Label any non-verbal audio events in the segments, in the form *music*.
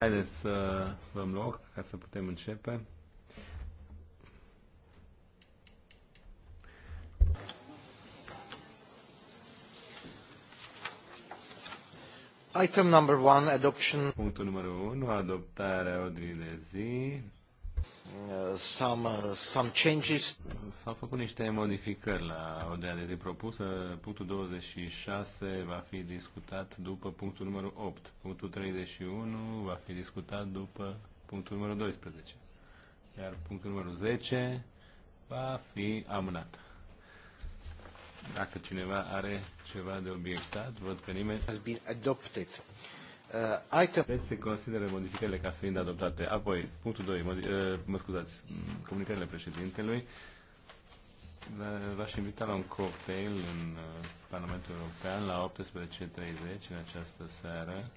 Haideți să luăm loc ca să putem începe. Item number one, adoption. Punctul numărul 1, adoptarea ordinii de zi. Some, uh, some changes. S-au făcut niște modificări la ordinea de zi propusă. Punctul 26 va fi discutat după punctul numărul 8. Punctul 31 va fi discutat după punctul numărul 12. Iar punctul numărul 10 va fi amânat. Dacă cineva are ceva de obiectat, văd că nimeni... Has been adopted. Uh, item... Se consideră modificările ca fiind adoptate. Apoi, punctul 2, modi- uh, mă scuzați, comunicările președintelui. V-aș invita la un cocktail în uh, Parlamentul European la 18.30 în această seară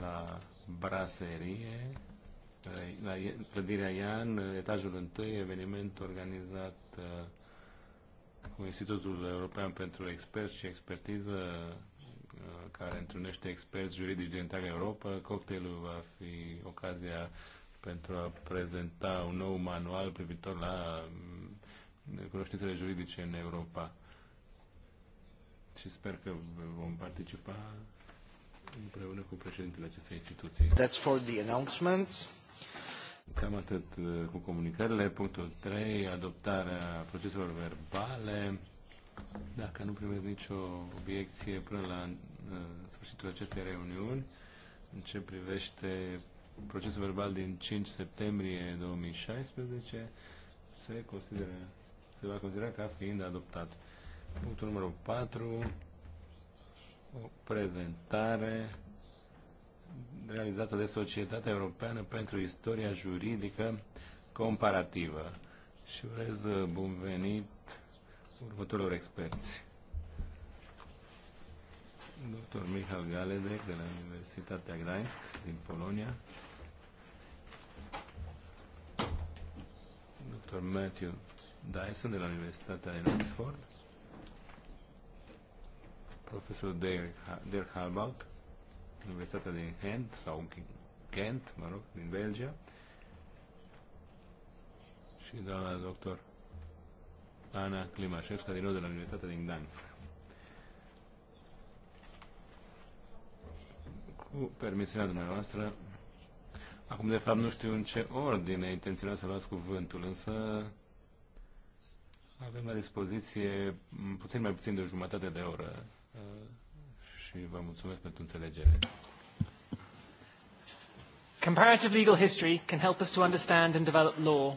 la braserie, la clădirea Ian, etajul 1, eveniment organizat uh, cu Institutul European pentru Experți și Expertiză Uh, care întâlnește experți juridici din întreaga Europa. Cocktailul va fi ocazia pentru a prezenta un nou manual privitor la mm, cunoștințele juridice în Europa. Și sper că vom participa împreună cu președintele acestei instituții. That's for the announcements. Cam atât uh, cu comunicările. Punctul 3, adoptarea proceselor verbale. Dacă nu primesc nicio obiecție până la uh, sfârșitul acestei reuniuni, în ce privește procesul verbal din 5 septembrie 2016, se, consideră, se va considera ca fiind adoptat. Punctul numărul 4, o prezentare realizată de Societatea Europeană pentru Istoria Juridică Comparativă. Și urez uh, bun venit următorilor experți. Dr. Michal Galedek de la Universitatea Gdańsk din Polonia. Dr. Matthew Dyson de la Universitatea din Oxford. Profesor Dirk Halbaut, Universitatea din Kent sau Kent, mă rog, din Belgia. Și doamna doctor Ana Klimashevska, din nou de la Universitatea din Gdansk. Cu permisiunea dumneavoastră, acum de fapt nu știu în ce ordine intenționat să luați cuvântul, însă avem la dispoziție puțin mai puțin de o jumătate de oră uh, și vă mulțumesc pentru înțelegere. Comparative legal history can help us to understand and develop law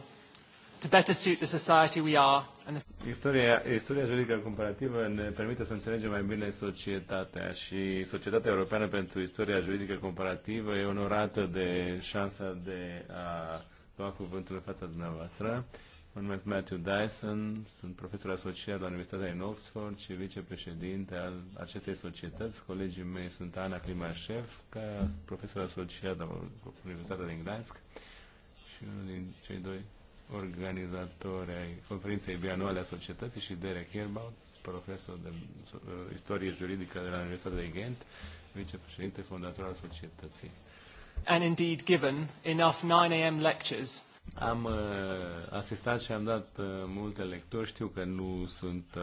to better suit the society we are. And the... Istoria, istoria juridică comparativă ne permite să înțelegem mai bine societatea și Societatea Europeană pentru Istoria Juridică Comparativă e onorată de șansa de a lua cuvântul în fața dumneavoastră. Mă numesc Matthew Dyson, sunt profesor asociat la Universitatea din Oxford și vicepreședinte al acestei societăți. Colegii mei sunt Ana Klimașevska, profesor asociat la Universitatea din Gdańsk și unul din cei doi organizatori ai conferinței bianuale a societății și Derek Herbaut, profesor de uh, istorie juridică de la Universitatea de Ghent, vicepreședinte fondator al societății. And indeed given enough 9 a.m. lectures am uh, asistat și am dat uh, multe lecturi, știu că nu sunt uh,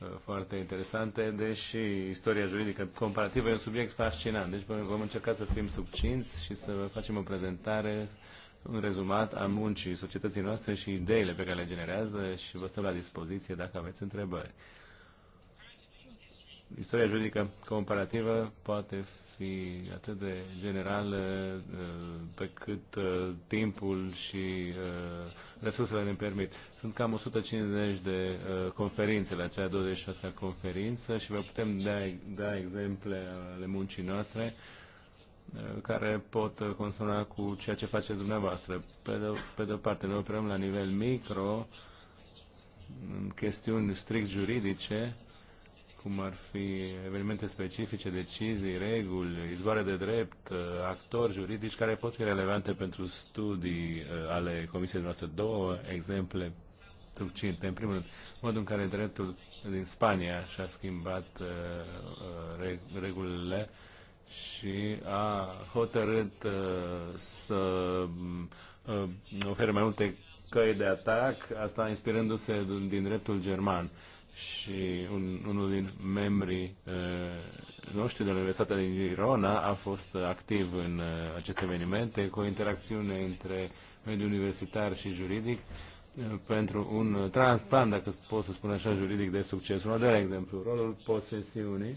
uh foarte interesante, deși istoria juridică comparativă e un subiect fascinant. Deci vom încerca să fim succinți și să facem o prezentare un rezumat a muncii societății noastre și ideile pe care le generează și vă stăm la dispoziție dacă aveți întrebări. Istoria juridică comparativă poate fi atât de generală uh, pe cât uh, timpul și uh, resursele ne permit. Sunt cam 150 de conferințe la cea 26-a conferință și vă putem da, da exemple ale muncii noastre care pot consona cu ceea ce face dumneavoastră. Pe de, pe de o parte, ne operăm la nivel micro, în chestiuni strict juridice, cum ar fi evenimente specifice, decizii, reguli, izvoare de drept, actori juridici care pot fi relevante pentru studii uh, ale comisiei noastre. Două exemple succinte. În primul rând, modul în care dreptul din Spania și-a schimbat uh, uh regulile și a hotărât uh, să uh, ofere mai multe căi de atac, asta inspirându-se din dreptul german. Și un, unul din membrii uh, noștri de la Universitatea din Girona a fost activ în aceste evenimente cu o interacțiune între mediul universitar și juridic pentru un transplant, dacă pot să spun așa, juridic de succes. Un de exemplu, rolul posesiunii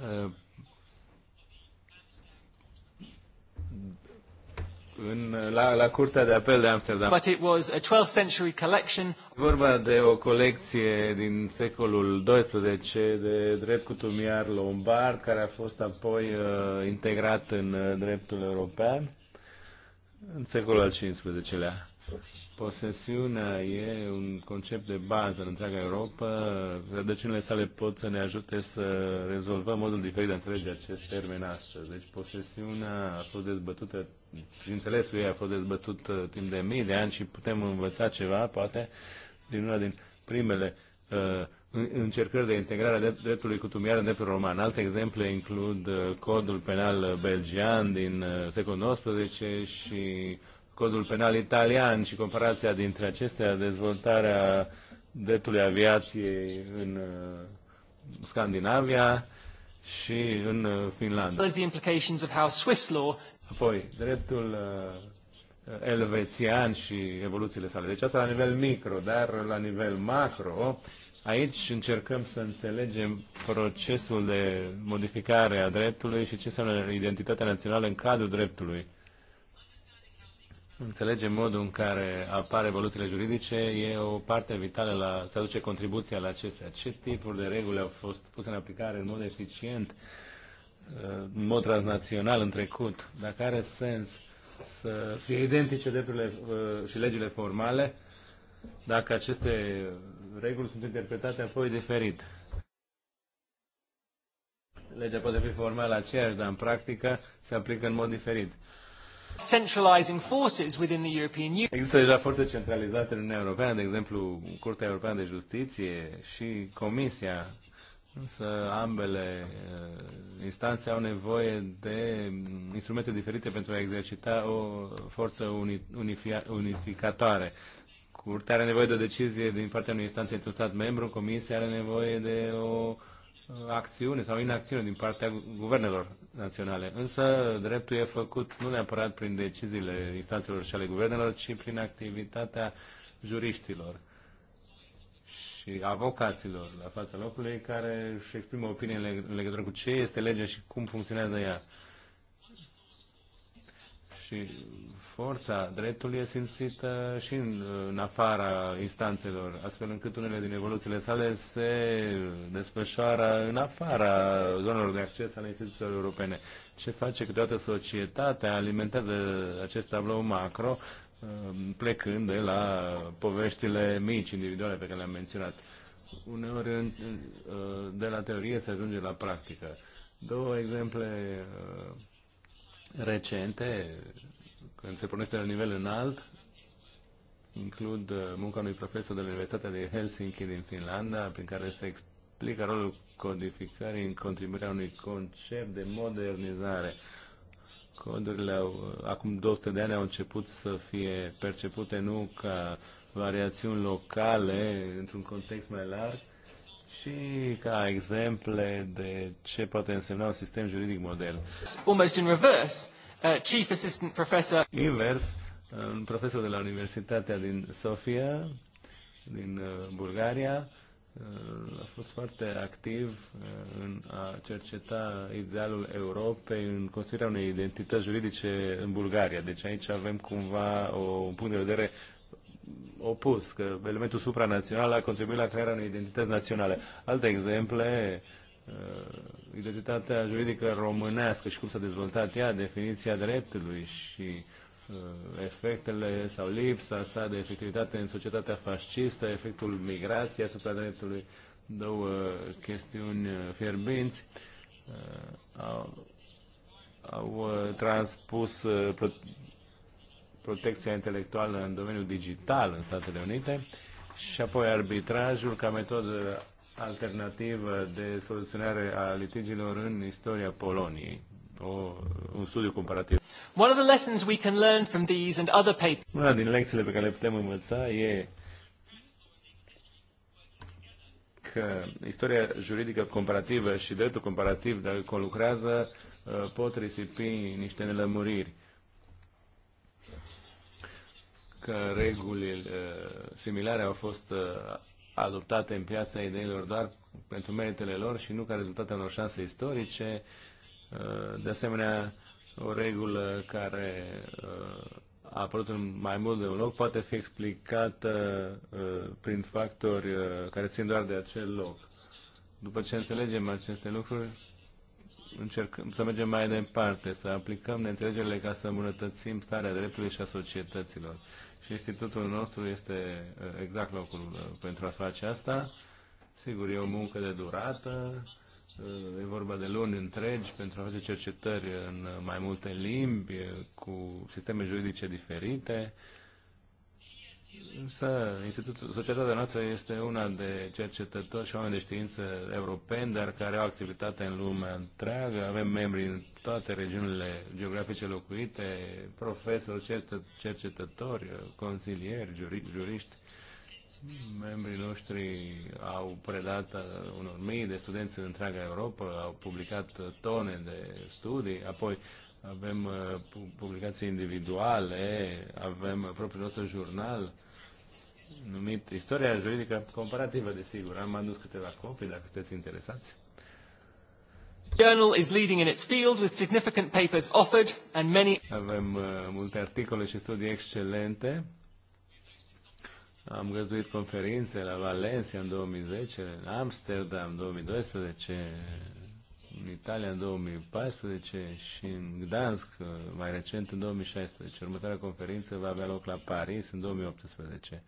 Uh, în, la, la Curtea de Apel de Amsterdam. But it was a 12th century collection. Vorba de o colecție din secolul 12 de drept cutumiar lombard, care a fost apoi uh, integrat în uh, dreptul european în secolul al 15 lea Posesiunea e un concept de bază în întreaga Europa. Rădăcinile sale pot să ne ajute să rezolvăm modul diferit de a înțelege acest termen astăzi. Deci posesiunea a fost dezbătută, înțelesul ei a fost dezbătut uh, timp de mii de ani și putem învăța ceva, poate, din una din primele uh, încercări de integrare a dreptului cutumiar în dreptul roman. Alte exemple includ uh, codul penal belgian din uh, secolul XIX și codul penal italian și comparația dintre acestea, dezvoltarea dreptului aviației în uh, Scandinavia și în uh, Finlanda. Apoi, dreptul uh, elvețian și evoluțiile sale. Deci asta la nivel micro, dar la nivel macro, aici încercăm să înțelegem procesul de modificare a dreptului și ce înseamnă identitatea națională în cadrul dreptului. Înțelege modul în care apar evoluțiile juridice, e o parte vitală la, să aduce contribuția la acestea. Ce tipuri de reguli au fost puse în aplicare în mod eficient, uh, în mod transnațional în trecut, dacă are sens să fie identice drepturile uh, și legile formale, dacă aceste reguli sunt interpretate apoi diferit. Legea poate fi formală aceeași, dar în practică se aplică în mod diferit. Centralizing forces within the European Union. Există deja forțe centralizate în Uniunea Europeană, de exemplu Curtea Europeană de Justiție și Comisia Însă ambele eh, instanțe au nevoie de instrumente diferite pentru a exercita o forță unificatoare. Curtea are nevoie de o decizie din partea unei instanțe într-un stat membru, Comisia are nevoie de o acțiune sau inacțiune din partea guvernelor naționale. Însă dreptul e făcut nu neapărat prin deciziile instanțelor și ale guvernelor, ci prin activitatea juriștilor și avocaților la fața locului care își exprimă opinie în legătură cu ce este legea și cum funcționează ea. Și forța dreptului e simțită și în, în afara instanțelor, astfel încât unele din evoluțiile sale se desfășoară în afara zonelor de acces ale instituțiilor europene. Ce face că toată societatea alimentează acest tablou macro, um, plecând de la poveștile mici, individuale pe care le-am menționat. Uneori uh, de la teorie se ajunge la practică. Două exemple uh, recente când se pornește la nivel înalt, includ uh, munca unui profesor de la Universitatea de Helsinki din Finlanda, prin care se explică rolul codificării în contribuirea unui concept de modernizare. Codurile au, acum 200 de ani au început să fie percepute nu ca variațiuni locale într-un context mai larg, și ca exemple de ce poate însemna un sistem juridic modern. Almost in reverse. Uh, Chief Assistant Professor. Invers, un profesor de la Universitatea din Sofia, din uh, Bulgaria, uh, a fost foarte activ în a cerceta idealul Europei în construirea unei identități juridice în Bulgaria. Deci aici avem cumva o, un punct de vedere opus, că elementul supranațional a contribuit la crearea unei identități naționale. Alte exemple Uh, identitatea juridică românească și cum s-a dezvoltat ea, definiția dreptului și uh, efectele sau lipsa sa de efectivitate în societatea fascistă, efectul migrației asupra dreptului, două chestiuni uh, fierbinți, au, au transpus protecția intelectuală în domeniul digital în Statele Unite și apoi arbitrajul ca metodă alternativă de soluționare a litigiilor în istoria Poloniei. O, un studiu comparativ. One of the lessons we can learn from these and other papers. Una din lecțiile pe care le putem învăța e că istoria juridică comparativă și dreptul comparativ, dacă lucrează, uh, pot risipi niște nelămuriri. Că reguli uh, similare au fost uh, adoptate în piața ideilor doar pentru meritele lor și nu ca rezultate unor șanse istorice. Uh, de asemenea, o regulă care uh, a apărut în mai mult de un loc poate fi explicată uh, prin factori care țin doar de acel loc. După ce înțelegem aceste lucruri, încercăm să mergem mai departe, să aplicăm neînțelegerile ca să îmbunătățim starea dreptului și a societăților și institutul nostru este uh, exact locul uh, pentru a face asta. Sigur, e o muncă de durată, uh, e vorba de luni întregi pentru a face cercetări în mai multe limbi, cu sisteme juridice diferite, Însă, Institutul, societatea noastră este una de cercetători și oameni de știință europeni, dar care au activitate în lumea întreagă. Avem membri în toate regiunile geografice locuite, profesori, cercetători, consilieri, juri, juriști. Membrii noștri au predat uh, unor mii de studenți în întreaga Europa, au publicat tone de studii, apoi avem uh, publicații individuale, avem propriul nostru jurnal numit Istoria Juridică Comparativă, desigur. Am adus câteva copii, dacă sunteți interesați. Journal is leading in its field with significant papers offered and many Avem uh, multe articole și studii excelente. Am găzduit conferințe la Valencia în 2010, în Amsterdam 2012, în Italia în 2014 și în Gdansk uh, mai recent în 2016. Următoarea conferință va avea loc la Paris în 2018.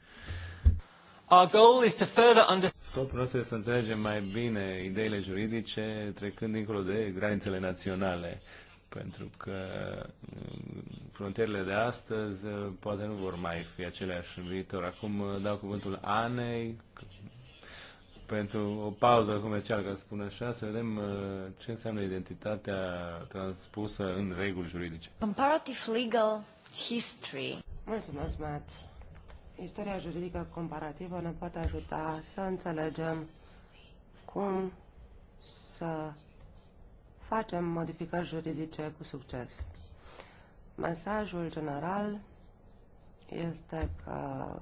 Our goal is to further Scopul nostru este să înțelegem mai bine ideile juridice trecând dincolo de granițele naționale pentru că uh, frontierele de astăzi uh, poate nu vor mai fi aceleași în viitor. Acum dau cuvântul Anei pentru o pauză comercială, ca să spun așa, să vedem uh, ce înseamnă identitatea transpusă în reguli juridice. Comparative legal history. Mulțumesc, Matt. Istoria juridică comparativă ne poate ajuta să înțelegem cum să facem modificări juridice cu succes. Mesajul general este că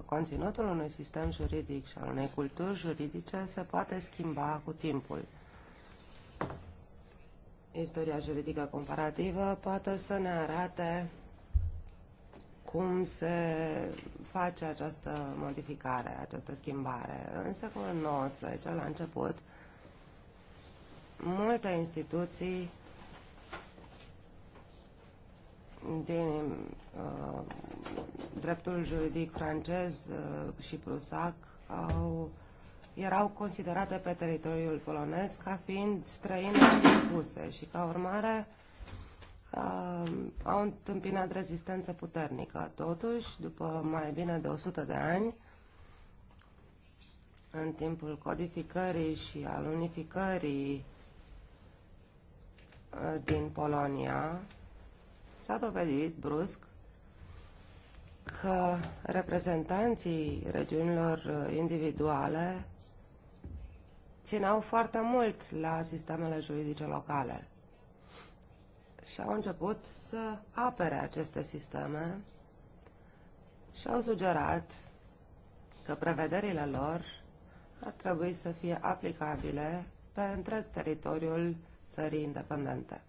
conținutul unui sistem juridic și al unei culturi juridice se poate schimba cu timpul. Istoria juridică comparativă poate să ne arate cum se face această modificare, această schimbare. În secolul XIX, la început, multe instituții din uh, dreptul juridic francez uh, și prusac au, erau considerate pe teritoriul polonez ca fiind străine impuse și ca urmare uh, au întâmpinat rezistență puternică. Totuși, după mai bine de 100 de ani, în timpul codificării și al unificării uh, din Polonia, s-a dovedit brusc că reprezentanții regiunilor uh, individuale țineau foarte mult la sistemele juridice locale și au început să apere aceste sisteme și au sugerat că prevederile lor ar trebui să fie aplicabile pe întreg teritoriul țării independente.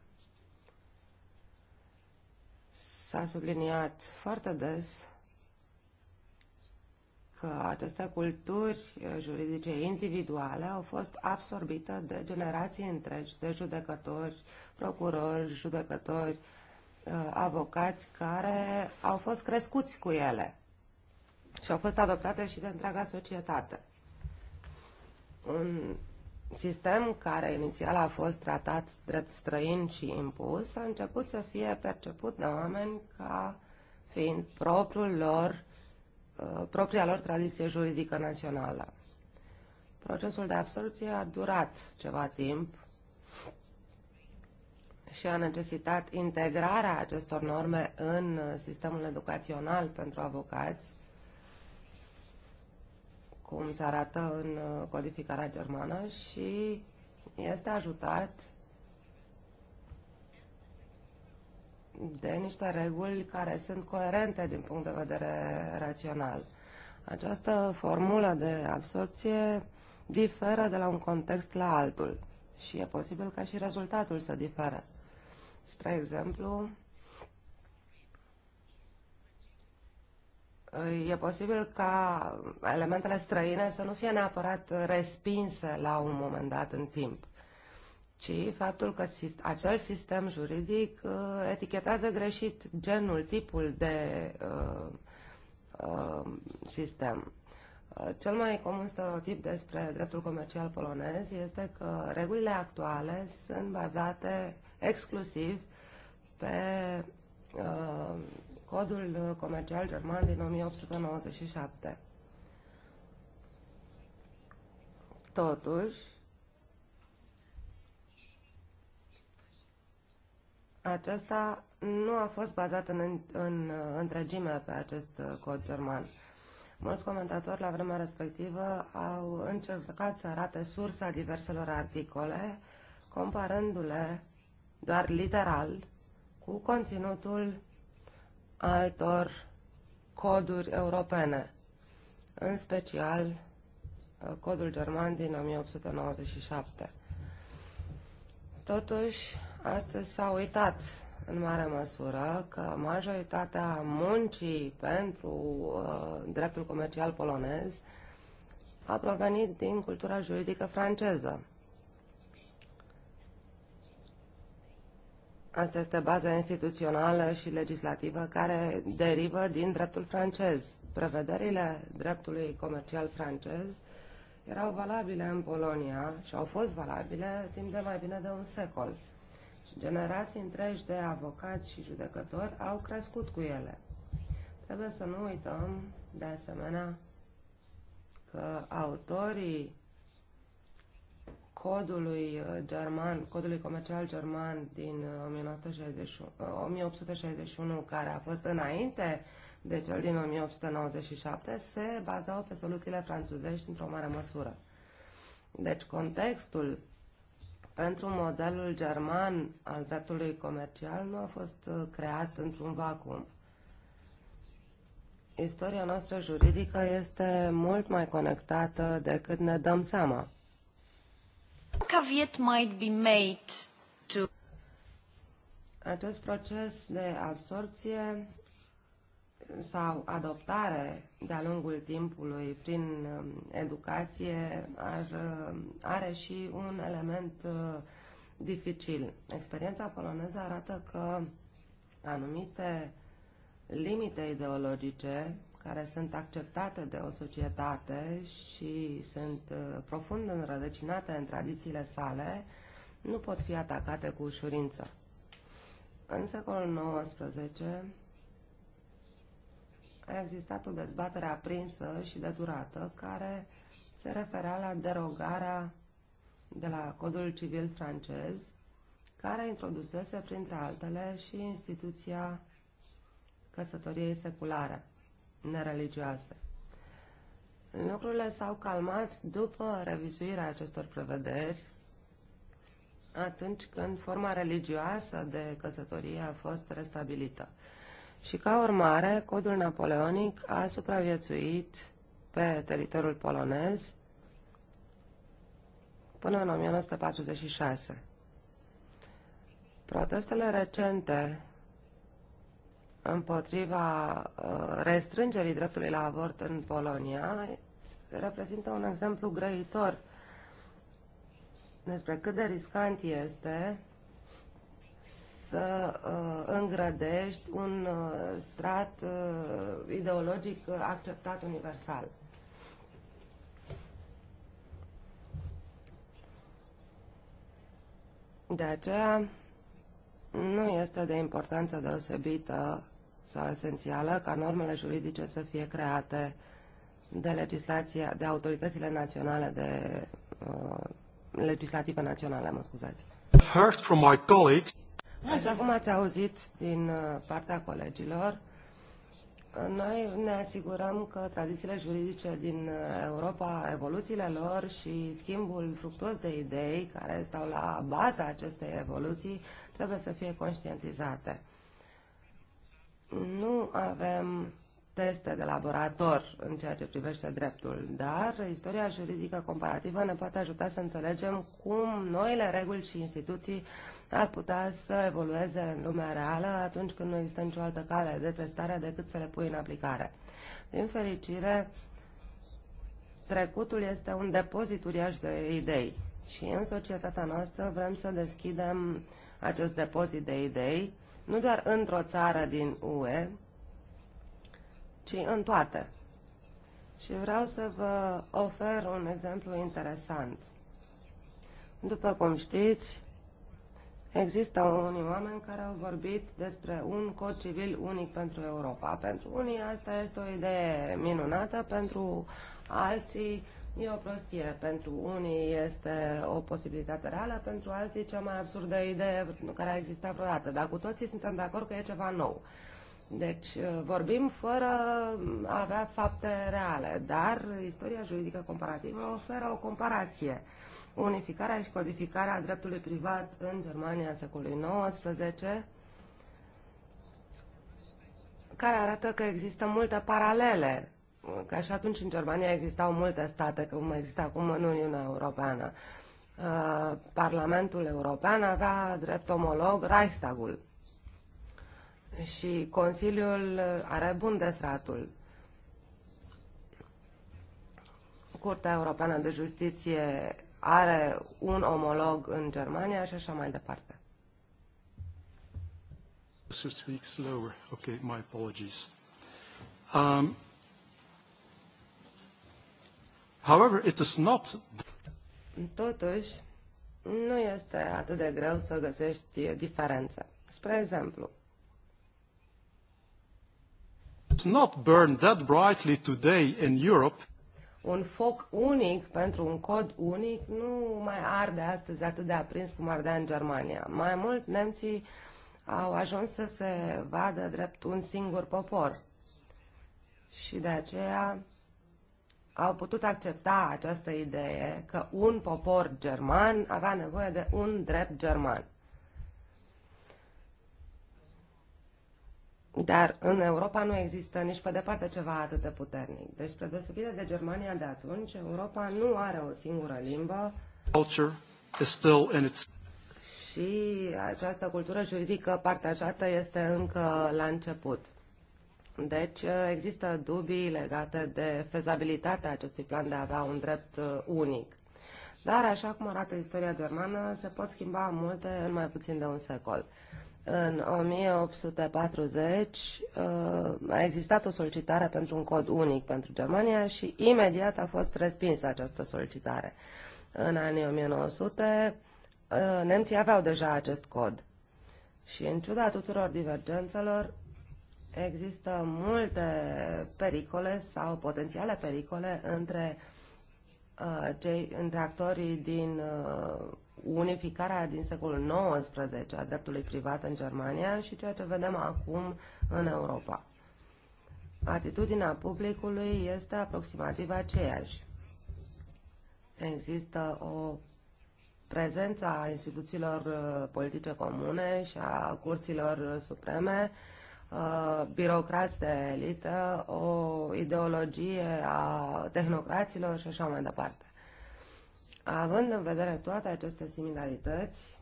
s-a subliniat foarte des că aceste culturi juridice individuale au fost absorbite de generații întregi de judecători, procurori, judecători, uh, avocați care au fost crescuți cu ele și au fost adoptate și de întreaga societate. În sistem care inițial a fost tratat drept străin și impus, a început să fie perceput de oameni ca fiind propriul lor, uh, propria lor tradiție juridică națională. Procesul de absorție a durat ceva timp și a necesitat integrarea acestor norme în uh, sistemul educațional pentru avocați, cum se arată în uh, codificarea germană și este ajutat de niște reguli care sunt coerente din punct de vedere rațional. Această formulă de absorpție diferă de la un context la altul și e posibil ca și rezultatul să difere. Spre exemplu, e posibil ca elementele străine să nu fie neapărat respinse la un moment dat în timp, ci faptul că acel sistem juridic uh, etichetează greșit genul, tipul de uh, uh, sistem. Cel mai comun stereotip despre dreptul comercial polonez este că regulile actuale sunt bazate exclusiv pe uh, codul uh, comercial german din 1897. Totuși, acesta nu a fost bazat în, în întregime pe acest uh, cod german. Mulți comentatori la vremea respectivă au încercat să arate sursa diverselor articole, comparându-le doar literal cu conținutul altor coduri europene, în special uh, codul german din 1897. Totuși, astăzi s-a uitat în mare măsură că majoritatea muncii pentru uh, dreptul comercial polonez a provenit din cultura juridică franceză. Asta este baza instituțională și legislativă care derivă din dreptul francez. Prevederile dreptului comercial francez erau valabile în Polonia și au fost valabile timp de mai bine de un secol. Și generații întregi de avocați și judecători au crescut cu ele. Trebuie să nu uităm, de asemenea, că autorii codului uh, german, codului comercial german din 1961, uh, 1861, uh, care a fost înainte de cel din 1897, se bazau pe soluțiile franțuzești într-o mare măsură. Deci contextul pentru modelul german al dreptului comercial nu a fost creat într-un vacuum. Istoria noastră juridică este mult mai conectată decât ne dăm seama. Caveat might be made to... Acest proces de absorpție sau adoptare de-a lungul timpului prin um, educație ar, um, are și un element uh, dificil. Experiența poloneză arată că anumite limite ideologice care sunt acceptate de o societate și sunt uh, profund înrădăcinate în tradițiile sale, nu pot fi atacate cu ușurință. În secolul XIX a existat o dezbatere aprinsă și de durată care se referea la derogarea de la codul civil francez, care introdusese, printre altele, și instituția căsătoriei seculare, nereligioase. Lucrurile s-au calmat după revizuirea acestor prevederi, atunci când forma religioasă de căsătorie a fost restabilită. Și ca urmare, codul napoleonic a supraviețuit pe teritoriul polonez până în 1946. Protestele recente împotriva uh, restrângerii dreptului la avort în Polonia reprezintă un exemplu grăitor despre cât de riscant este să uh, îngrădești un uh, strat ideologic acceptat universal. De aceea, nu este de importanță deosebită sau esențială ca normele juridice să fie create de legislația, de autoritățile naționale de uh, legislative naționale, mă scuzați. Heard from my colleagues. Așa cum ați auzit din uh, partea colegilor, noi ne asigurăm că tradițiile juridice din uh, Europa, evoluțiile lor și schimbul fructuos de idei care stau la baza acestei evoluții trebuie să fie conștientizate nu avem teste de laborator în ceea ce privește dreptul, dar istoria juridică comparativă ne poate ajuta să înțelegem cum noile reguli și instituții ar putea să evolueze în lumea reală atunci când nu există nicio altă cale de testare decât să le pui în aplicare. Din fericire, trecutul este un depozit uriaș de idei și în societatea noastră vrem să deschidem acest depozit de idei nu doar într-o țară din UE, ci în toate. Și vreau să vă ofer un exemplu interesant. După cum știți, există unii oameni care au vorbit despre un cod civil unic pentru Europa. Pentru unii asta este o idee minunată, pentru alții E o prostie. Pentru unii este o posibilitate reală, pentru alții cea mai absurdă idee care a existat vreodată. Dar cu toții suntem de acord că e ceva nou. Deci uh, vorbim fără a avea fapte reale, dar istoria juridică comparativă oferă o comparație. Unificarea și codificarea dreptului privat în Germania în secolului XIX, care arată că există multe paralele ca și atunci în Germania existau multe state, cum există acum în Uniunea Europeană. Uh, Parlamentul European avea drept omolog Reichstagul și Consiliul are Bundesratul. Curtea Europeană de Justiție are un omolog în Germania și așa mai departe. Speak slower. Okay, my apologies. Um, However, it is not... Totuși, nu este atât de greu să găsești diferențe. Spre exemplu, It's not burned that brightly today in Europe. Un foc unic pentru un cod unic nu mai arde astăzi atât de aprins cum ardea în Germania. Mai mult, nemții au ajuns să se vadă drept un singur popor. Și de aceea au putut accepta această idee că un popor german avea nevoie de un drept german. Dar în Europa nu există nici pe departe ceva atât de puternic. Deci, spre deosebire de Germania de atunci, Europa nu are o singură limbă. Culture is still in its... Și această cultură juridică partajată este încă la început. Deci uh, există dubii legate de fezabilitatea acestui plan de a avea un drept uh, unic. Dar, așa cum arată istoria germană, se pot schimba multe în mai puțin de un secol. În 1840 uh, a existat o solicitare pentru un cod unic pentru Germania și imediat a fost respinsă această solicitare. În anii 1900 nemții aveau deja acest cod. Și în ciuda tuturor divergențelor, există multe pericole sau potențiale pericole între, uh, cei, între actorii din uh, unificarea din secolul XIX a dreptului privat în Germania și ceea ce vedem acum în Europa. Atitudinea publicului este aproximativ aceeași. Există o prezență a instituțiilor uh, politice comune și a curților supreme uh, Uh, birocrați de elită, o ideologie a tehnocraților și așa mai departe. Având în vedere toate aceste similarități,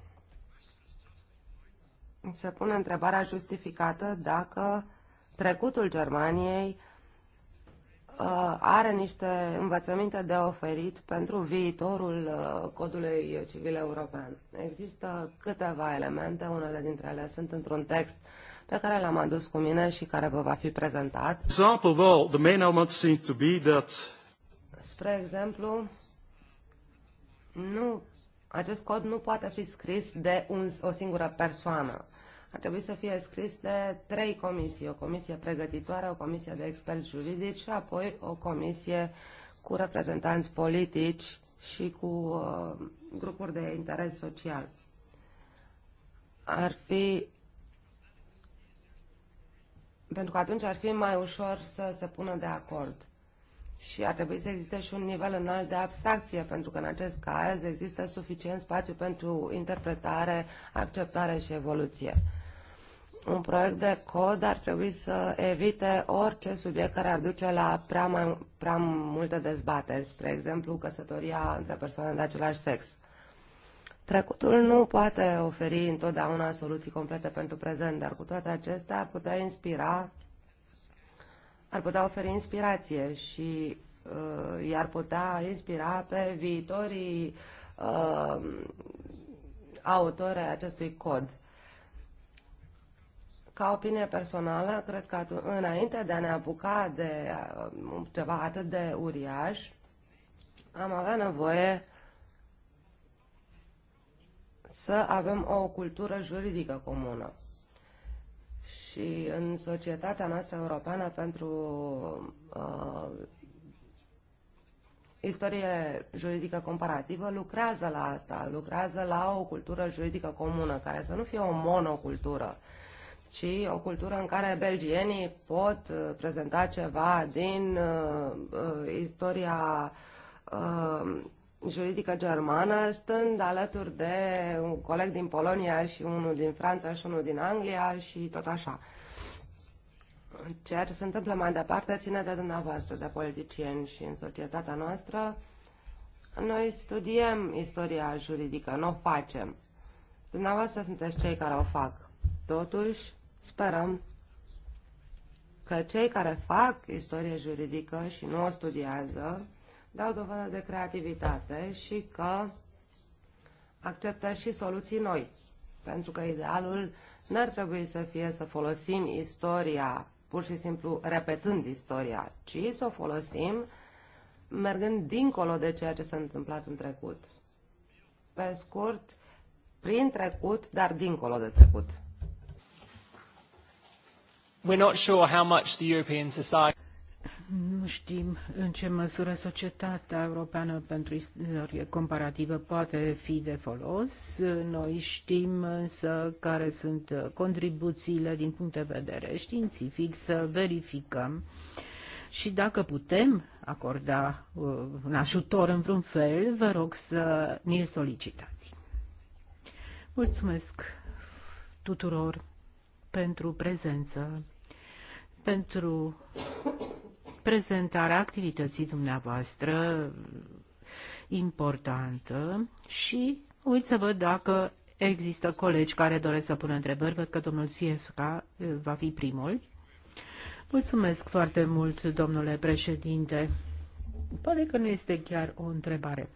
se pune întrebarea justificată dacă trecutul Germaniei uh, are niște învățăminte de oferit pentru viitorul uh, codului civil european. Există câteva elemente, unele dintre ele sunt într-un text pe care l-am adus cu mine și care vă va fi prezentat. Example, well, the main element seems to be that... Spre exemplu, nu, acest cod nu poate fi scris de un, o singură persoană. Ar trebui să fie scris de trei comisii, o comisie pregătitoare, o comisie de experți juridici și apoi o comisie cu reprezentanți politici și cu uh, grupuri de interes social. Ar fi pentru că atunci ar fi mai ușor să se pună de acord. Și ar trebui să existe și un nivel înalt de abstracție, pentru că în acest caz există suficient spațiu pentru interpretare, acceptare și evoluție. Un proiect de cod ar trebui să evite orice subiect care ar duce la prea, mai, prea multe dezbateri, spre exemplu căsătoria între persoane de același sex. Trecutul nu poate oferi întotdeauna soluții complete pentru prezent, dar cu toate acestea ar putea inspira, ar putea oferi inspirație și uh, i-ar putea inspira pe viitorii uh, autori acestui cod. Ca opinie personală, cred că atunci, înainte de a ne apuca de uh, ceva atât de uriaș, am avea nevoie să avem o cultură juridică comună. Și în societatea noastră europeană pentru uh, istorie juridică comparativă lucrează la asta, lucrează la o cultură juridică comună, care să nu fie o monocultură, ci o cultură în care belgienii pot uh, prezenta ceva din uh, uh istoria uh, juridică germană, stând alături de un coleg din Polonia și unul din Franța și unul din Anglia și tot așa. Ceea ce se întâmplă mai departe ține de dumneavoastră, de politicieni și în societatea noastră. Noi studiem istoria juridică, nu o facem. Dumneavoastră sunteți cei care o fac. Totuși, sperăm că cei care fac istorie juridică și nu o studiază, dau dovadă de creativitate și că acceptă și soluții noi. Pentru că idealul n-ar trebui să fie să folosim istoria pur și simplu repetând istoria, ci să o folosim mergând dincolo de ceea ce s-a întâmplat în trecut. Pe scurt, prin trecut, dar dincolo de trecut. We're not sure how much the European society nu știm în ce măsură societatea europeană pentru istorie comparativă poate fi de folos. Noi știm însă care sunt contribuțiile din punct de vedere științific, să verificăm și dacă putem acorda uh, un ajutor în vreun fel, vă rog să ni-l solicitați. Mulțumesc tuturor pentru prezență, pentru prezentarea activității dumneavoastră importantă și uit să văd dacă există colegi care doresc să pună întrebări. Văd că domnul Siefka eh, va fi primul. Mulțumesc foarte mult, domnule președinte. Poate că nu este chiar o întrebare.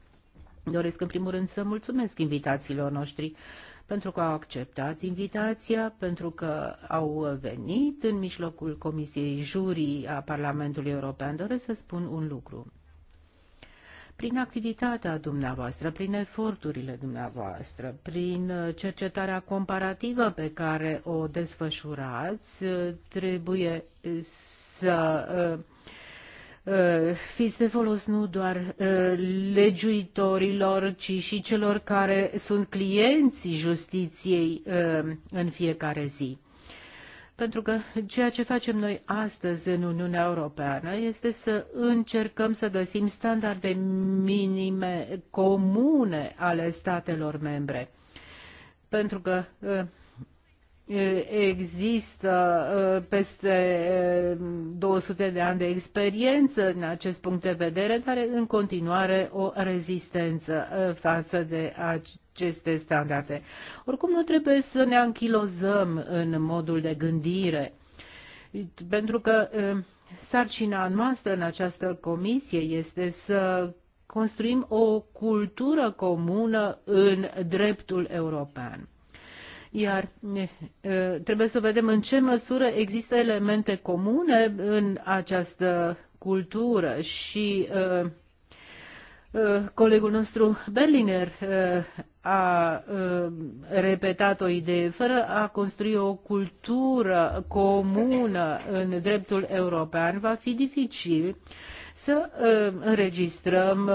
Doresc în primul rând să mulțumesc invitațiilor noștri pentru că au acceptat invitația, pentru că au venit în mijlocul Comisiei Jurii a Parlamentului European. Doresc să spun un lucru. Prin activitatea dumneavoastră, prin eforturile dumneavoastră, prin cercetarea comparativă pe care o desfășurați, trebuie să uh, Uh, fiți de folos nu doar uh, legiuitorilor, ci și celor care sunt clienții justiției uh, în fiecare zi. Pentru că ceea ce facem noi astăzi în Uniunea Europeană este să încercăm să găsim standarde minime comune ale statelor membre. Pentru că Există peste 200 de ani de experiență în acest punct de vedere, dar în continuare o rezistență față de aceste standarde. Oricum nu trebuie să ne anchilozăm în modul de gândire, pentru că sarcina noastră în această comisie este să construim o cultură comună în dreptul european. Iar eh, eh, trebuie să vedem în ce măsură există elemente comune în această cultură și eh, colegul nostru Berliner a repetat o idee fără a construi o cultură comună în dreptul european va fi dificil să înregistrăm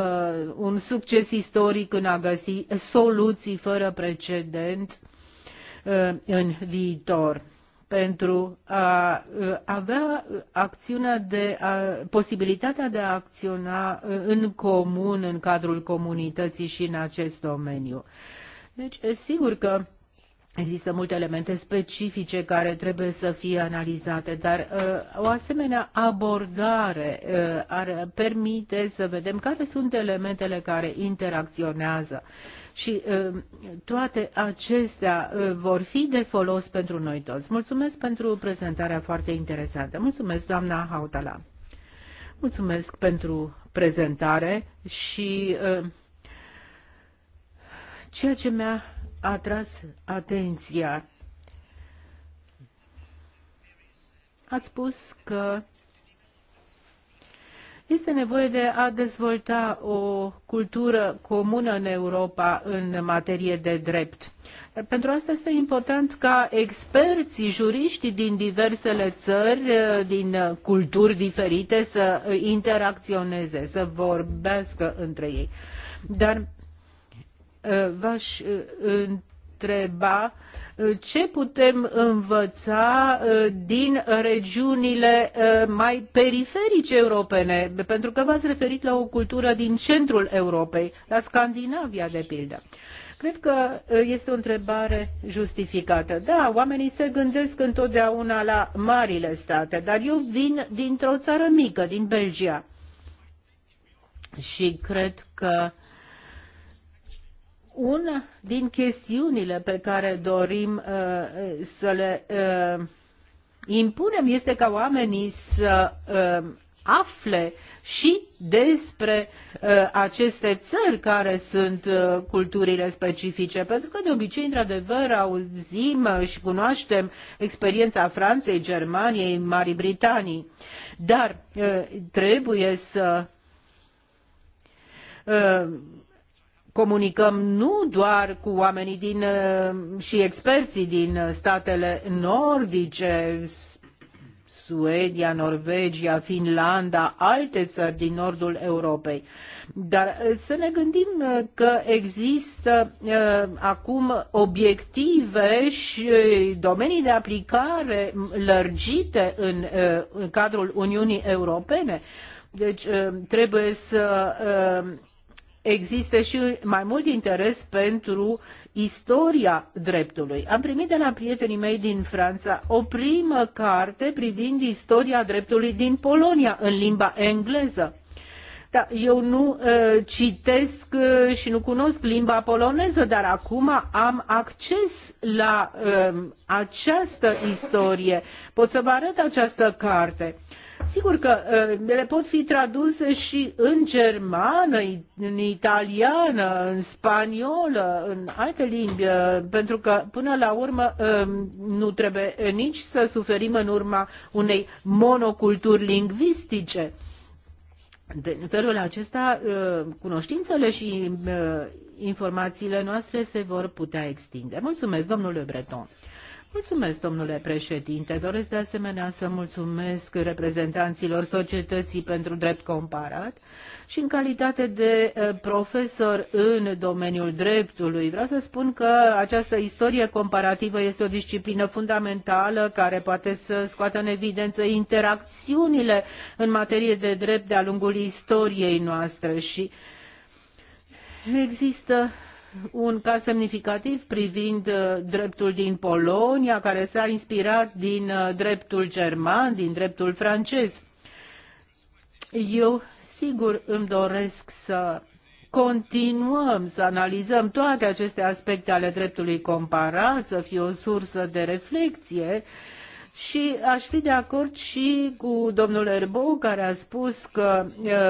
un succes istoric în a găsi soluții fără precedent Uh, în viitor pentru a uh, avea acțiunea de a, posibilitatea de a acționa uh, în comun în cadrul comunității și în acest domeniu. Deci, sigur că Există multe elemente specifice care trebuie să fie analizate, dar uh, o asemenea abordare uh, ar permite să vedem care sunt elementele care interacționează și uh, toate acestea uh, vor fi de folos pentru noi toți. Mulțumesc pentru prezentarea foarte interesantă. Mulțumesc, doamna Hautala. Mulțumesc pentru prezentare și uh, ceea ce mi-a atras atenția. Ați spus că este nevoie de a dezvolta o cultură comună în Europa în materie de drept. pentru asta este important ca experții, juriștii din diversele țări, din culturi diferite, să interacționeze, să vorbească între ei. Dar Eh, v-aș eh, întreba eh, ce putem învăța din regiunile mai periferice europene, pentru că v-ați referit la o cultură din centrul Europei, la Scandinavia, de pildă. Cred că este o întrebare justificată. Da, oamenii se gândesc întotdeauna la marile state, dar eu vin dintr-o țară mică, din Belgia. Și cred că uh, una din chestiunile pe care dorim uh, să le uh, impunem este ca oamenii să uh, afle și despre uh, aceste țări care sunt uh, culturile specifice, pentru că de obicei, într-adevăr, auzim și cunoaștem experiența Franței, Germaniei, Marii Britanii, dar uh, trebuie să uh, comunicăm nu doar cu oamenii din, uh, și experții din uh, statele nordice, Suedia, Norvegia, Finlanda, alte țări din nordul Europei. Dar uh, să ne gândim că există uh, acum obiective și domenii de aplicare lărgite în, uh, în cadrul Uniunii Europene. Deci uh, trebuie să existe și mai mult interes pentru istoria dreptului. Am primit de la prietenii mei din Franța o primă carte privind istoria dreptului din Polonia în limba engleză. Da, eu nu uh, citesc uh, și nu cunosc limba poloneză, dar acum am acces la uh, această istorie. Pot să vă arăt această carte. Uh, Sigur că uh, ele pot fi traduse și în germană, în italiană, în spaniolă, în alte limbi, uh, pentru că până la urmă uh, nu trebuie nici să suferim în urma unei monoculturi lingvistice. De felul acesta, cunoștințele și informațiile noastre se vor putea extinde. Mulțumesc, domnule Breton. Mulțumesc, domnule președinte. Doresc de asemenea să mulțumesc reprezentanților societății pentru drept comparat și în calitate de eh, profesor în domeniul dreptului. Vreau să spun că această istorie comparativă este o disciplină fundamentală care poate să scoată în evidență interacțiunile în materie de drept de-a lungul istoriei noastre și există un caz semnificativ privind uh, dreptul din Polonia, care s-a inspirat din uh, dreptul german, din dreptul francez. Eu, sigur, îmi doresc să continuăm să analizăm toate aceste aspecte ale dreptului comparat, să fie o sursă de reflexie uh, și aș fi de acord și cu domnul Erbou, care a spus că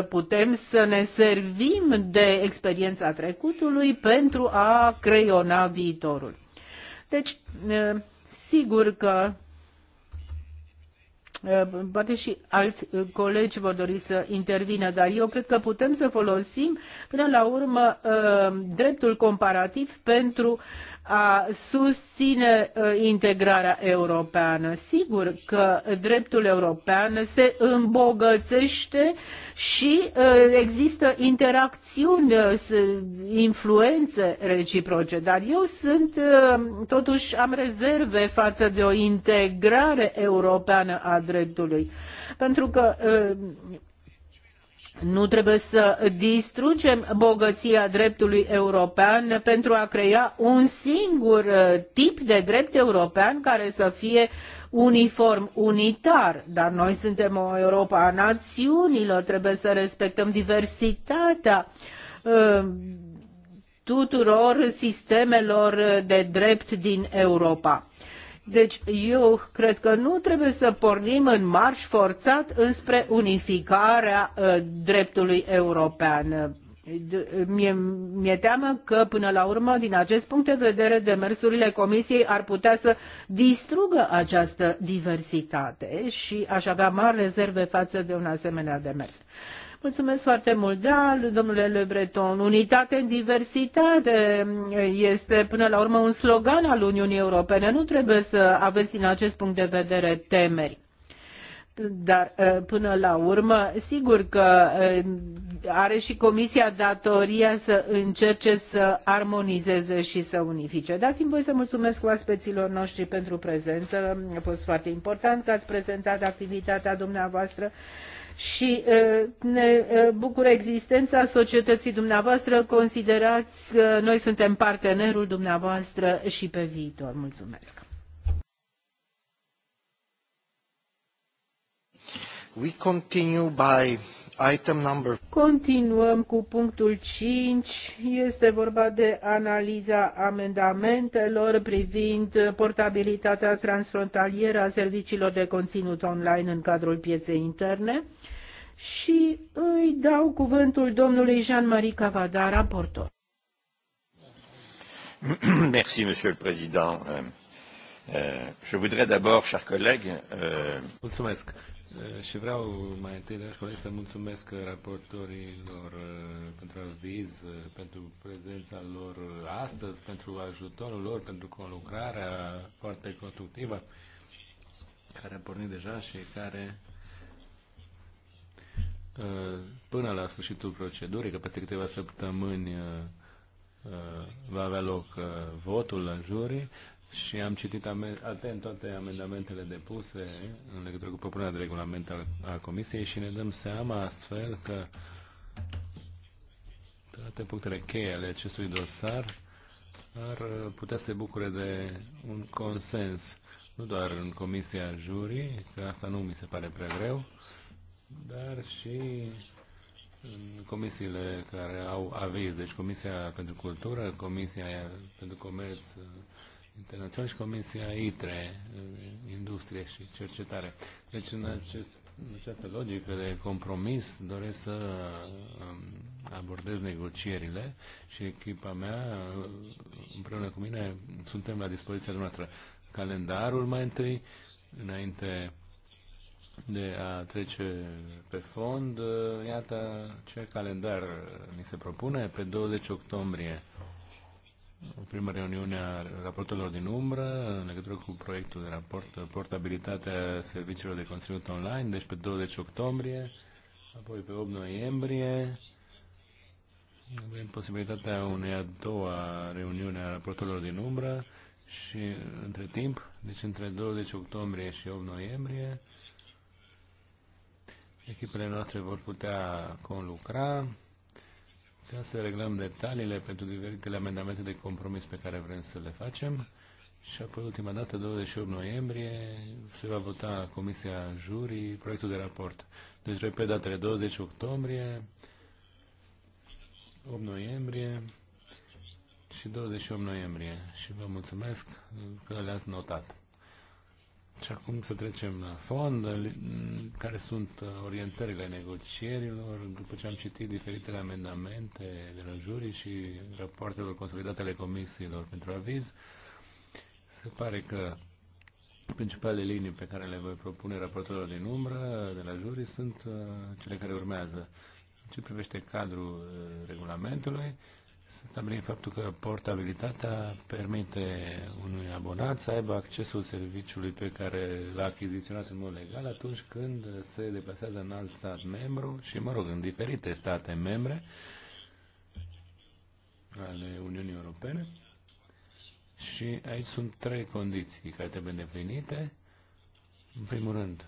putem să ne servim de experiența trecutului pentru a creiona viitorul. Deci, sigur că poate și alți colegi vor dori să intervină, dar eu cred că putem să folosim până la urmă dreptul comparativ pentru a susține ă, integrarea europeană. Sigur că dreptul european se îmbogățește și ă, există interacțiuni, ă, influențe reciproce, dar eu sunt, totuși am rezerve față de o integrare europeană a dreptului, pentru că nu trebuie să distrugem bogăția dreptului european pentru a crea un singur uh, tip de drept european care să fie uniform, unitar. Dar noi suntem o Europa a națiunilor, trebuie să respectăm diversitatea uh, tuturor sistemelor de drept din Europa. Deci eu cred că nu trebuie să pornim în marș forțat înspre unificarea uh, dreptului european. Mi-e, mi-e teamă că, până la urmă, din acest punct de vedere, demersurile Comisiei ar putea să distrugă această diversitate și aș avea mari rezerve față de un asemenea demers. Mulțumesc foarte mult. Da, domnule Le Breton, unitate în diversitate este până la urmă un slogan al Uniunii Europene. Nu trebuie să aveți din acest punct de vedere temeri. Dar până la urmă, sigur că are și Comisia datoria să încerce să armonizeze și să unifice. Dați-mi voi să mulțumesc oaspeților noștri pentru prezență. A fost foarte important că ați prezentat activitatea dumneavoastră și ne bucură existența societății dumneavoastră. Considerați că noi suntem partenerul dumneavoastră și pe viitor. Mulțumesc! We continue by Item number... Continuăm cu punctul 5. Este vorba de analiza amendamentelor privind portabilitatea transfrontalieră a serviciilor de conținut online în cadrul pieței interne. Și îi dau cuvântul domnului Jean-Marie Cavada, raportor. *coughs* Merci, monsieur le président. Euh, euh, je voudrais d'abord, chers collègues, euh... Mulțumesc. Și vreau mai întâi, dragi colegi, să mulțumesc raportorilor uh, pentru aviz, uh, pentru prezența lor uh, astăzi, pentru ajutorul lor, pentru conlucrarea foarte constructivă care a pornit deja și care până la sfârșitul procedurii, că peste câteva săptămâni va avea loc votul la jurii, și am citit atent toate amendamentele depuse în legătură cu propunerea de regulament al, al Comisiei și ne dăm seama astfel că toate punctele cheie ale acestui dosar ar putea să se bucure de un consens, nu doar în Comisia Jurii, că asta nu mi se pare prea greu, dar și în comisiile care au aviz, deci Comisia pentru Cultură, Comisia pentru Comerț, internațional și Comisia ITRE, Industrie și Cercetare. Deci în, acest, în această logică de compromis doresc să um, abordez negocierile și echipa mea împreună cu mine suntem la dispoziția dumneavoastră. Calendarul mai întâi, înainte de a trece pe fond, uh, iată ce calendar ni se propune pe 20 octombrie o primă reuniune a raportelor din umbră în legătură cu proiectul de raport portabilitatea serviciilor de conținut online, deci pe 20 octombrie, apoi pe 8 noiembrie avem posibilitatea unei a doua reuniune a raportelor din umbră și între timp, deci între 20 octombrie și 8 noiembrie, echipele noastre vor putea conlucra putem să reglăm detaliile pentru diferitele amendamente de compromis pe care vrem să le facem. Și apoi, ultima dată, 28 noiembrie, se va vota Comisia Jurii proiectul de raport. Deci, repet, datele 20 octombrie, 8 noiembrie și 28 noiembrie. Și vă mulțumesc că le-ați notat. Și acum să trecem la fond, care sunt uh, orientările negocierilor, după ce am citit diferitele amendamente de la jury și rapoartelor consolidate ale comisiilor pentru aviz, se pare că principalele linii pe care le voi propune raportorilor din umbră de la jury sunt uh, cele care urmează. În ce privește cadrul uh, regulamentului, stabilim faptul că portabilitatea permite unui abonat să aibă accesul serviciului pe care l-a achiziționat în mod legal atunci când se deplasează în alt stat membru și, mă rog, în diferite state membre ale Uniunii Europene. Și aici sunt trei condiții care trebuie îndeplinite. În primul rând,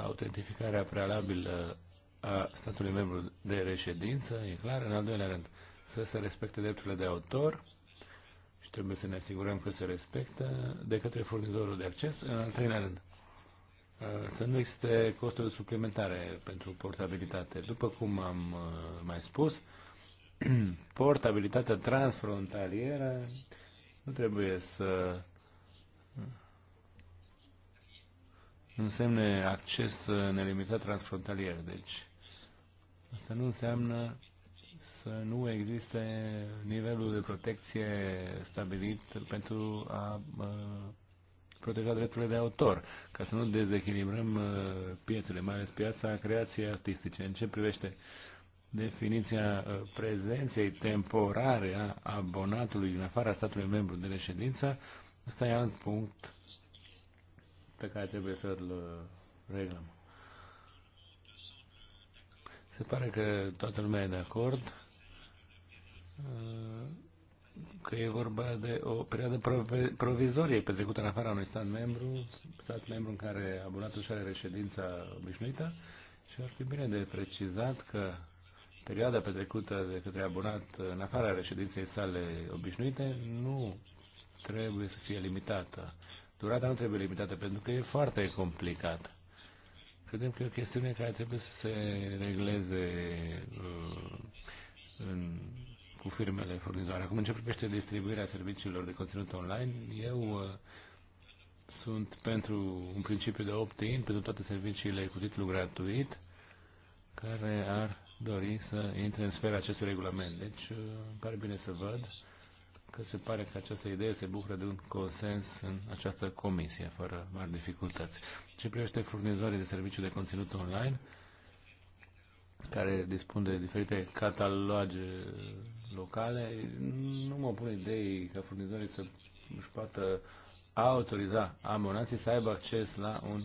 autentificarea prealabilă a statului membru de reședință, e clar. În al doilea rând, să se respecte drepturile de autor și trebuie să ne asigurăm că se respectă de către furnizorul de acces. În al treilea rând, uh, să nu existe costuri suplimentare pentru portabilitate. După cum am uh, mai spus, *clears throat* portabilitatea transfrontalieră nu trebuie să uh, însemne acces nelimitat transfrontalier. Deci, asta nu înseamnă să nu existe nivelul de protecție stabilit pentru a uh, proteja drepturile de autor, ca să nu dezechilibrăm uh, piețele, mai ales piața creației artistice. În ce privește definiția uh, prezenței temporare a abonatului din afara statului membru de reședință, ăsta e alt punct pe care trebuie să-l reglăm. Se pare că toată lumea e de acord uh, că e vorba de o perioadă provizorie petrecută în afara unui stat membru, stat membru în care abonatul și are reședința obișnuită și ar fi bine de precizat că perioada petrecută de către abonat în afara reședinței sale obișnuite nu trebuie să fie limitată. Durata nu trebuie limitată pentru că e foarte complicată. Credem că e o chestiune care trebuie să se regleze uh, în, cu firmele furnizoare. Acum, în ce privește distribuirea serviciilor de conținut online, eu uh, sunt pentru un principiu de opt-in pentru toate serviciile cu titlu gratuit care ar dori să intre în sfera acestui regulament. Deci, uh, îmi pare bine să văd că se pare că această idee se bucură de un consens în această comisie, fără mari dificultăți. Ce privește furnizorii de servicii de conținut online, care dispun de diferite cataloge locale, nu mă pun idei ca furnizorii să își poată autoriza abonații să aibă acces la un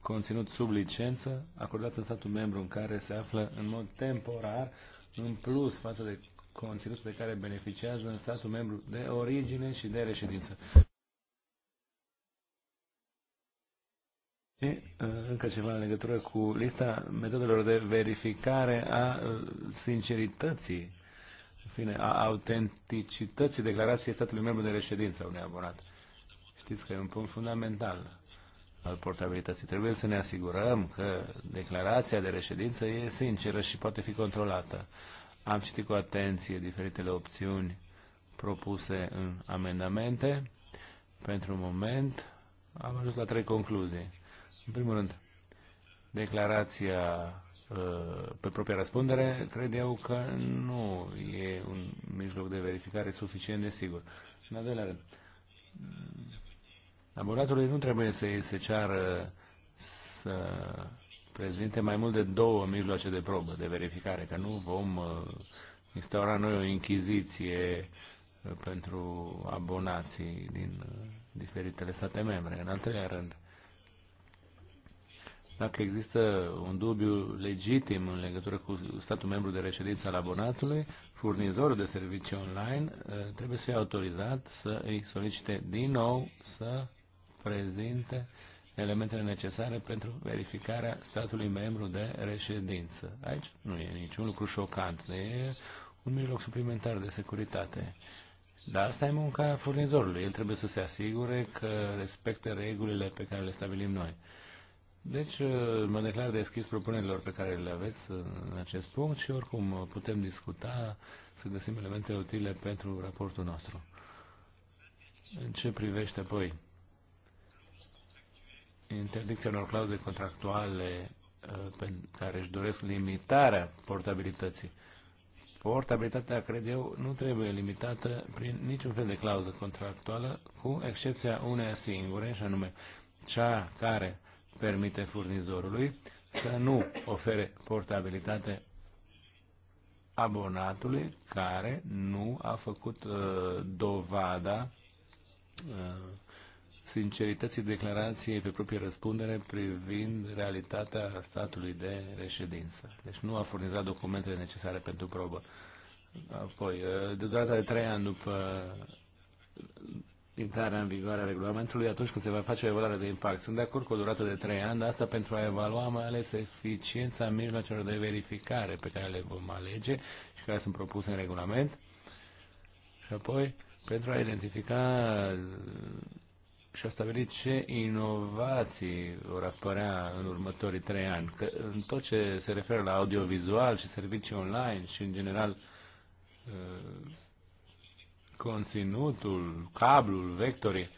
conținut sub licență acordat în statul membru în care se află în mod temporar, în plus față de conținutul de care beneficiază în statul membru de origine și de reședință. Și uh, încă ceva în legătură cu lista metodelor de verificare a uh, sincerității, în fine, a autenticității declarației statului membru de reședință a unui abonat. Știți că e un punct fundamental al portabilității. Trebuie să ne asigurăm că declarația de reședință e sinceră și poate fi controlată. Am citit cu atenție diferitele opțiuni propuse în amendamente. Pentru un moment am ajuns la trei concluzii. În primul rând, declarația uh, pe propria răspundere, cred eu că nu e un mijloc de verificare suficient de sigur. În al doilea rând, abonatului nu trebuie să îi se ceară să prezinte mai mult de două mijloace de probă, de verificare, că nu vom uh, instaura noi o inchiziție uh, pentru abonații din uh, diferitele state membre. În al treilea rând, dacă există un dubiu legitim în legătură cu statul membru de reședință al abonatului, furnizorul de servicii online trebuie să fie autorizat să îi solicite din nou să prezinte uh, elementele necesare pentru verificarea statului membru de reședință. Aici nu e niciun lucru șocant, e un mijloc suplimentar de securitate. Dar asta e munca furnizorului. El trebuie să se asigure că respectă regulile pe care le stabilim noi. Deci uh, mă declar deschis propunerilor pe care le aveți în acest punct și oricum uh, putem discuta să găsim elemente utile pentru raportul nostru. În ce privește apoi interdicția unor clauze contractuale uh, care își doresc limitarea portabilității. Portabilitatea, cred eu, nu trebuie limitată prin niciun fel de clauză contractuală, cu excepția uneia singure, și anume cea care permite furnizorului să nu ofere portabilitate abonatului care nu a făcut uh, dovada uh, sincerității declarației pe proprie răspundere privind realitatea statului de reședință. Deci nu a furnizat documentele necesare pentru probă. Apoi, uh, de durata de trei ani după intrarea în vigoare a regulamentului, atunci când se va face o evaluare de impact. Sunt de acord cu o durată de trei ani, dar asta pentru a evalua mai ales eficiența mijloacelor de verificare pe care le vom alege și care sunt propuse în regulament. Și apoi, pentru a identifica și a stabilit ce inovații vor apărea în următorii trei ani. Că în tot ce se referă la audiovizual și servicii online și, în general, uh, conținutul, cablul, vectorii,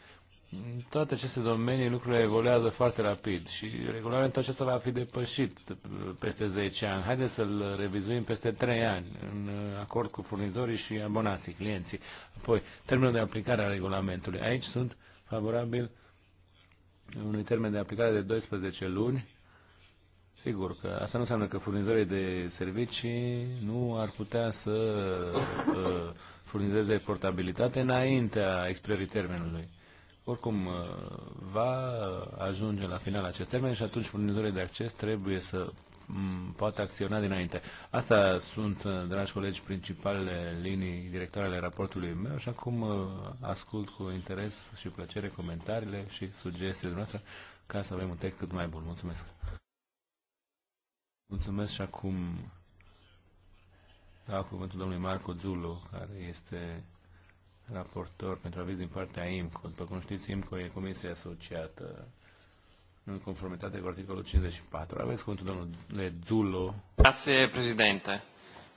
în toate aceste domenii lucrurile evoluează foarte rapid și regulamentul acesta va fi depășit peste 10 ani. Haideți să-l revizuim peste 3 ani în acord cu furnizorii și abonații, clienții. Apoi, termenul de aplicare a regulamentului. Aici sunt uh, favorabil unui termen de aplicare de 12 luni. Sigur că asta nu înseamnă că furnizorii de servicii nu ar putea să uh, furnizeze portabilitate înaintea expirării termenului. Oricum, uh, va ajunge la final acest termen și atunci furnizorii de acces trebuie să poate acționa dinainte. Asta sunt, dragi colegi, principalele linii directoare ale raportului meu și acum uh, ascult cu interes și plăcere comentariile și sugestiile noastre ca să avem un text cât mai bun. Mulțumesc! Mulțumesc și acum dau cuvântul domnului Marco Zulu, care este raportor pentru aviz din partea IMCO. După cum știți, IMCO e Comisia Asociată în conformitate cu articolul 54. Aveți cuvântul, domnule Zullo. Grazie, președinte.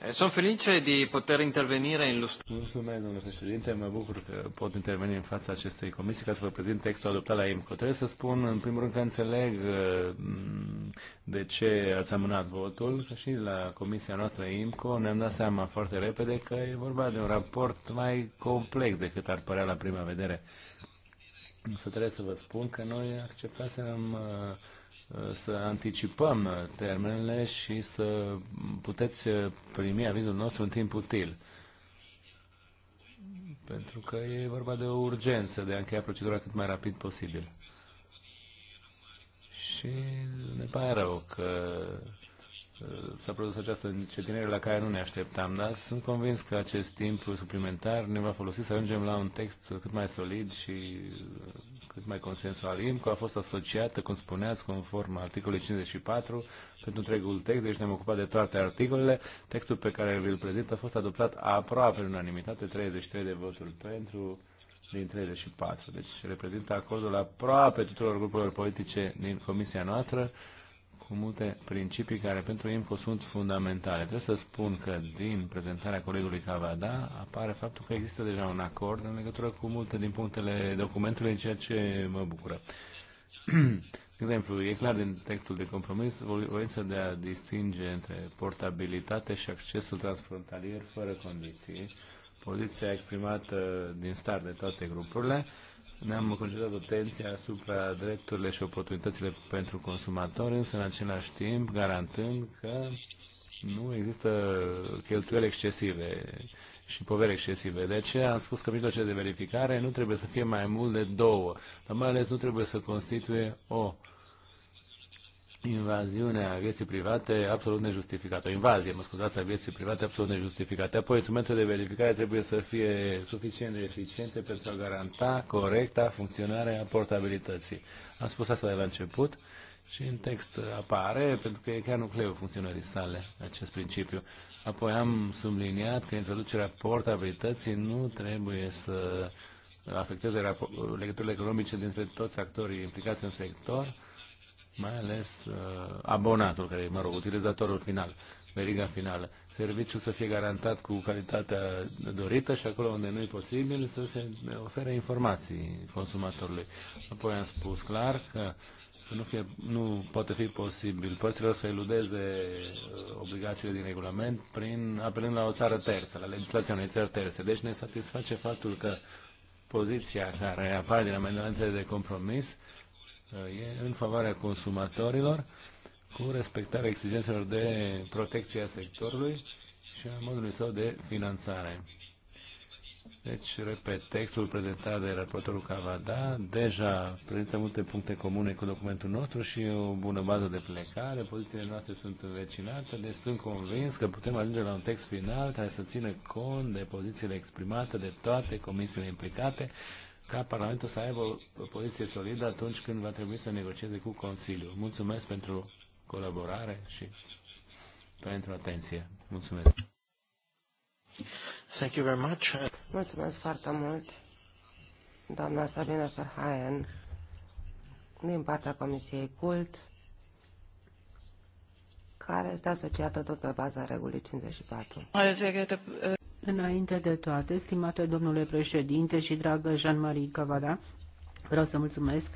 Eh, sunt felice de poter interveni în lust. Mulțumesc, domnule președinte. Mă bucur că pot interveni în fața acestei comisii ca să vă prezint textul adoptat la IMCO. Trebuie să spun, în primul rând, că înțeleg mm, de ce ați amânat votul, și la comisia noastră IMCO ne-am dat seama foarte repede că e vorba de un raport mai complex decât ar părea la prima vedere. Însă trebuie să vă spun că noi acceptasem uh, să anticipăm termenele și să puteți uh, primi avizul nostru în timp util. Pentru că e vorba de o urgență de a încheia procedura cât mai rapid posibil. Și ne pare rău că s-a produs această încetinere la care nu ne așteptam, dar sunt convins că acest timp suplimentar ne va folosi să ajungem la un text cât mai solid și uh, cât mai consensual. IMCO a fost asociată, cum spuneați, conform articolului 54 pentru întregul text, deci ne-am ocupat de toate articolele. Textul pe care îl prezint a fost adoptat aproape în unanimitate, 33 de voturi pentru din 34. Deci reprezintă acordul aproape tuturor grupurilor politice din comisia noastră cu multe principii care pentru IMCO sunt fundamentale. Trebuie să spun că din prezentarea colegului Cavada apare faptul că există deja un acord în legătură cu multe din punctele documentului, ceea ce mă bucură. *clears throat* De exemplu, e clar din textul de compromis voința de a distinge între portabilitate și accesul transfrontalier fără condiții, poziția exprimată din start de toate grupurile, ne-am concentrat atenția asupra drepturile și oportunitățile pentru consumatori, însă în același timp garantând că nu există cheltuieli excesive și poveri excesive. De aceea am spus că mijloacele de verificare nu trebuie să fie mai mult de două, dar mai ales nu trebuie să constituie o invaziunea vieții private absolut nejustificată, o invazie, mă scuzați, a vieții private absolut nejustificate. Apoi, instrumentele de verificare trebuie să fie suficient de eficiente pentru a garanta corecta funcționarea portabilității. Am spus asta de la început și în text apare, pentru că e chiar nucleul funcționării sale, acest principiu. Apoi am subliniat că introducerea portabilității nu trebuie să afecteze legăturile economice dintre toți actorii implicați în sector, mai ales uh, abonatul, care e, mă rog, utilizatorul final, veriga finală. Serviciul să fie garantat cu calitatea dorită și acolo unde nu e posibil să se ofere informații consumatorului. Apoi am spus clar că să nu, fie, nu poate fi posibil părților să eludeze uh, obligațiile din regulament prin apelând la o țară terță, la legislația unei țări terțe. Deci ne satisface faptul că poziția care apare din amendamentele de compromis uh, e în favoarea consumatorilor cu respectarea exigențelor de protecție a sectorului și a modului său de finanțare. Deci, repet, textul prezentat de raportorul Cavada deja prezintă multe puncte comune cu documentul nostru și o bună bază de plecare. Pozițiile noastre sunt învecinate, deci sunt convins că putem ajunge la un text final care să țină cont de pozițiile exprimate de toate comisiile implicate ca Parlamentul să aibă o poziție solidă atunci când va trebui să negocieze cu Consiliul. Mulțumesc pentru colaborare și pentru atenție. Mulțumesc. Thank you very much. Mulțumesc foarte mult, doamna Sabina Ferhaen, din partea Comisiei CULT, care este asociată tot pe baza regulii 54. Înainte de toate, stimate domnule președinte și dragă Jean-Marie Cavada, vreau să mulțumesc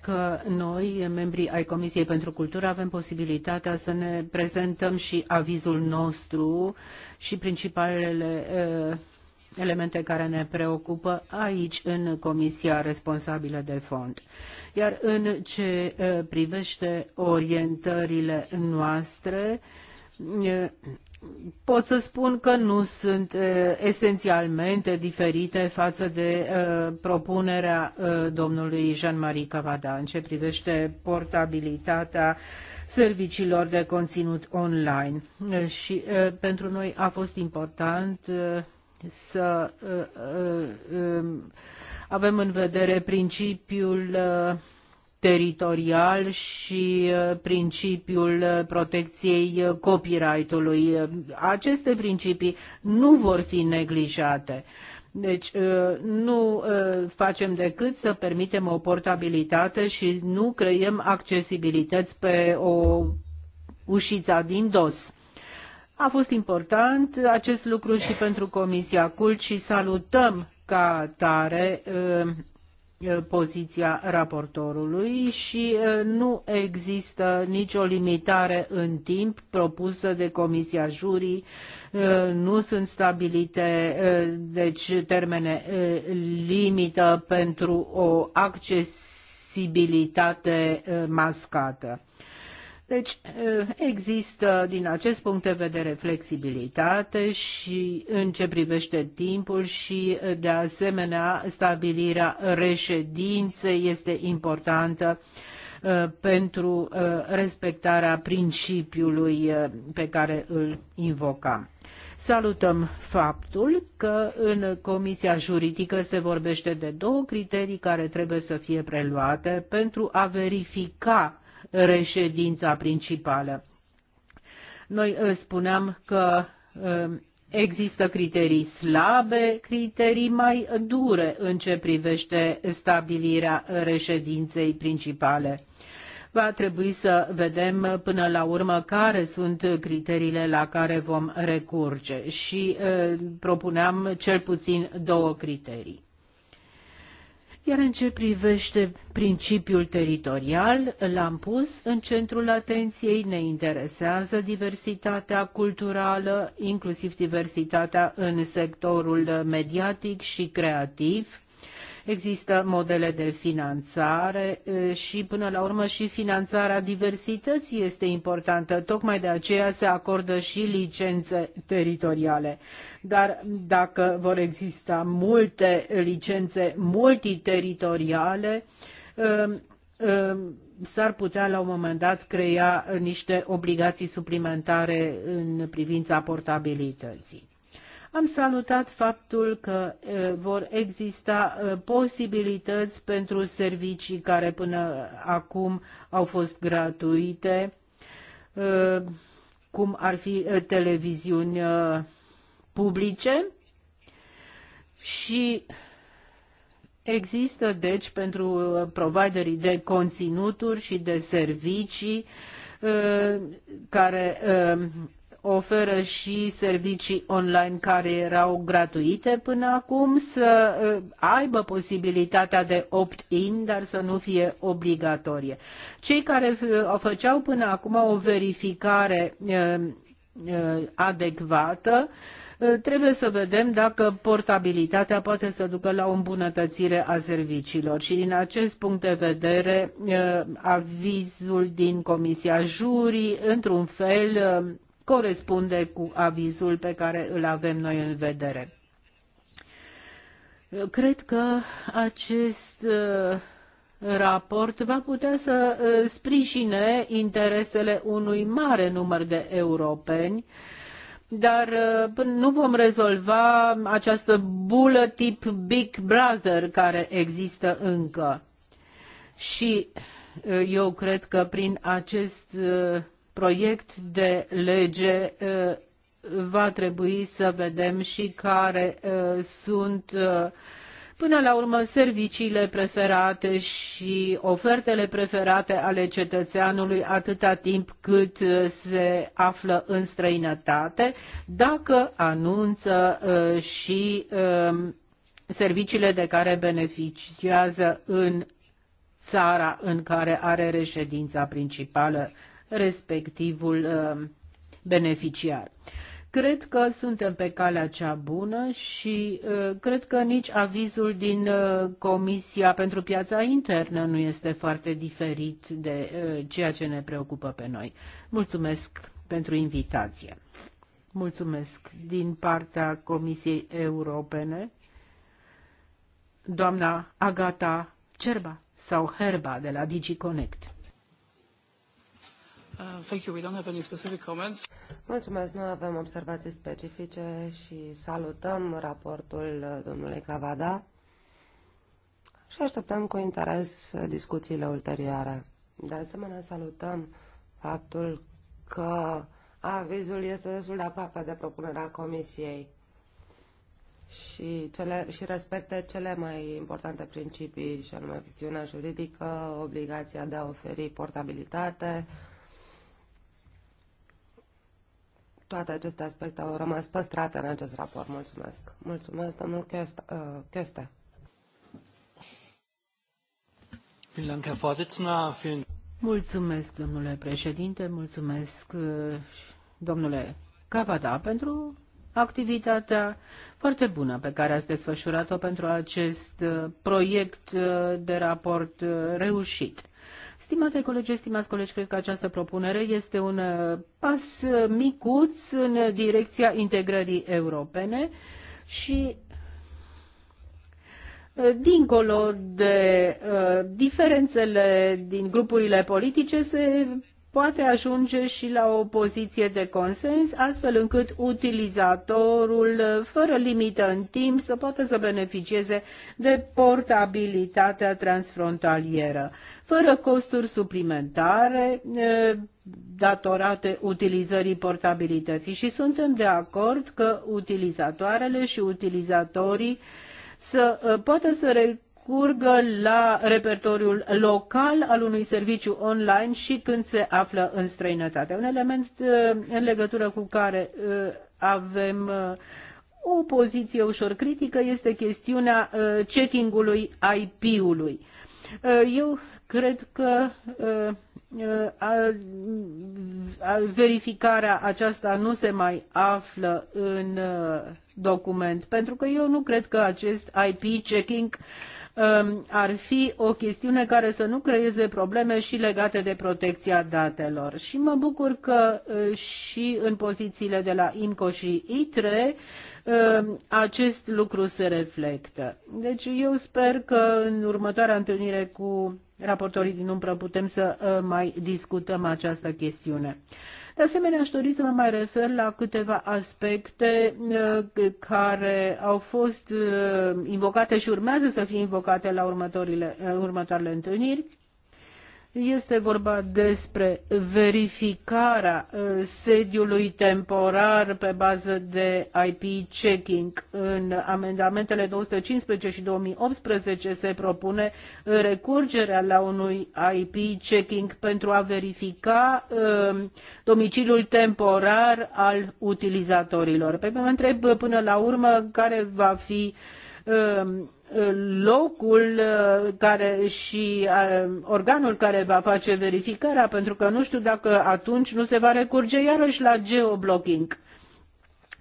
că noi, membrii ai Comisiei pentru Cultură, avem posibilitatea să ne prezentăm și avizul nostru și principalele eh, elemente care ne preocupă aici în comisia responsabilă de fond. Iar în ce eh, privește orientările noastre, eh, pot să spun că nu sunt esențialmente diferite față de propunerea domnului Jean-Marie Cavada în ce privește portabilitatea serviciilor de conținut online. Și pentru noi a fost important să avem în vedere principiul uh, teritorial și uh, principiul uh, protecției uh, copyright-ului. Aceste principii nu vor fi neglijate. Deci nu facem decât să permitem o portabilitate și nu creăm accesibilități pe o ușiță din dos. A fost important acest lucru și pentru Comisia Cult și salutăm ca tare Eh, poziția raportorului și eh, nu există nicio limitare în timp propusă de Comisia Jurii, eh, nu sunt stabilite deci termene limită pentru o accesibilitate mascată. Deci eh, există din acest punct de vedere flexibilitate și în ce privește timpul și eh, de asemenea stabilirea reședinței este importantă eh, pentru respectarea principiului pe care îl invocam. Salutăm faptul că în Comisia Juridică se vorbește de două criterii care trebuie să fie preluate pentru a verifica reședința principală. Noi uh, spuneam că uh, Există criterii slabe, criterii mai dure în ce privește stabilirea reședinței principale. Va trebui să vedem uh, până la urmă care sunt criteriile la care vom recurge și propuneam cel puțin două criterii. Iar în ce privește principiul teritorial, l-am pus în centrul atenției, ne interesează diversitatea culturală, inclusiv diversitatea în sectorul mediatic și creativ. Există modele de finanțare și până la urmă și finanțarea diversității este importantă. Tocmai de aceea se acordă și licențe teritoriale. Dar dacă vor exista multe licențe multiteritoriale, s-ar putea la un moment dat crea niște obligații suplimentare în privința portabilității. Am salutat faptul că vor exista posibilități pentru servicii care până acum au fost gratuite, cum ar fi televiziuni publice și Există, deci, pentru providerii de conținuturi și de servicii care oferă și servicii online care erau gratuite până acum, să uh, aibă posibilitatea de opt-in, dar să nu fie obligatorie. Cei care uh, făceau până acum o verificare uh, adecvată, trebuie să vedem dacă portabilitatea poate să ducă la o îmbunătățire a serviciilor și din acest punct de vedere avizul din Comisia Jurii într-un fel corespunde cu avizul pe care îl avem noi în vedere. Cred că acest uh, raport va putea să uh, sprijine interesele unui mare număr de europeni, dar uh, nu vom rezolva această bulă tip Big Brother care există încă. Și eu cred că prin acest proiect de lege uh, va trebui să vedem și care uh, sunt uh, până la urmă serviciile preferate și ofertele preferate ale cetățeanului atâta timp cât se află în străinătate, dacă anunță și um, serviciile de care beneficiază în țara în care are reședința principală respectivul uh, beneficiar. Cred că suntem pe calea cea bună și uh, cred că nici avizul din uh, Comisia pentru Piața Internă nu este foarte diferit de ceea ce ne preocupă pe noi. Mulțumesc pentru invitație. Mulțumesc din partea Comisiei Europene, doamna Agata Cerba sau Herba de la DigiConnect. Uh, thank you. We don't have any specific comments. Mulțumesc, nu avem observații specifice și salutăm raportul uh, domnului Cavada și așteptăm cu interes uh, discuțiile ulterioare. De asemenea, salutăm faptul că avizul este destul de aproape de propunerea Comisiei și, cele, și respecte cele mai importante principii, și anume ficțiunea juridică, obligația de a oferi portabilitate, toate aceste aspecte au rămas păstrate în acest raport. Mulțumesc. Mulțumesc, domnul Cheste. Uh, mulțumesc, domnule președinte, mulțumesc, uh, domnule Cavada, pentru activitatea foarte bună pe care ați desfășurat-o pentru acest uh, proiect de raport reușit. Stimate colegi, stimați colegi, cred că această propunere este un uh, pas micuț în direcția integrării europene și uh, dincolo de uh, diferențele din grupurile politice, se poate ajunge și la o poziție de consens, astfel încât utilizatorul, fără limită în timp, să poată să beneficieze de portabilitatea transfrontalieră, fără costuri suplimentare datorate utilizării portabilității. Și suntem de acord că utilizatoarele și utilizatorii să poată să recurgă la repertoriul local al unui serviciu online și când se află în străinătate. Un element uh, în legătură cu care uh, avem uh, o poziție ușor critică este chestiunea checking-ului IP-ului. Eu cred că verificarea aceasta nu se mai află în document, pentru că eu nu cred că acest IP checking uh, Um, ar fi o chestiune care să nu creeze probleme și legate de protecția datelor. Și mă bucur că uh, și în pozițiile de la IMCO și ITRE um, acest lucru se reflectă. Deci eu sper că în următoarea întâlnire cu raportorii din umbră putem să uh, mai discutăm această chestiune. De asemenea, aș dori să mă mai refer la câteva aspecte uh, care au fost uh, invocate și urmează să fie invocate la uh, următoarele întâlniri este vorba despre verificarea uh, sediului temporar pe bază de IP checking. În amendamentele 215 și 2018 se propune recurgerea la unui IP checking pentru a verifica um, domiciliul temporar al utilizatorilor. Pe mă întreb până la urmă care va fi um, locul uh, care și uh, organul care va face verificarea, pentru că nu știu dacă atunci nu se va recurge iarăși la geoblocking.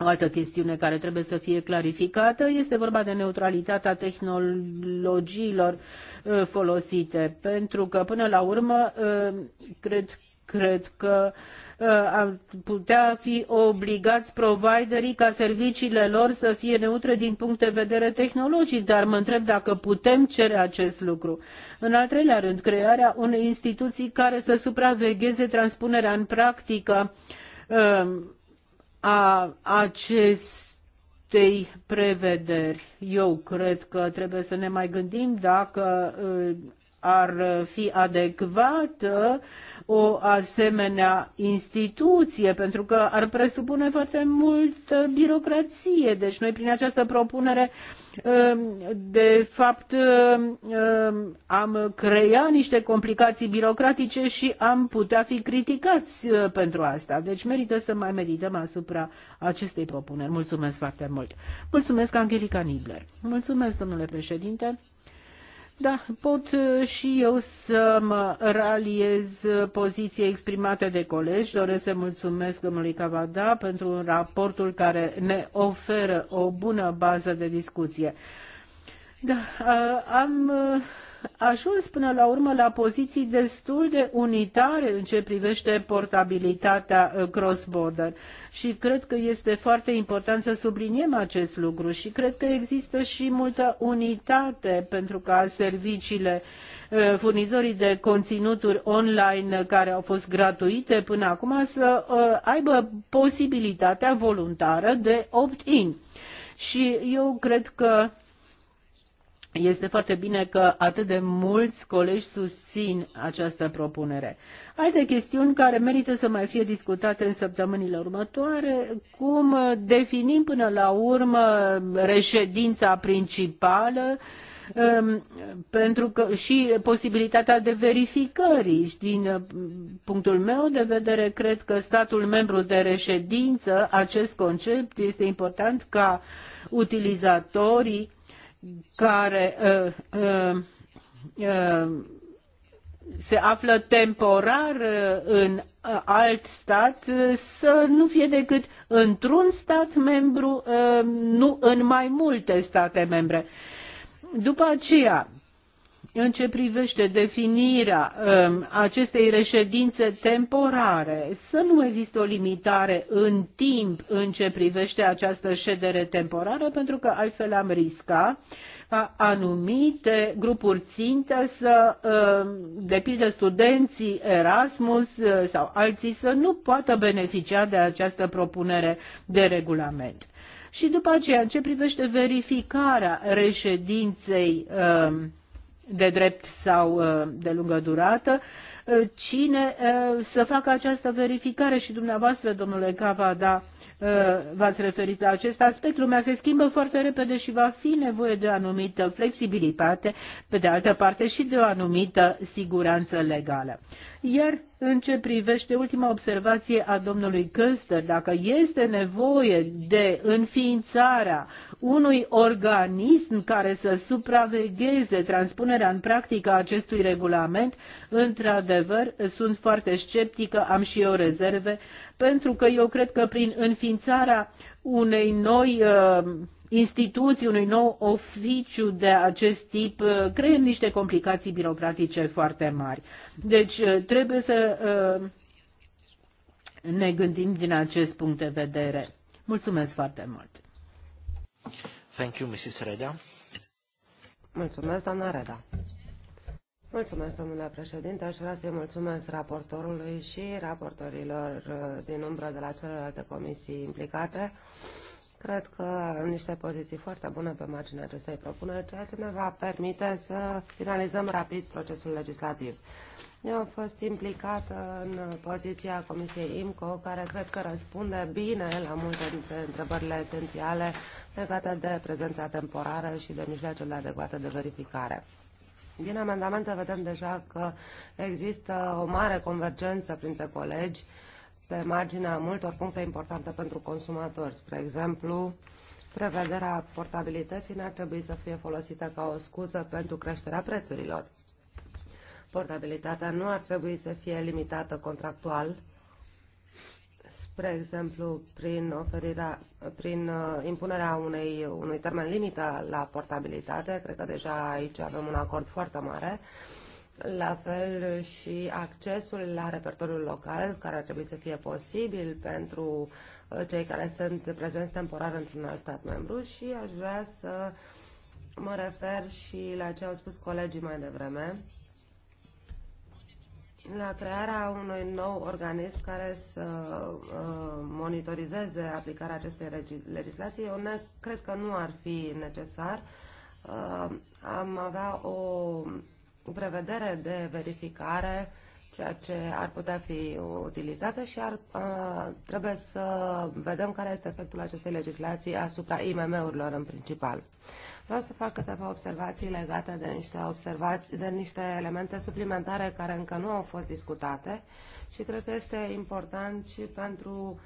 O altă chestiune care trebuie să fie clarificată este vorba de neutralitatea tehnologiilor uh, folosite, pentru că până la urmă cred, cred că Uh, ar putea fi obligați providerii ca serviciile lor să fie neutre din punct de vedere tehnologic, dar mă întreb dacă putem cere acest lucru. În al treilea rând, crearea unei instituții care să supravegheze transpunerea în practică uh, a acestei prevederi. Eu cred că trebuie să ne mai gândim dacă uh, ar fi adecvată o asemenea instituție, pentru că ar presupune foarte mult birocrație. Deci noi prin această propunere um, de fapt um, um, am creat niște complicații birocratice și am putea fi criticați uh, pentru asta. Deci merită să mai medităm asupra acestei propuneri. Mulțumesc foarte mult. Mulțumesc, Angelica Nibler. Mulțumesc, domnule președinte. Da, pot uh, și eu să mă raliez poziția exprimată de colegi. Doresc să mulțumesc domnului Cavada pentru raportul care ne oferă o bună bază de discuție. Da, uh, am uh, ajuns până la urmă la poziții destul de unitare în ce privește portabilitatea uh, cross-border. Și cred că este foarte important să subliniem acest lucru și cred că există și multă unitate pentru ca serviciile uh, furnizorii de conținuturi online care au fost gratuite până acum să uh, aibă posibilitatea voluntară de opt-in. Și eu cred că este foarte bine că atât de mulți colegi susțin această propunere. Alte chestiuni care merită să mai fie discutate în săptămânile următoare, cum definim până la urmă reședința principală, um, pentru că și posibilitatea de verificări. Din punctul meu de vedere, cred că statul membru de reședință, acest concept este important ca utilizatorii care uh, uh, uh, se află temporar uh, în uh, alt stat uh, să nu fie decât într-un stat membru, nu în mai multe state membre. După aceea, în ce privește definirea um, acestei reședințe temporare, să nu există o limitare în timp în ce privește această ședere temporară, pentru că altfel am risca ca anumite grupuri ținte să, um, de pildă studenții Erasmus uh, sau alții, să nu poată beneficia de această propunere de regulament. Și după aceea, în ce privește verificarea reședinței um, de drept sau uh, de lungă durată, uh, cine uh, să facă această verificare și dumneavoastră, domnule Cavada, v-ați referit la acest aspect. Lumea se schimbă foarte repede și va fi nevoie de o anumită flexibilitate, pe de altă parte și de o anumită siguranță legală. Iar în ce privește ultima observație a domnului Köster, dacă este nevoie de înființarea unui organism care să supravegheze transpunerea în practică a acestui regulament, într-adevăr sunt foarte sceptică, am și eu rezerve, pentru că eu cred că prin înființarea unei noi uh, instituții, unui nou oficiu de acest tip, uh, creăm niște complicații birocratice foarte mari. Deci uh, trebuie să uh, ne gândim din acest punct de vedere. Mulțumesc foarte mult! Thank you, Mrs. Reda. Mulțumesc, doamna Reda. Mulțumesc, domnule președinte. Aș vrea să-i mulțumesc raportorului și raportorilor din umbră de la celelalte comisii implicate. Cred că avem niște poziții foarte bune pe marginea acestei propuneri, ceea ce ne va permite să finalizăm rapid procesul legislativ. Eu am fost implicat în poziția Comisiei IMCO, care cred că răspunde bine la multe dintre întrebările esențiale legate de prezența temporară și de mijloacele adecvate de verificare. Din amendamente vedem deja că există o mare convergență printre colegi pe marginea multor puncte importante pentru consumatori. Spre exemplu, prevederea portabilității n-ar trebui să fie folosită ca o scuză pentru creșterea prețurilor. Portabilitatea nu ar trebui să fie limitată contractual, spre exemplu, prin, oferirea, prin uh, impunerea unei, unui termen limită la portabilitate, cred că deja aici avem un acord foarte mare, uh, la fel și accesul la repertoriul local, care ar trebui să fie posibil pentru uh, cei care sunt prezenți temporar într-un alt stat membru și aș vrea să mă refer și la ce au spus colegii mai devreme, la crearea unui nou organism care să uh, monitorizeze aplicarea acestei legislații. Eu ne, cred că nu ar fi necesar. Uh, am avea o prevedere de verificare, ceea ce ar putea fi utilizată și ar, uh, trebuie să vedem care este efectul acestei legislații asupra IMM-urilor în principal. Vreau să fac câteva observații legate de niște, observații, de niște elemente suplimentare care încă nu au fost discutate și cred că este important și pentru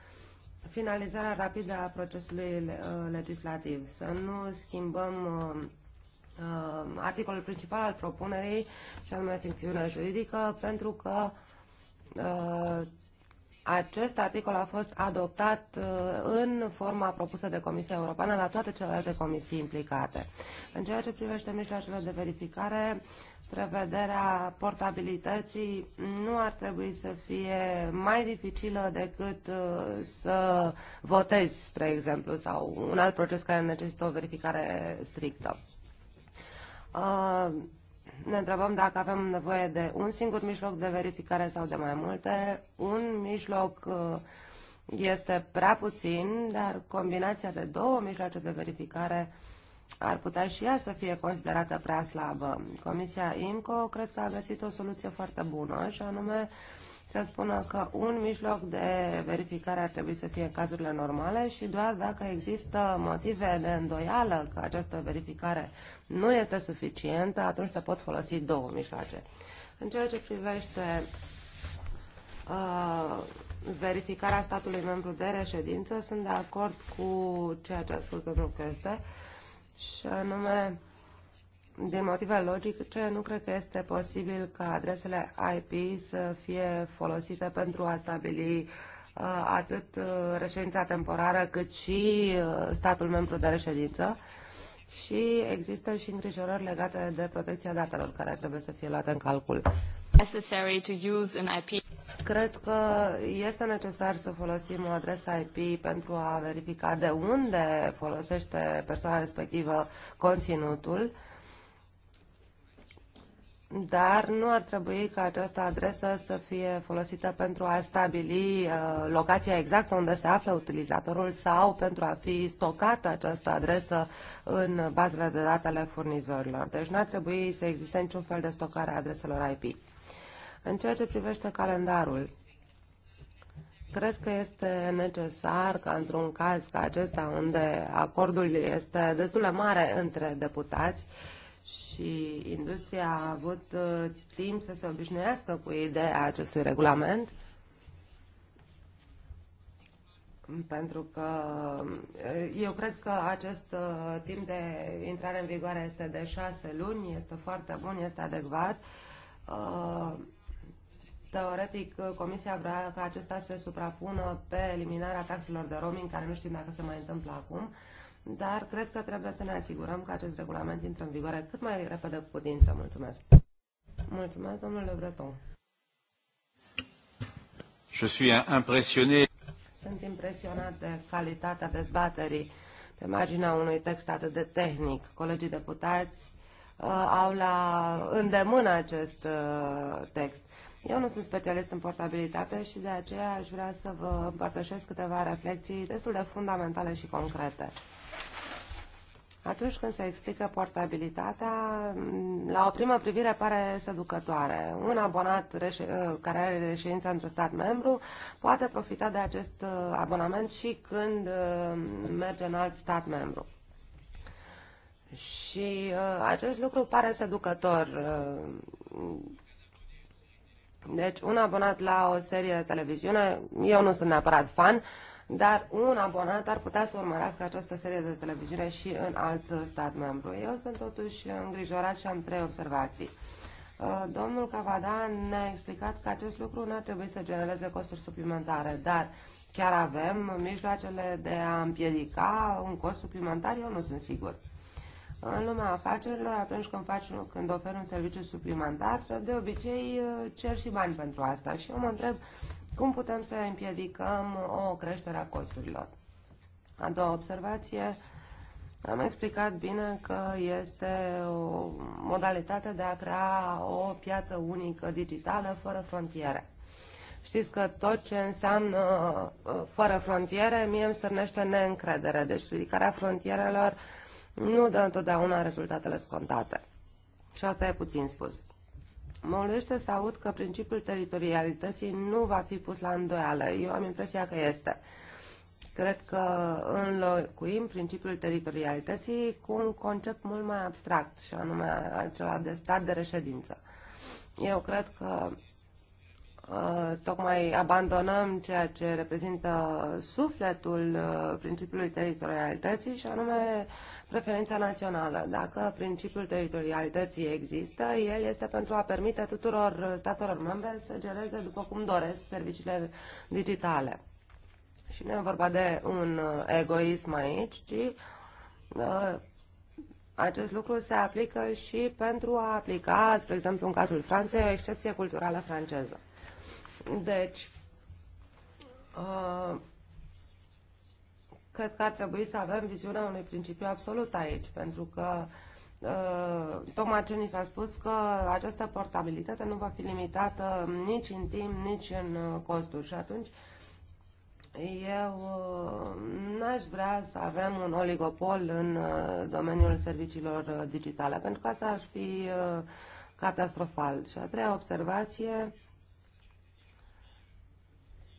finalizarea rapidă a procesului uh, legislativ. Să nu schimbăm uh, Uh, articolul principal al propunerii, și anume ficțiunea juridică, pentru că uh, acest articol a fost adoptat uh, în forma propusă de Comisia Europeană la toate celelalte comisii implicate. În ceea ce privește mijloacele de verificare, prevederea portabilității nu ar trebui să fie mai dificilă decât să votezi, spre exemplu, sau un alt proces care necesită o verificare strictă. Uh, ne întrebăm dacă avem nevoie de un singur mijloc de verificare sau de mai multe. Un mijloc uh, este prea puțin, dar combinația de două mijloace de verificare ar putea și ea să fie considerată prea slabă. Comisia IMCO cred că a găsit o soluție foarte bună și anume să spună că un mijloc de verificare ar trebui să fie în cazurile normale și doar dacă există motive de îndoială că această verificare nu este suficientă, atunci se pot folosi două mijloace. În ceea ce privește uh, verificarea statului membru de reședință, sunt de acord cu ceea ce a spus domnul Căste. Uh, și anume, din motive logice, nu cred că este posibil ca adresele IP să fie folosite pentru a stabili uh, atât uh, reședința temporară cât și uh, statul membru de reședință și există și îngrijorări legate de protecția datelor care trebuie să fie luate în calcul. Necessary to use an IP. Cred că este necesar să folosim o adresă IP pentru a verifica de unde folosește persoana respectivă conținutul, dar nu ar trebui ca această adresă să fie folosită pentru a stabili uh, locația exactă unde se află utilizatorul sau pentru a fi stocată această adresă în bazele de date ale furnizorilor. Deci nu ar trebui să existe niciun fel de stocare a adreselor IP. În ceea ce privește calendarul, Cred că este necesar ca într-un caz ca acesta, unde acordul este destul de mare între deputați și industria a avut uh, timp să se obișnuiască cu ideea acestui regulament, pentru că uh, eu cred că acest uh, timp de intrare în vigoare este de șase luni, este foarte bun, este adecvat. Uh, Teoretic, uh, Comisia vrea ca acesta să se suprapună pe eliminarea taxelor de roaming, care nu știm dacă se mai întâmplă acum, dar cred că trebuie să ne asigurăm că acest regulament intră în vigoare cât mai repede cu putință. Mulțumesc! Mulțumesc, domnule Breton! Je suis impressionné. Sunt impresionat de calitatea dezbaterii pe marginea unui text atât de tehnic. Colegii deputați uh, au la îndemână acest uh, text. Eu nu sunt specialist în portabilitate și de aceea aș vrea să vă împărtășesc câteva reflexii destul de fundamentale și concrete. Atunci când se explică portabilitatea, la o primă privire pare seducătoare. Un abonat care are reședința într-un stat membru poate profita de acest uh, abonament și când uh, merge în alt stat membru. Și uh, acest lucru pare seducător deci un abonat la o serie de televiziune, eu nu sunt neapărat fan, dar un abonat ar putea să urmărească această serie de televiziune și în alt stat membru. Eu sunt totuși îngrijorat și am trei observații. Uh, domnul Cavada ne-a explicat că acest lucru nu ar trebui să genereze costuri suplimentare, dar chiar avem mijloacele de a împiedica un cost suplimentar? Eu nu sunt sigur. În lumea afacerilor, atunci când, faci, când oferi un serviciu suplimentar, de obicei uh, cer și bani pentru asta. Și eu mă întreb cum putem să împiedicăm uh, o creștere a costurilor. A doua observație, am explicat bine că este o modalitate de a crea o piață unică digitală fără frontiere. Știți că tot ce înseamnă uh, fără frontiere, mie îmi stârnește neîncredere. Deci ridicarea frontierelor uh, nu dă întotdeauna rezultatele scontate. Și asta e puțin spus. Mă ulește să aud că principiul teritorialității nu va fi pus la îndoială. Eu am impresia că este. Cred că înlocuim principiul teritorialității cu un concept mult mai abstract, și anume acela de stat de reședință. Eu cred că Uh, tocmai abandonăm ceea ce reprezintă sufletul uh, principiului teritorialității și anume preferința națională. Dacă principiul teritorialității există, el este pentru a permite tuturor statelor membre să gereze după cum doresc serviciile digitale. Și nu e vorba de un uh, egoism aici, ci acest lucru se aplică și pentru a aplica, spre exemplu, în cazul Franței, o excepție culturală franceză. Deci, uh, cred că ar trebui să avem viziunea unui principiu absolut aici, pentru că uh, tocmai ce ni s-a spus că această portabilitate nu va fi limitată nici în timp, nici în uh, costuri și atunci eu uh, n-aș vrea să avem un oligopol în uh, domeniul serviciilor digitale, pentru că asta ar fi catastrofal. Și a treia observație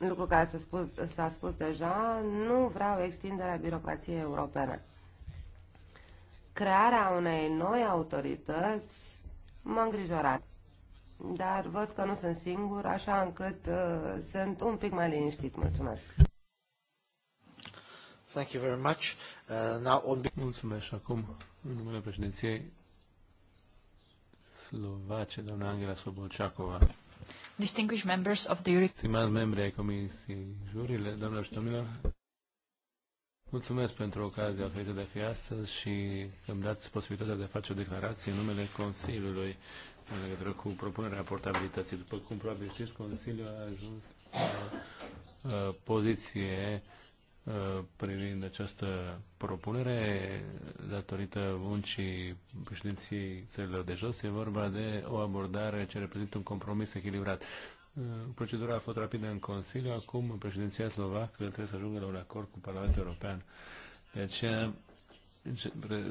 lucru care s-a spus, spus deja, nu vreau extinderea birocrației europene. Crearea unei noi autorități mă îngrijorat, dar văd că nu sunt singur, așa încât uh, sunt un pic mai liniștit. Mulțumesc! Thank you very much. Uh, now on... Mulțumesc acum, în numele președinției slovace, doamna Angela Sobolceacova distinguished members of the European... Stimați membri ai Comisiei Jurile, doamnelor și domnilor, mulțumesc pentru ocazia oferită de a fi astăzi și că îmi dați posibilitatea de a face o declarație în numele Consiliului în legătură cu propunerea portabilității. După cum probabil știți, Consiliul a ajuns la uh, poziție Uh, privind această propunere datorită muncii președinției țărilor de jos. E vorba de o abordare ce reprezintă un compromis echilibrat. Uh, procedura a fost rapidă în Consiliu, acum președinția slovacă trebuie să ajungă la un acord cu Parlamentul European. De deci, aceea uh,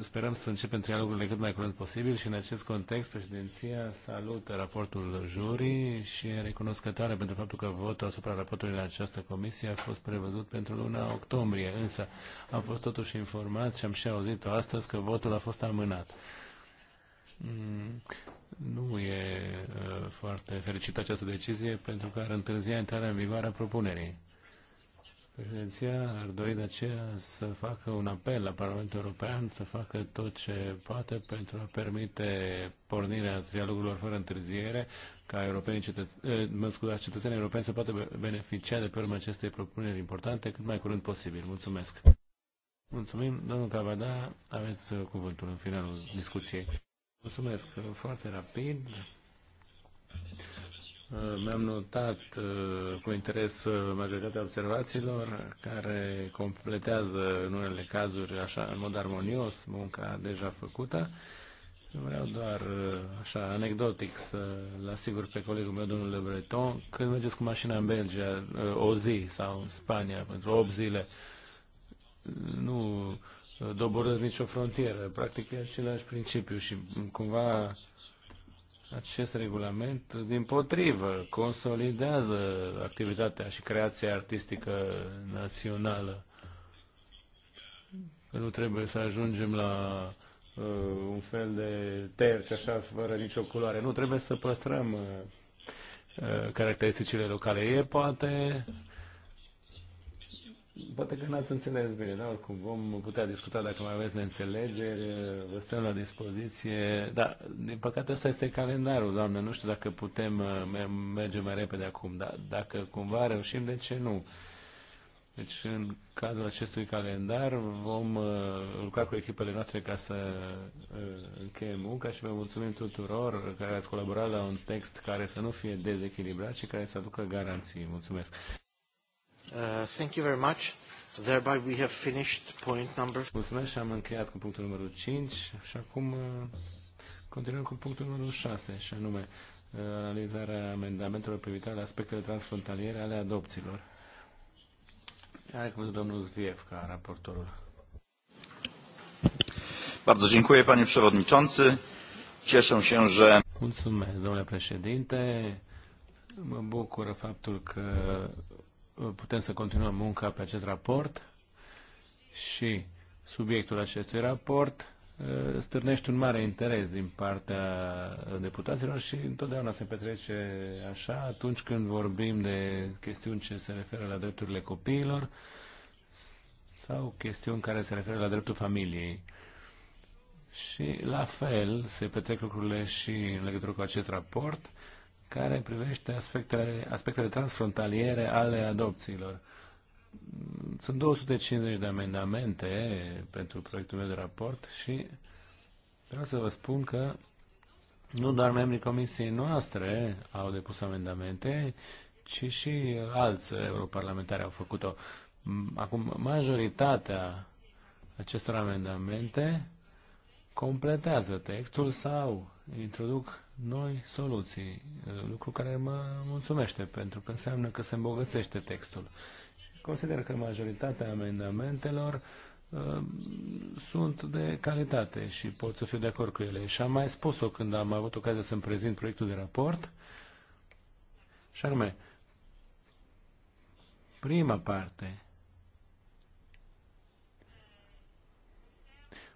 sperăm să începem trialogurile cât mai curând posibil și în acest context președinția salută raportul jury și e recunoscătoare pentru faptul că votul asupra raportului la această comisie a fost prevăzut pentru luna octombrie, însă am fost totuși informați și am și auzit-o astăzi că votul a fost amânat. Mm, nu e uh, foarte fericită această decizie pentru că ar întârzia intrarea în vigoare a propunerii. Președinția ar dori de aceea să facă un apel la Parlamentul European să facă tot ce poate pentru a permite pornirea trialogurilor fără întârziere, ca europenii cetățeni, eh, cetățenii europeni să poată beneficia de pe urmă acestei propuneri importante cât mai curând posibil. Mulțumesc! Mulțumim, domnul Cavada, aveți uh, cuvântul în finalul discuției. Mulțumesc uh, foarte rapid. Uh, mi-am notat uh, cu interes uh, majoritatea observațiilor care completează în unele cazuri așa în mod armonios munca deja făcută. Vreau doar așa anecdotic să l asigur pe colegul meu, domnul Le Breton, când mergeți cu mașina în Belgia o zi sau în Spania pentru 8 zile, nu doborăți nicio frontieră. Practic e același principiu și cumva acest regulament, din potrivă, consolidează activitatea și creația artistică națională. Nu trebuie să ajungem la uh, un fel de terci, așa, fără nicio culoare. Nu, trebuie să păstrăm uh, uh caracteristicile locale. E poate uh, Poate că n-ați înțeles bine, dar oricum vom putea discuta dacă mai aveți neînțelegeri, vă stăm la dispoziție. Dar, din păcate, ăsta este calendarul, doamne, nu știu dacă putem uh, merge mai repede acum, dar dacă cumva reușim, de ce nu? Deci, în cazul acestui calendar, vom uh, lucra cu echipele noastre ca să uh, încheiem munca și vă mulțumim tuturor care ați colaborat la un text care să nu fie dezechilibrat și care să aducă garanții. Mulțumesc! Uh, thank you very much. Thereby we have finished point number... Mulțumesc am încheiat cu punctul numărul 5 și acum uh, continuăm cu punctul numărul 6 și anume analizarea uh, amendamentelor privitoare la aspectele transfrontaliere ale adopțiilor. Ai cuvântul domnul Zviev ca raportorul. Bardzo dziękuję, panie przewodniczący. Cieszę się, że... Mulțumesc, domnule președinte. Mă bucură faptul că putem să continuăm munca pe acest raport și subiectul acestui raport uh, stârnește un mare interes din partea deputaților și întotdeauna se petrece așa atunci când vorbim de chestiuni ce se referă la drepturile copiilor sau chestiuni care se referă la dreptul familiei. Și la fel se petrec lucrurile și în legătură cu acest raport care privește aspectele, aspectele transfrontaliere ale adopțiilor. Sunt 250 de amendamente pentru proiectul meu de raport și vreau să vă spun că nu doar membrii comisiei noastre au depus amendamente, ci și alți europarlamentari au făcut-o. Acum, majoritatea acestor amendamente completează textul sau introduc noi soluții, lucru care mă mulțumește pentru că înseamnă că se îmbogățește textul. Consider că majoritatea amendamentelor uh, sunt de calitate și pot să fiu de acord cu ele. Și am mai spus-o când am avut ocazia să-mi prezint proiectul de raport, și anume, prima parte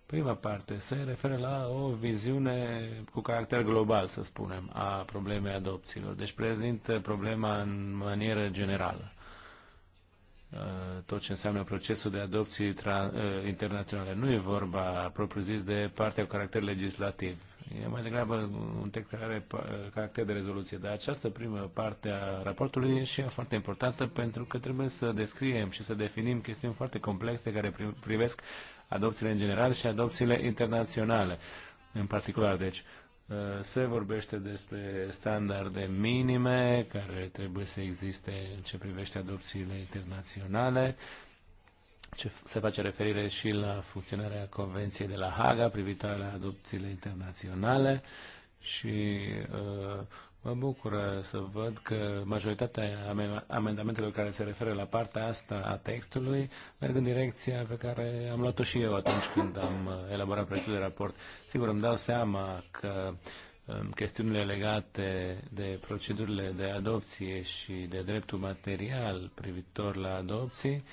Prima parte se referă la o viziune cu caracter global, să spunem, a problemei adopțiilor. Deci prezintă problema în manieră generală. Tot ce înseamnă procesul de adopții eh, internaționale. Nu e vorba, propriu-zis, de partea cu caracter legislativ. E mai degrabă un text care are eh, caracter de rezoluție. Dar această primă parte a raportului e și foarte importantă pentru că trebuie să descriem și să definim chestiuni foarte complexe care privesc adopțiile în general și adopțiile internaționale în particular. Deci, uh, se vorbește despre standarde minime care trebuie să existe în ce privește adopțiile internaționale. Ce se face referire și la funcționarea Convenției de la Haga privitoare la adopțiile internaționale și uh, Mă bucură să văd că majoritatea amendamentelor care se referă la partea asta a textului merg în direcția pe care am luat-o și eu atunci când am uh, elaborat proiectul de raport. Sigur, îmi dau seama că um, chestiunile legate de procedurile de adopție și de dreptul material privitor la adopții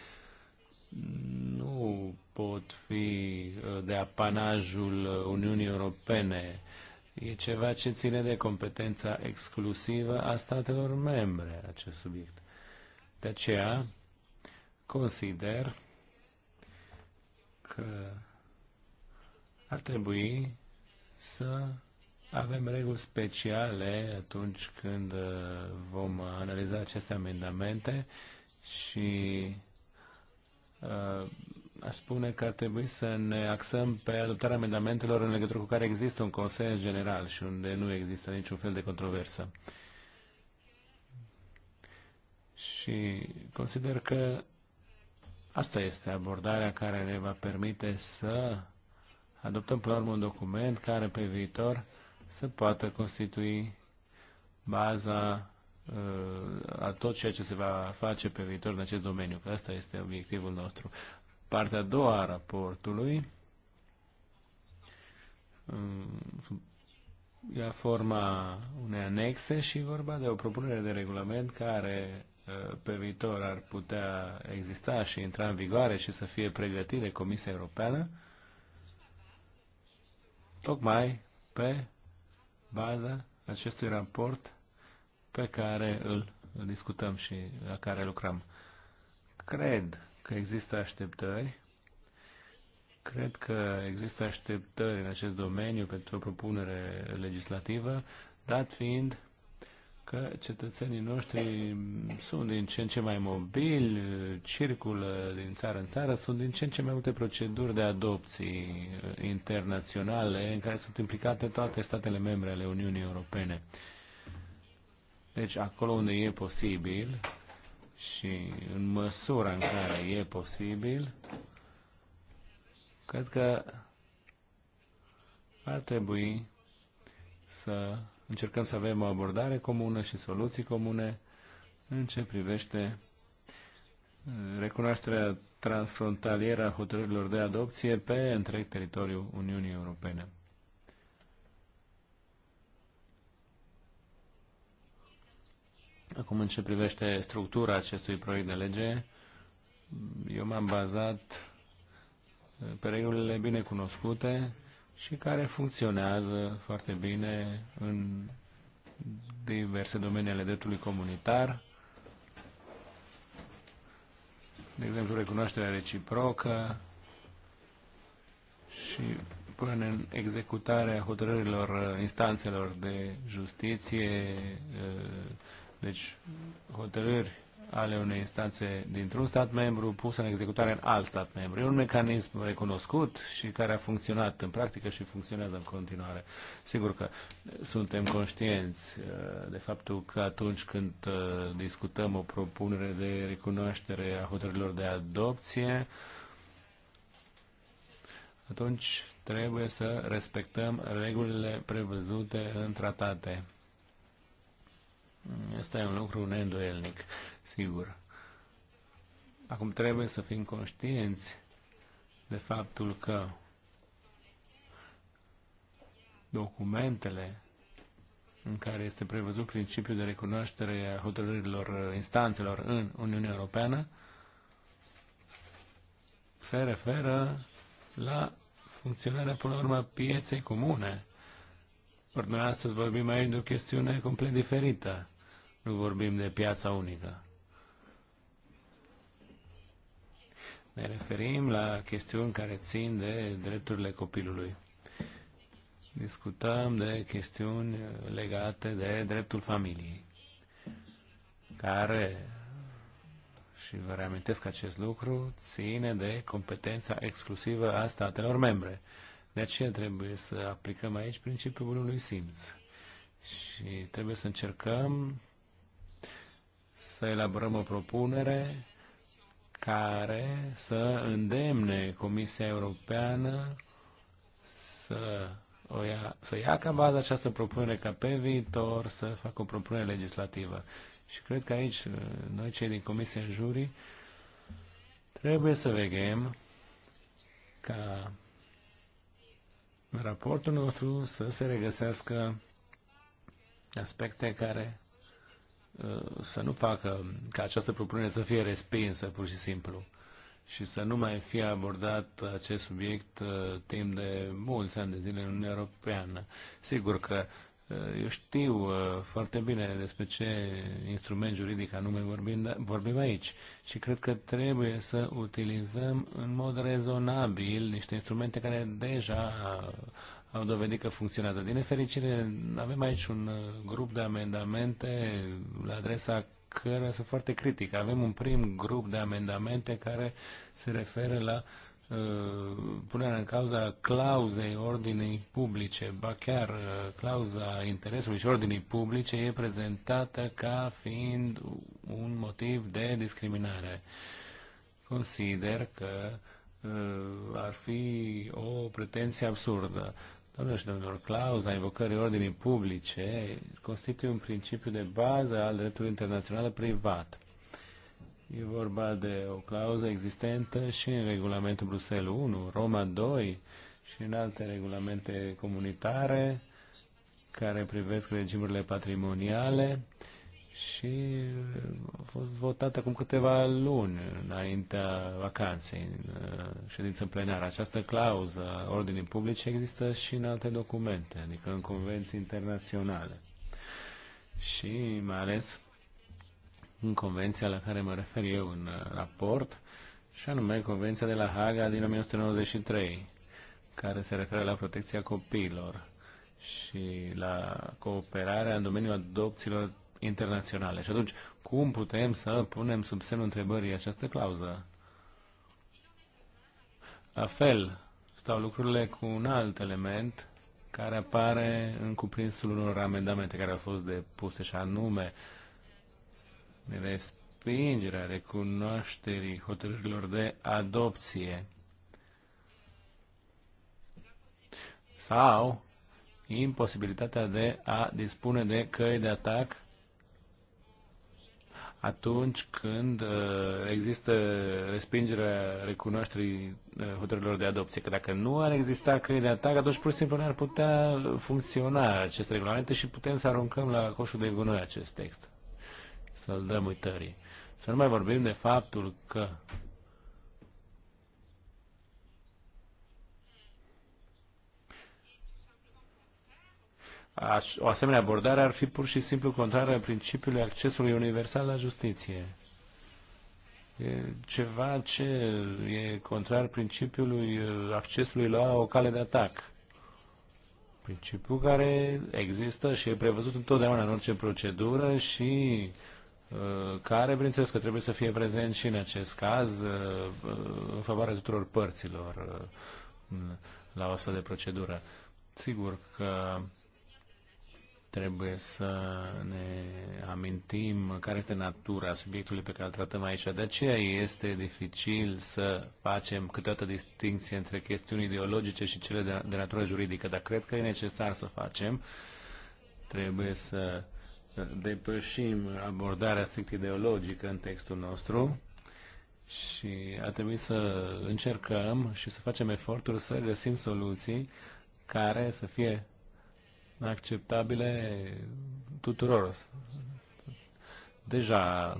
nu pot fi uh, de apanajul Uniunii Europene E ceva ce ține de competența exclusivă a statelor membre, acest subiect. De aceea, consider că ar trebui să avem reguli speciale atunci când uh, vom analiza aceste amendamente și uh, aș spune că ar trebui să ne axăm pe adoptarea amendamentelor în legătură cu care există un consens general și unde nu există niciun fel de controversă. Și consider că asta este abordarea care ne va permite să adoptăm până la urmă un document care pe viitor să poată constitui baza uh, a tot ceea ce se va face pe viitor în acest domeniu, că asta este obiectivul nostru partea a doua a raportului, um, ia forma unei anexe și vorba de o propunere de regulament care uh, pe viitor ar putea exista și intra în vigoare și să fie pregătit de Comisia Europeană, tocmai pe baza acestui raport pe care îl discutăm și la care lucrăm. Cred că există așteptări. Cred că există așteptări în acest domeniu pentru o propunere legislativă, dat fiind că cetățenii noștri sunt din ce în ce mai mobili, circulă din țară în țară, sunt din ce în ce mai multe proceduri de adopții internaționale în care sunt implicate toate statele membre ale Uniunii Europene. Deci acolo unde e posibil, și în măsura în care e posibil, cred că ar trebui să încercăm să avem o abordare comună și soluții comune în ce privește recunoașterea transfrontalieră a hotărârilor de adopție pe întreg teritoriul Uniunii Europene. Acum, în ce privește structura acestui proiect de lege, eu m-am bazat eh, pe regulile bine cunoscute și care funcționează foarte bine în diverse domenii ale dreptului comunitar, de exemplu recunoașterea reciprocă și până în executarea hotărârilor eh, instanțelor de justiție eh, deci, hotărâri ale unei instanțe dintr-un stat membru pusă în executare în alt stat membru. E un mecanism recunoscut și care a funcționat în practică și funcționează în continuare. Sigur că suntem conștienți uh, de faptul că atunci când uh, discutăm o propunere de recunoaștere a hotărârilor de adopție, atunci trebuie să respectăm regulile prevăzute în tratate. Asta e un lucru neîndoielnic, sigur. Acum trebuie să fim conștienți de faptul că documentele în care este prevăzut principiul de recunoaștere a hotărârilor instanțelor în Uniunea Europeană se referă la funcționarea, până la urmă, pieței comune. Ori noi astăzi vorbim aici de o chestiune complet diferită. Nu vorbim de piața unică. Ne referim la chestiuni care țin de drepturile copilului. Discutăm de chestiuni legate de dreptul familiei, care, și vă reamintesc acest lucru, ține de competența exclusivă a statelor membre. De aceea trebuie să aplicăm aici principiul bunului simț. Și trebuie să încercăm să elaborăm o propunere care să îndemne Comisia Europeană să, o ia, să ia ca bază această propunere ca pe viitor să facă o propunere legislativă. Și cred că aici noi cei din Comisia jury trebuie să vegem ca raportul nostru să se regăsească aspecte care să nu facă ca această propunere să fie respinsă pur și simplu și să nu mai fie abordat acest subiect uh, timp de mulți ani de zile în Uniunea Europeană. Sigur că uh, eu știu uh, foarte bine despre ce instrument juridic anume vorbim, da, vorbim aici și cred că trebuie să utilizăm în mod rezonabil niște instrumente care deja am dovedit că funcționează. Din nefericire, avem aici un uh, grup de amendamente la adresa care sunt foarte critic. Avem un prim grup de amendamente care se referă la uh, punerea în cauza clauzei ordinii publice, ba chiar uh, clauza interesului și ordinii publice e prezentată ca fiind un motiv de discriminare. Consider că uh, ar fi o pretenție absurdă. Domnilor și domnilor, clauza invocării ordinii publice constituie un principiu de bază al dreptului internațional privat. E vorba de o clauză existentă și în regulamentul Bruxelles 1, Roma 2 și în alte regulamente comunitare care privesc regimurile patrimoniale și a fost votat acum câteva luni înaintea vacanței în uh, ședință plenară. Această clauză ordinii publice există și în alte documente, adică în convenții internaționale și mai ales în convenția la care mă refer eu în uh, raport, și anume Convenția de la Haga din 1993, care se referă la protecția copiilor și la cooperarea în domeniul adopțiilor internaționale. Și atunci, cum putem să punem sub semnul întrebării această clauză? La fel, stau lucrurile cu un alt element care apare în cuprinsul unor amendamente care au fost depuse și anume respingerea recunoașterii hotărârilor de adopție sau imposibilitatea de a dispune de căi de atac atunci când uh, există respingerea recunoașterii uh, hotărârilor de adopție. Că dacă nu ar exista căi de atac, atunci pur și simplu nu ar putea funcționa aceste regulamente și putem să aruncăm la coșul de gunoi acest text. Să-l dăm uitării. Să nu mai vorbim de faptul că o asemenea abordare ar fi pur și simplu contrară principiului accesului universal la justiție. E ceva ce e contrar principiului uh, accesului la o cale de atac. Principiul care există și e prevăzut întotdeauna în orice procedură și uh, care, bineînțeles, că trebuie să fie prezent și în acest caz uh, în favoarea tuturor părților la o astfel de procedură. Sigur că Trebuie să ne amintim care este natura subiectului pe care îl tratăm aici. De aceea este dificil să facem câteodată distinție între chestiuni ideologice și cele de, de natură juridică, dar cred că e necesar să facem. Trebuie să depășim abordarea strict ideologică în textul nostru și a trebuit să încercăm și să facem eforturi să găsim soluții care să fie acceptabile tuturor. Deja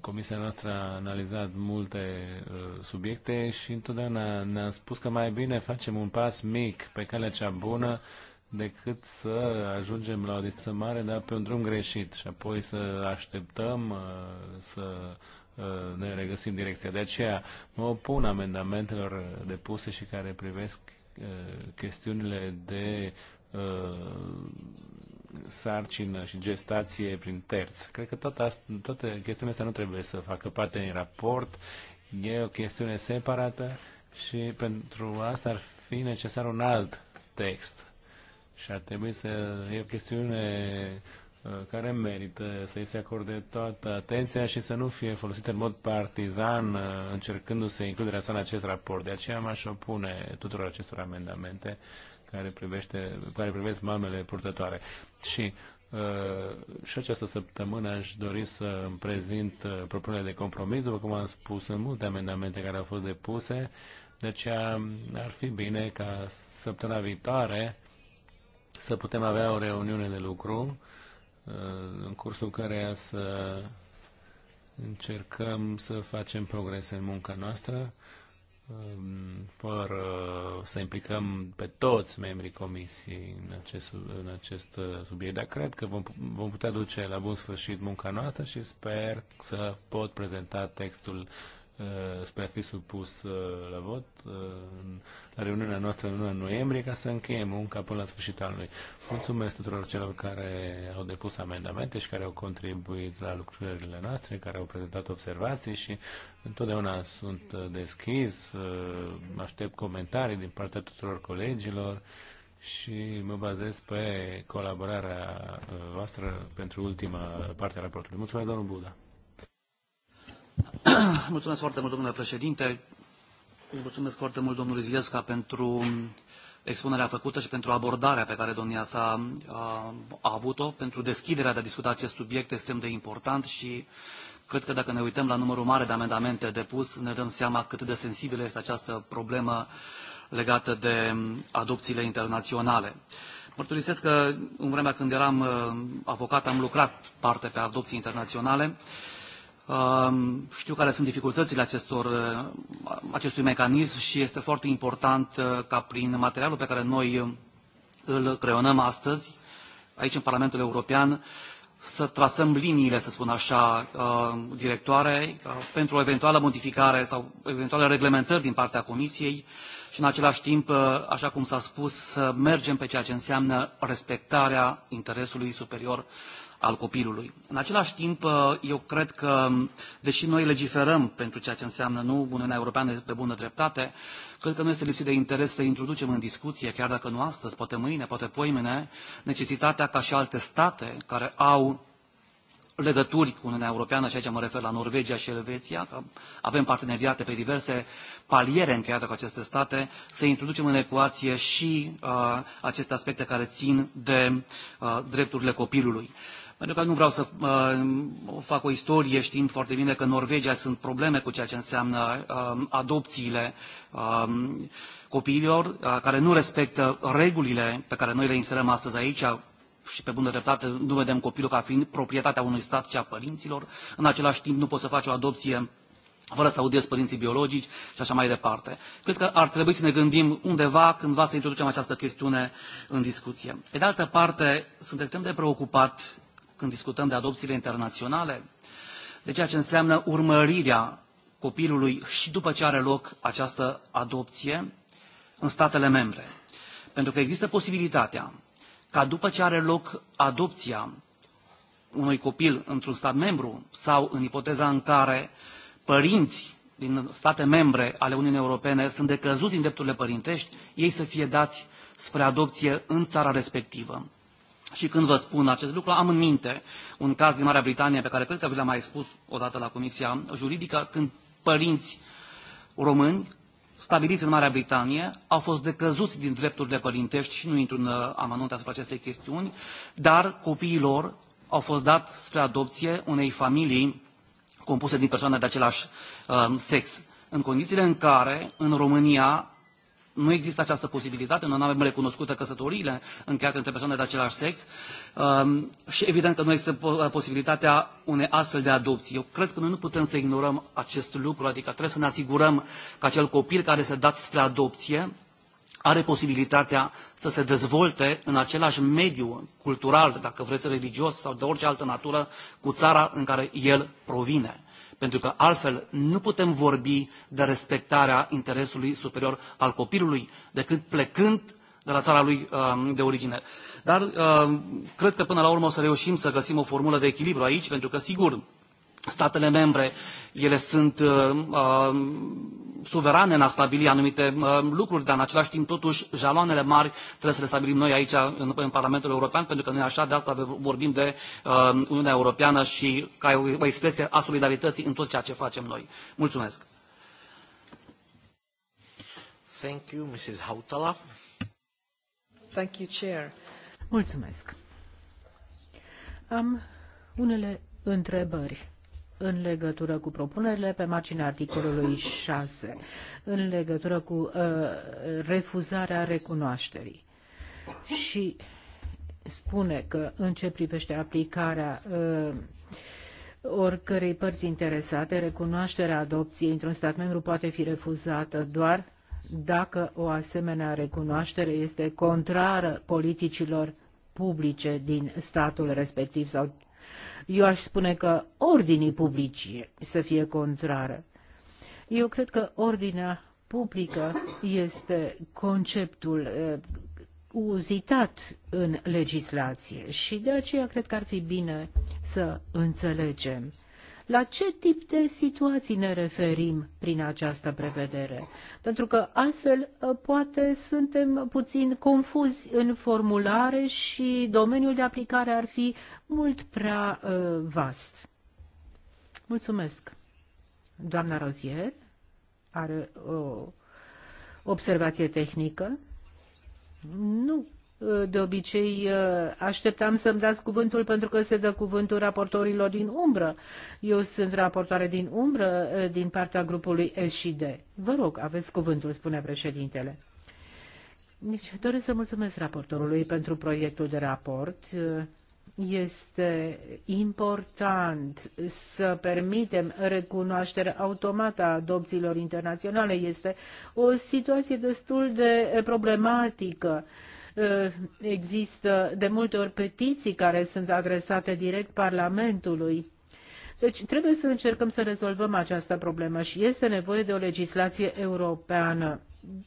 comisia noastră a analizat multe uh, subiecte și întotdeauna ne-a spus că mai bine facem un pas mic pe calea cea bună decât să ajungem la o distanță mare, dar pe un drum greșit și apoi să așteptăm uh, să uh, ne regăsim direcția. De aceea mă opun amendamentelor depuse și care privesc uh, chestiunile de Uh, sarcină și gestație prin terți. Cred că toată, toate chestiunile astea nu trebuie să facă parte din raport. E o chestiune separată și pentru asta ar fi necesar un alt text. Și ar trebui să e o chestiune uh, care merită să-i se acorde toată atenția și să nu fie folosită în mod partizan, uh, încercându-se includerea sa în acest raport. De aceea m-aș opune tuturor acestor amendamente care, privește, care privesc mamele purtătoare. Și Uh, și această săptămână aș dori să îmi prezint uh, propunerea de compromis, după cum am spus, în multe amendamente care au fost depuse, deci um, ar fi bine ca săptămâna viitoare să putem avea o reuniune de lucru uh, în cursul care să încercăm să facem progrese în munca noastră Um, fără să implicăm pe toți membrii comisiei în acest, în acest uh, subiect, dar cred că vom, vom putea duce la bun sfârșit munca noastră și sper să pot prezenta textul Uh, spre a fi supus uh, la vot uh, la reuniunea noastră în luna noiembrie ca să încheiem munca până la sfârșitul anului. Mulțumesc tuturor celor care au depus amendamente și care au contribuit la lucrările noastre, care au prezentat observații și întotdeauna sunt deschis, aștept comentarii din partea tuturor colegilor și mă bazez pe colaborarea voastră pentru ultima parte a raportului. Mulțumesc, domnul Buda! Mulțumesc foarte mult, domnule președinte. Îi mulțumesc foarte mult domnului Zilesca pentru expunerea făcută și pentru abordarea pe care domnia sa a avut-o, pentru deschiderea de a discuta acest subiect extrem de important și cred că dacă ne uităm la numărul mare de amendamente depus, ne dăm seama cât de sensibilă este această problemă legată de adopțiile internaționale. Mărturisesc că în vremea când eram uh, avocat am lucrat parte pe adopții internaționale știu care sunt dificultățile acestor, uh, acestui mecanism și este foarte important uh, ca prin materialul pe care noi uh, îl creionăm astăzi, aici în Parlamentul European, să trasăm liniile, să spun așa, directoare pentru o eventuală modificare sau eventuale reglementări din partea Comisiei și în același timp, așa cum s-a spus, să mergem pe ceea ce înseamnă respectarea interesului superior al copilului. În același timp, uh, eu cred că, um, deși noi legiferăm pentru ceea ce înseamnă nu Uniunea Europeană pe bună dreptate, cred că nu este lipsit de interes să introducem în discuție, chiar dacă nu astăzi, poate mâine, poate poimene, necesitatea ca și alte state care au legături cu Uniunea Europeană, și aici mă refer la Norvegia și Elveția, că avem parteneriate pe diverse paliere încheiate cu aceste state, să introducem în ecuație și uh, aceste aspecte care țin de uh, drepturile copilului. Pentru că nu vreau să uh, fac o istorie știind foarte bine că în Norvegia sunt probleme cu ceea ce înseamnă um, um, uh, adopțiile uh, copiilor care nu respectă regulile pe care noi le inserăm astăzi aici, și pe bună dreptate nu vedem copilul ca fiind proprietatea unui stat, ci a părinților. În același timp nu poți să faci o adopție fără să audiezi părinții biologici și așa mai departe. Cred că ar trebui să ne gândim undeva, cândva, să introducem această chestiune în discuție. Pe de altă parte, sunt extrem de preocupat când discutăm de adopțiile internaționale, de ceea ce înseamnă urmărirea copilului și după ce are loc această adopție în statele membre. Pentru că există posibilitatea ca după ce are loc adopția unui copil într-un stat membru sau în ipoteza în care părinți din state membre ale Uniunii Europene sunt decăzuți în drepturile părintești, ei să fie dați spre adopție în țara respectivă. Și când vă spun acest lucru, am în minte un caz din Marea Britanie pe care cred că vi l-am mai spus odată la Comisia Juridică, când părinți români stabiliți în Marea Britanie au fost decăzuți din drepturile părintești și nu intru în uh, amănunte asupra acestei chestiuni, dar copiii lor au fost dat spre adopție unei familii compuse din persoane de același uh, sex, în condițiile în care în România nu există această posibilitate, noi nu avem recunoscută căsătoriile încheiate între persoane de același sex um, și evident că nu există uh, posibilitatea unei astfel de adopții. Eu cred că noi nu putem să ignorăm acest lucru, adică trebuie să ne asigurăm că acel copil care se dat spre adopție are posibilitatea să se dezvolte în același mediu cultural, dacă vreți religios sau de orice altă natură, cu țara în care el provine pentru că altfel nu putem vorbi de respectarea interesului superior al copilului, decât plecând de la țara lui um, de origine. Dar um, cred că până la urmă o să reușim să găsim o formulă de echilibru aici, pentru că, sigur, statele membre. Ele sunt uh, uh, suverane în a stabili anumite uh, lucruri, dar în același timp, totuși, jaloanele mari trebuie să le stabilim noi aici, în, în Parlamentul European, pentru că noi așa de asta vorbim de uh, Uniunea Europeană și ca o, o expresie a solidarității în tot ceea ce facem noi. Mulțumesc! Thank you, Mrs. Hautala. Thank you, Chair. Mulțumesc. Am unele întrebări în legătură cu propunerile pe marginea articolului 6, în legătură cu uh, refuzarea recunoașterii. Și spune că în ce privește aplicarea uh, oricărei părți interesate, recunoașterea adopției într-un stat membru poate fi refuzată doar dacă o asemenea recunoaștere este contrară politicilor publice din statul respectiv sau eu aș spune că ordinii publice să fie contrară. Eu cred că ordinea publică este conceptul uzitat în legislație și de aceea cred că ar fi bine să înțelegem la ce tip de situații ne referim prin această prevedere, pentru că altfel poate suntem puțin confuzi în formulare și domeniul de aplicare ar fi mult prea uh, vast. Mulțumesc. Doamna Rozier are o observație tehnică. Nu. Uh, de obicei uh, așteptam să-mi dați cuvântul pentru că se dă cuvântul raportorilor din umbră. Eu sunt raportoare din umbră uh, din partea grupului S și D. Vă rog, aveți cuvântul, spune președintele. Deci doresc să mulțumesc raportorului pentru proiectul de raport este important să permitem recunoașterea automată a adopțiilor internaționale. Este o situație destul de problematică uh, există de multe ori petiții care sunt adresate direct Parlamentului. Deci trebuie să încercăm să rezolvăm această problemă și este nevoie de o legislație europeană.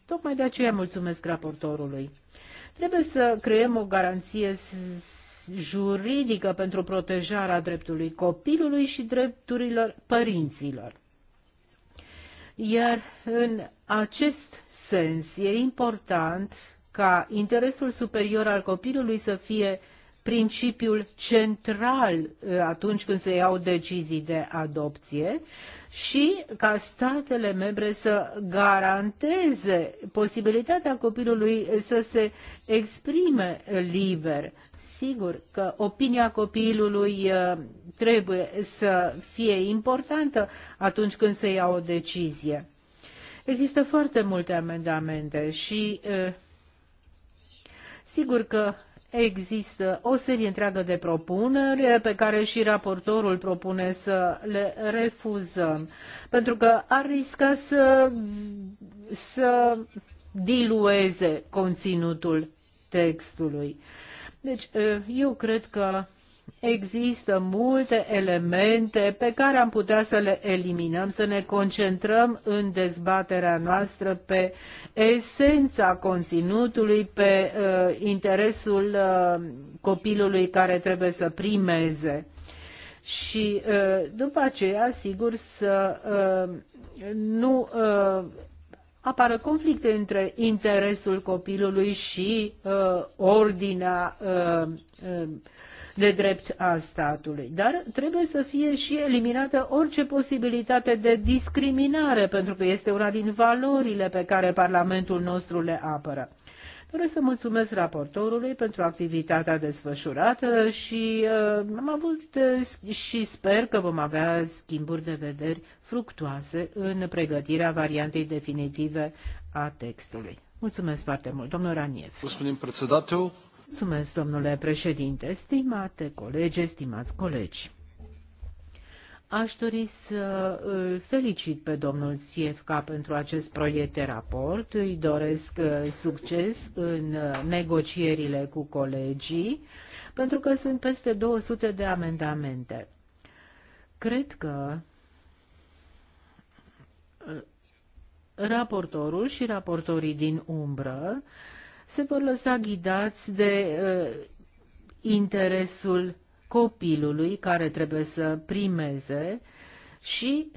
Tocmai de aceea mulțumesc raportorului. Trebuie să creăm o garanție juridică pentru protejarea dreptului copilului și drepturilor părinților. Iar în acest sens e important ca interesul superior al copilului să fie principiul central uh, atunci când se iau decizii de adopție și ca statele membre să garanteze posibilitatea copilului să se exprime liber Sigur că opinia copilului uh, trebuie să fie importantă atunci când se ia o decizie. Există foarte multe amendamente și uh, sigur că există o serie întreagă de propuneri pe care și raportorul propune să le refuzăm, pentru că ar risca să, să dilueze conținutul textului. Uh, deci, eu cred că există multe elemente pe care am putea să le eliminăm, să ne concentrăm în dezbaterea noastră pe esența conținutului, pe uh, interesul uh, copilului care trebuie să primeze. Și uh, după aceea, sigur, să uh, nu uh, apară conflicte între interesul copilului și uh, ordinea uh, uh, de drept a statului. Dar trebuie să fie și eliminată orice posibilitate de discriminare, pentru că este una din valorile pe care Parlamentul nostru le apără. Doresc să mulțumesc raportorului pentru activitatea desfășurată și uh, am avut de, și sper că vom avea schimburi de vederi fructuoase în pregătirea variantei definitive a textului. Mulțumesc foarte mult, domnul Raniev. Mulțumesc, domnule președinte, stimate colegi, stimați colegi. Aș dori să îl felicit pe domnul Siefca pentru acest proiect de raport. Îi doresc uh, succes în uh, negocierile cu colegii, pentru că sunt peste 200 de amendamente. Cred că uh, raportorul și raportorii din umbră se vor lăsa ghidați de interesul copilului care trebuie să primeze și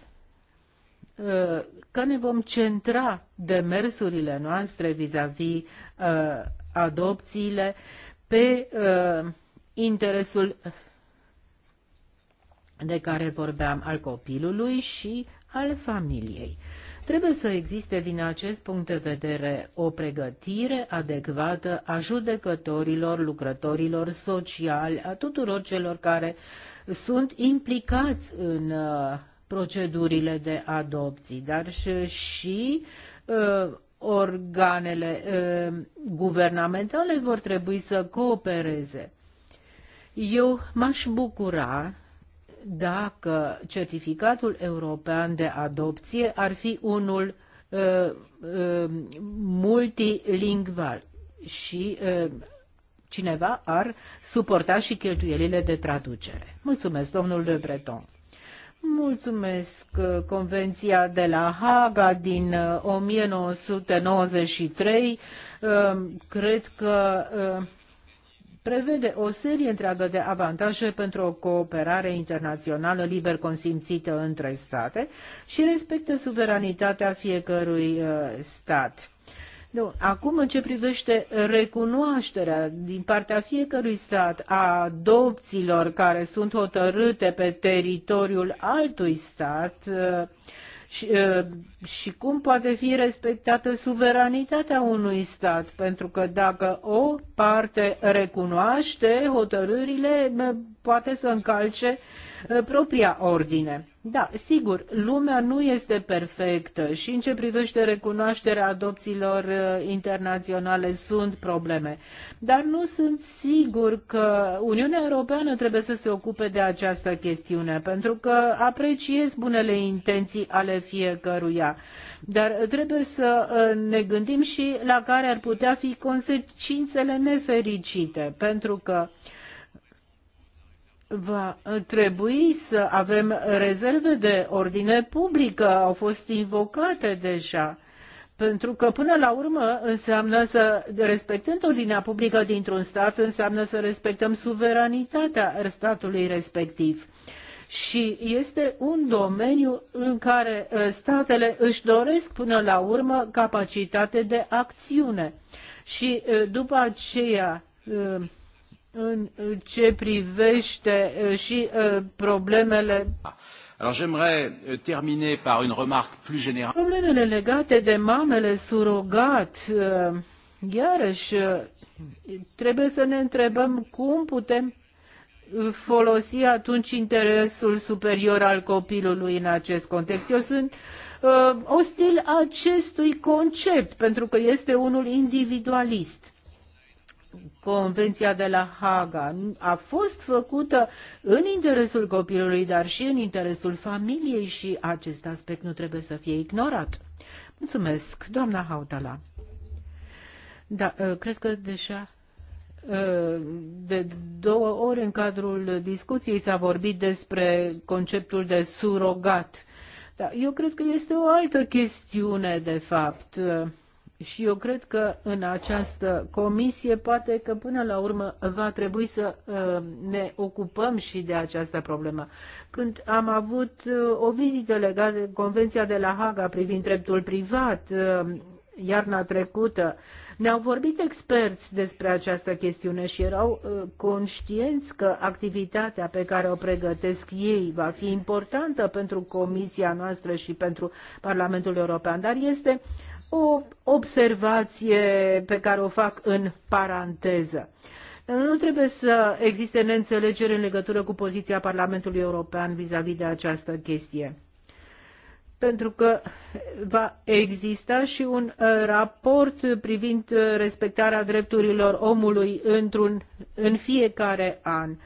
uh, că ne vom centra demersurile noastre vis-a-vis -vis, uh, adopțiile pe uh, interesul de care vorbeam al copilului și al familiei. Trebuie să existe din acest punct de vedere o pregătire adecvată a judecătorilor, lucrătorilor sociali, a tuturor celor care sunt implicați în uh, procedurile de adopții, dar și, și uh, organele uh, guvernamentale vor trebui să coopereze. Eu m-aș bucura dacă certificatul european de adopție ar fi unul uh, uh, multilingval și uh, cineva ar suporta și cheltuielile de traducere. Mulțumesc, domnul de Breton. Mulțumesc. Uh, Convenția de la Haga din 1993 uh, uh, cred că prevede o serie întreagă de avantaje pentru o cooperare internațională liber consimțită între state și respectă suveranitatea fiecărui uh, stat. Nu. Acum, în ce privește recunoașterea din partea fiecărui stat a adopțiilor care sunt hotărâte pe teritoriul altui stat, uh, și, uh, și cum poate fi respectată suveranitatea unui stat, pentru că dacă o parte recunoaște hotărârile, poate să încalce propria ordine. Da, sigur, lumea nu este perfectă și în ce privește recunoașterea adopțiilor internaționale sunt probleme, dar nu sunt sigur că Uniunea Europeană trebuie să se ocupe de această chestiune, pentru că apreciez bunele intenții ale fiecăruia dar trebuie să uh, ne gândim și la care ar putea fi consecințele nefericite, pentru că va trebui să avem rezerve de ordine publică, au fost invocate deja pentru că până la urmă înseamnă să respectăm ordinea publică dintr-un stat, înseamnă să respectăm suveranitatea statului respectiv. Uh, și este un domeniu în care uh, statele își doresc până la urmă capacitate de acțiune. Și uh, după aceea uh, în ce privește și problemele Alors j'aimerais euh, terminer par une remarque plus générale. Problemele legate de mamele surogat, iarăși trebuie să ne întrebăm cum putem folosi atunci interesul superior al copilului în acest context. Eu sunt uh, ostil acestui concept pentru că este unul individualist. Convenția de la Haga a fost făcută în interesul copilului, dar și în interesul familiei și acest aspect nu trebuie să fie ignorat. Mulțumesc, doamna Hautala. Da, uh, cred că deja de două ori în cadrul discuției s-a vorbit despre conceptul de surogat. Dar eu cred că este o altă chestiune, de fapt. Și eu cred că în această comisie poate că până la urmă va trebui să uh, ne ocupăm și de această problemă. Când am avut uh, o vizită legată de Convenția de la Haga privind dreptul privat uh, iarna trecută, ne-au vorbit experți despre această chestiune și erau uh, conștienți că activitatea pe care o pregătesc ei va fi importantă pentru Comisia noastră și pentru Parlamentul European, dar este o observație pe care o fac în paranteză. Nu trebuie să existe neînțelegere în legătură cu poziția Parlamentului European vis-a-vis -vis de această chestie pentru că va exista și un uh, raport privind uh, respectarea drepturilor omului într-un, în fiecare an.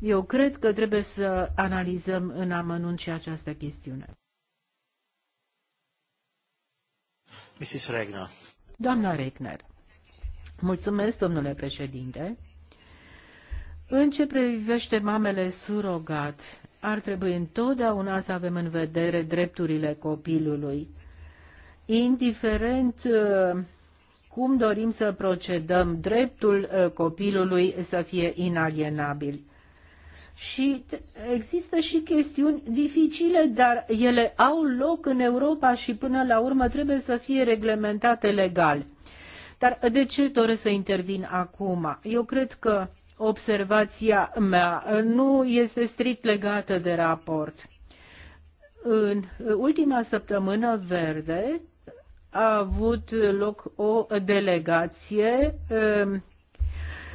Eu cred că trebuie să analizăm în amănunt și această chestiune. Mrs. Regner. Doamna Regner. Mulțumesc, domnule președinte. În ce privește mamele surogat, ar trebui întotdeauna să avem în vedere drepturile copilului. Indiferent uh, cum dorim să procedăm, dreptul uh, copilului să fie inalienabil. Și există și chestiuni dificile, dar ele au loc în Europa și până la urmă trebuie să fie reglementate legal. Dar de ce doresc să intervin acum? Eu cred că observația mea nu este strict legată de raport. În ultima săptămână verde a avut loc o delegație. Um,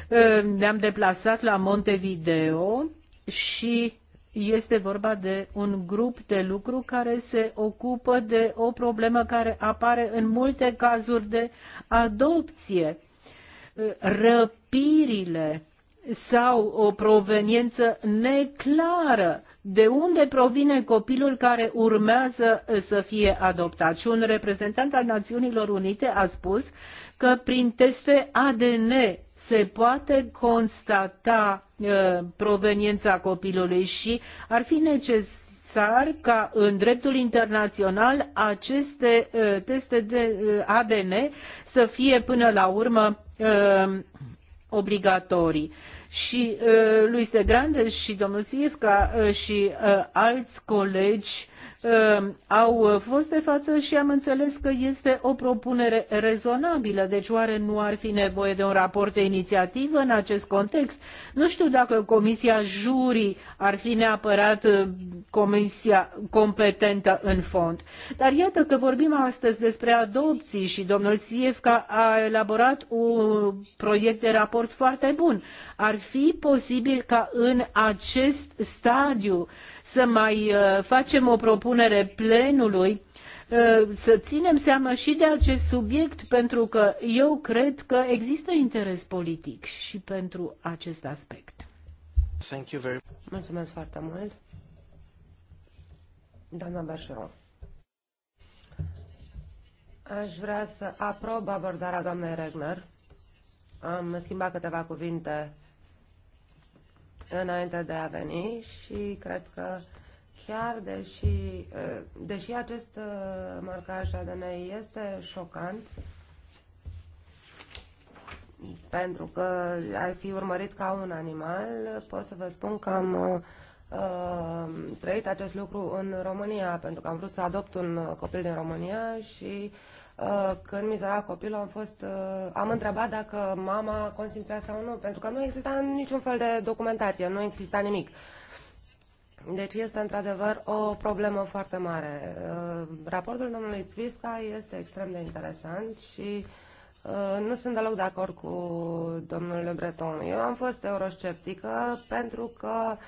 um, ne-am deplasat la Montevideo și este vorba de un grup de lucru care se ocupă de o problemă care apare în multe cazuri de adopție. Răpirile sau o proveniență neclară de unde provine copilul care urmează eh, să fie adoptat. Și un reprezentant al Națiunilor Unite a spus că prin teste ADN se poate constata uh, proveniența copilului și ar fi necesar ca în dreptul internațional aceste uh, teste de uh, ADN să fie până la urmă obligatorii și uh, lui Stegrandes și domnul uh, și uh, alți colegi Uh, au fost de față și am înțeles că este o propunere rezonabilă, deci oare nu ar fi nevoie de un raport de inițiativă în acest context? Nu știu dacă Comisia Jurii ar fi neapărat uh, comisia competentă în fond. Dar iată că vorbim astăzi despre adopții și domnul Siefka a elaborat un proiect de raport foarte bun. Ar fi posibil ca în acest stadiu uh, să mai uh, facem o propunere plenului uh, să ținem seama și de acest subiect, pentru că eu cred că există interes politic și pentru acest aspect. Thank you very... much. Mulțumesc foarte mult. Doamna Bergeron. Aș vrea să aprob abordarea doamnei Regner. Am schimbat câteva cuvinte înainte de a veni și cred că chiar deși, uh, deși acest uh, marcaj ADN este șocant, pentru că ar fi urmărit ca un animal, pot să vă spun că am uh, trăit acest lucru în România, pentru că am vrut să adopt un copil din România și Uh, când mi s-a dat copilul, am, fost, uh, am întrebat dacă mama consimțea sau nu, pentru că nu exista niciun fel de documentație, nu exista nimic. Deci este într-adevăr o problemă foarte mare. Uh, raportul domnului Țvifca este extrem de interesant și nu sunt deloc de acord cu domnul Breton. Eu am fost eurosceptică pentru că uh,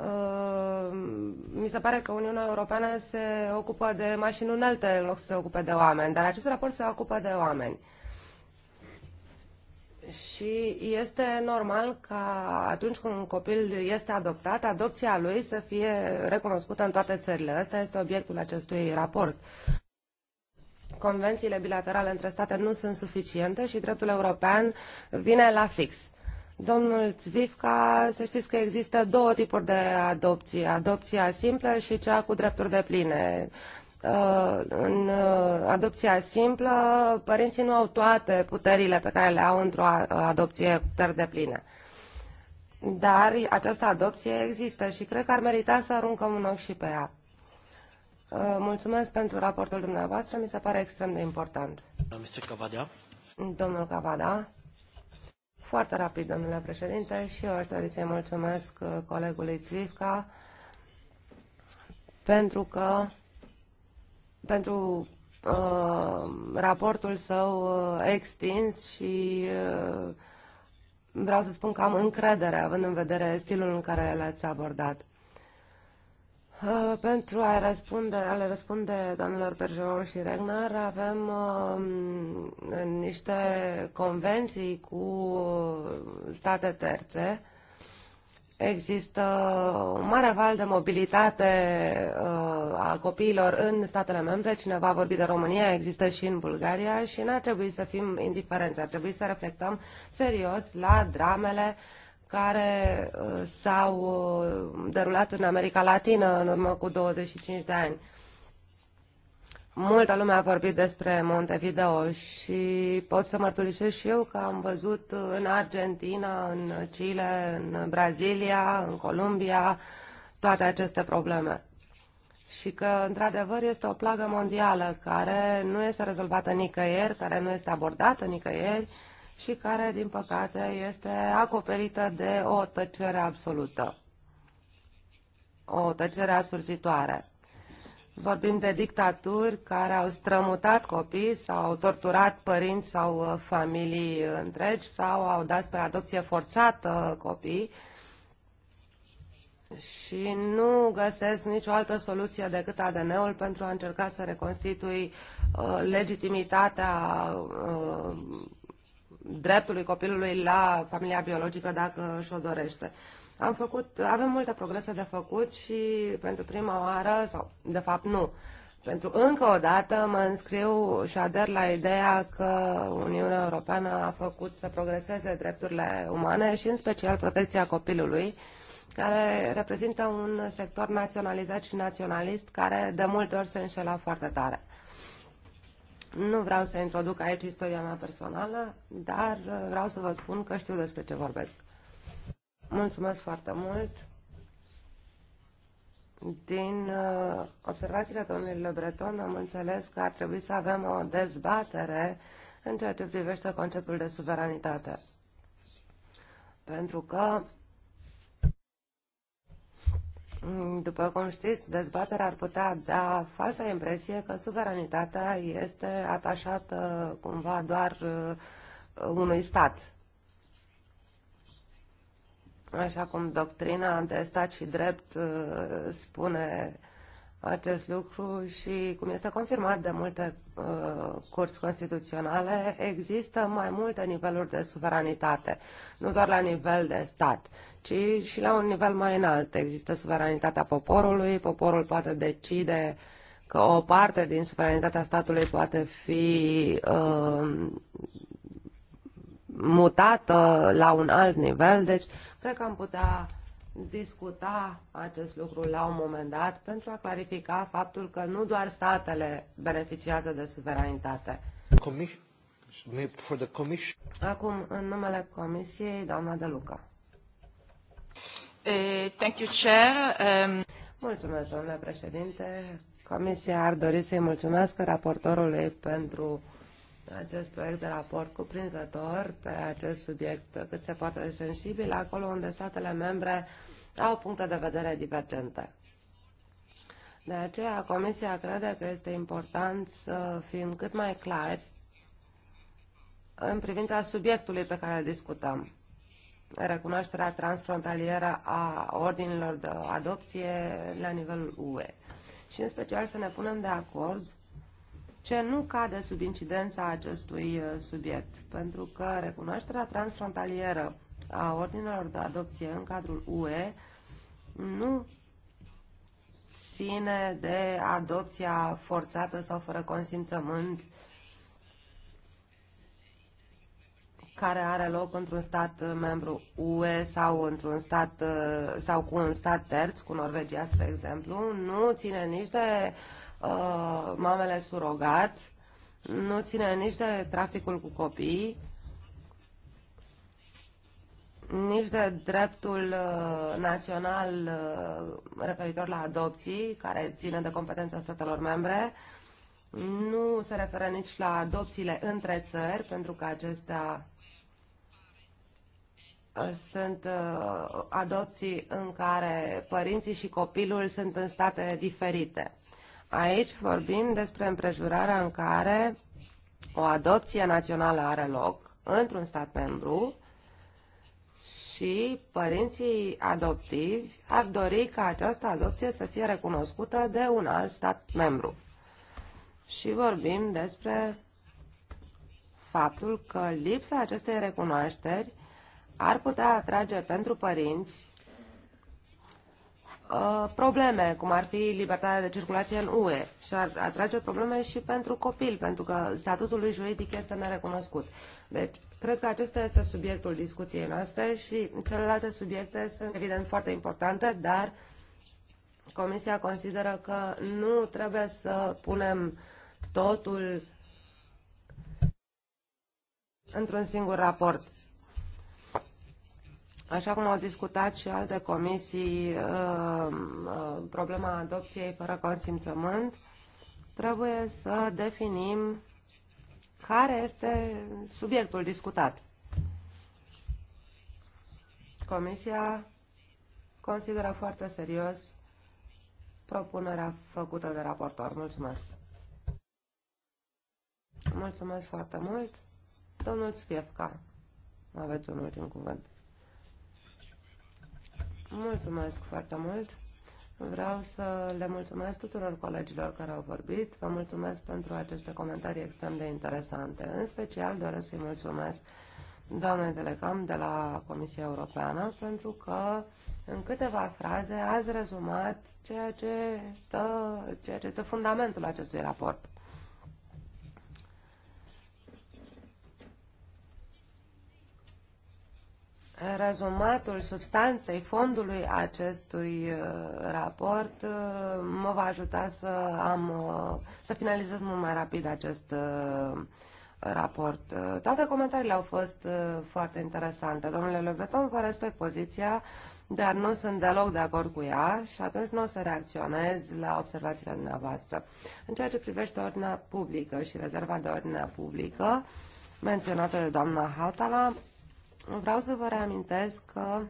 Uh, mi se pare că Uniunea Europeană se ocupă de mașini unelte în loc să se ocupe de oameni, dar acest raport se ocupă de oameni. Și este normal ca atunci când un copil este adoptat, adopția lui să fie recunoscută în toate țările. Asta este obiectul acestui raport. Convențiile bilaterale între state nu sunt suficiente și dreptul european vine la fix. Domnul Zvivca, să știți că există două tipuri de adopție. Adopția simplă și cea cu drepturi de pline. Uh, în uh, adopția simplă, părinții nu au toate puterile pe care le au într-o adopție cu puteri de pline. Dar această adopție există și cred că ar merita să aruncăm un ochi și pe ea. Uh, mulțumesc pentru raportul dumneavoastră, mi se pare extrem de important. Domnul Cavada. Foarte rapid, domnule președinte, și eu aș dori să-i mulțumesc uh, colegului Țvivca pentru că pentru uh, raportul său uh, extins și uh, vreau să spun că am încredere, având în vedere stilul în care l-ați abordat. Uh, pentru a răspunde, a le răspunde domnilor Bergeron și Regnar, avem uh, niște convenții cu state terțe. Există un mare val de mobilitate uh, a copiilor în statele membre. Cineva a vorbit de România, există și în Bulgaria și n-ar trebui să fim indiferenți. Ar trebui să reflectăm serios la dramele uh, care uh, s-au uh, derulat în America Latină în urmă cu 25 de ani. Multă lume a vorbit despre Montevideo și pot să mărturisesc și eu că am văzut în Argentina, în Chile, în Brazilia, în Columbia, toate aceste probleme. Și că, într-adevăr, este o plagă mondială care nu este rezolvată nicăieri, care nu este abordată nicăieri, uh, și care, din păcate, este acoperită de o tăcere absolută, o tăcere asurzitoare. Vorbim de dictaturi care au strămutat copii sau au torturat părinți sau uh, familii întregi sau au dat spre adopție forțată copii și nu găsesc nicio altă soluție decât ADN-ul pentru a încerca să reconstitui uh, legitimitatea uh, dreptului copilului la familia biologică dacă și-o dorește. Am făcut, avem multe progrese de făcut și pentru prima oară, sau de fapt nu, pentru încă o dată mă înscriu și ader la ideea că Uniunea Europeană a făcut să progreseze drepturile umane și în special protecția copilului, care reprezintă un sector naționalizat și naționalist care de multe ori se înșela foarte tare. Nu vreau să introduc aici istoria mea personală, dar uh, vreau să vă spun că știu despre ce vorbesc. Mulțumesc foarte mult! Din uh, observațiile domnului Le Breton am înțeles că ar trebui să avem o dezbatere în ceea ce privește conceptul de suveranitate. Pentru că după cum știți, dezbaterea ar putea da falsa impresie că suveranitatea este atașată cumva doar uh, unui stat. Așa cum doctrina de stat și drept uh, spune acest lucru și, cum este confirmat de multe uh, curți constituționale, există mai multe niveluri de suveranitate, nu doar la nivel de stat, ci și la un nivel mai înalt. Există suveranitatea poporului, poporul poate decide că o parte din suveranitatea statului poate fi uh, mutată la un alt nivel, deci cred că am putea discuta acest lucru la un moment dat pentru a clarifica faptul că nu doar statele beneficiază de suveranitate. Acum, în numele Comisiei, doamna De Luca. Eh, thank you, Chair. Um... Mulțumesc, domnule președinte. Comisia ar dori să-i mulțumesc raportorului pentru acest proiect de raport cuprinzător pe acest subiect cât se poate de sensibil, acolo unde statele membre au puncte de vedere divergente. De aceea, Comisia crede că este important să fim cât mai clari în privința subiectului pe care îl discutăm. Recunoașterea transfrontalieră a ordinilor de adopție la nivelul UE. Și în special să ne punem de acord ce nu cade sub incidența acestui uh, subiect, pentru că recunoașterea transfrontalieră a ordinelor de adopție în cadrul UE nu ține de adopția forțată sau fără consimțământ care are loc într-un stat uh, membru UE sau într-un stat uh, sau cu un stat terț, cu Norvegia, spre exemplu, nu ține nici de uh, Uh, mamele surogat, nu ține nici de traficul cu copii, nici de dreptul uh, național uh, referitor la adopții, care ține de competența statelor membre, nu se referă nici la adopțiile între țări, pentru că acestea sunt adopții în care părinții și copilul sunt în state diferite. Aici vorbim despre împrejurarea în care o adopție națională are loc într-un stat membru și părinții adoptivi ar dori ca această adopție să fie recunoscută de un alt stat membru. Și vorbim despre faptul că lipsa acestei recunoașteri ar putea atrage pentru părinți Uh, probleme, cum ar fi libertatea de circulație în UE și ar atrage probleme și pentru copil, pentru că statutul lui juridic este nerecunoscut. Deci, cred că acesta este subiectul discuției noastre și celelalte subiecte sunt evident foarte importante, dar Comisia consideră că nu trebuie să punem totul într-un singur raport. Așa cum au discutat și alte comisii uh, uh, problema adopției fără consimțământ, trebuie să definim care este subiectul discutat. Comisia consideră foarte serios propunerea făcută de raportor. Mulțumesc! Mulțumesc foarte mult! Domnul Sfiefca, aveți un ultim cuvânt. Mulțumesc foarte mult! Vreau să le mulțumesc tuturor colegilor care au vorbit, vă mulțumesc pentru aceste comentarii extrem de interesante. În special doresc să-i mulțumesc doamnei Delecam de la Comisia Europeană pentru că în câteva fraze ați rezumat ceea ce stă, ceea ce este fundamentul acestui raport. rezumatul substanței, fondului acestui uh, raport uh, mă va ajuta să, am, uh, să finalizez mult mai rapid acest raport. Toate comentariile au fost foarte interesante. Domnule Lebreton, vă respect poziția, dar nu sunt deloc de acord cu ea și atunci nu o să reacționez la observațiile dumneavoastră. În ceea ce privește ordinea publică și rezerva de ordinea publică, menționată de doamna Hautala, vreau să vă reamintesc că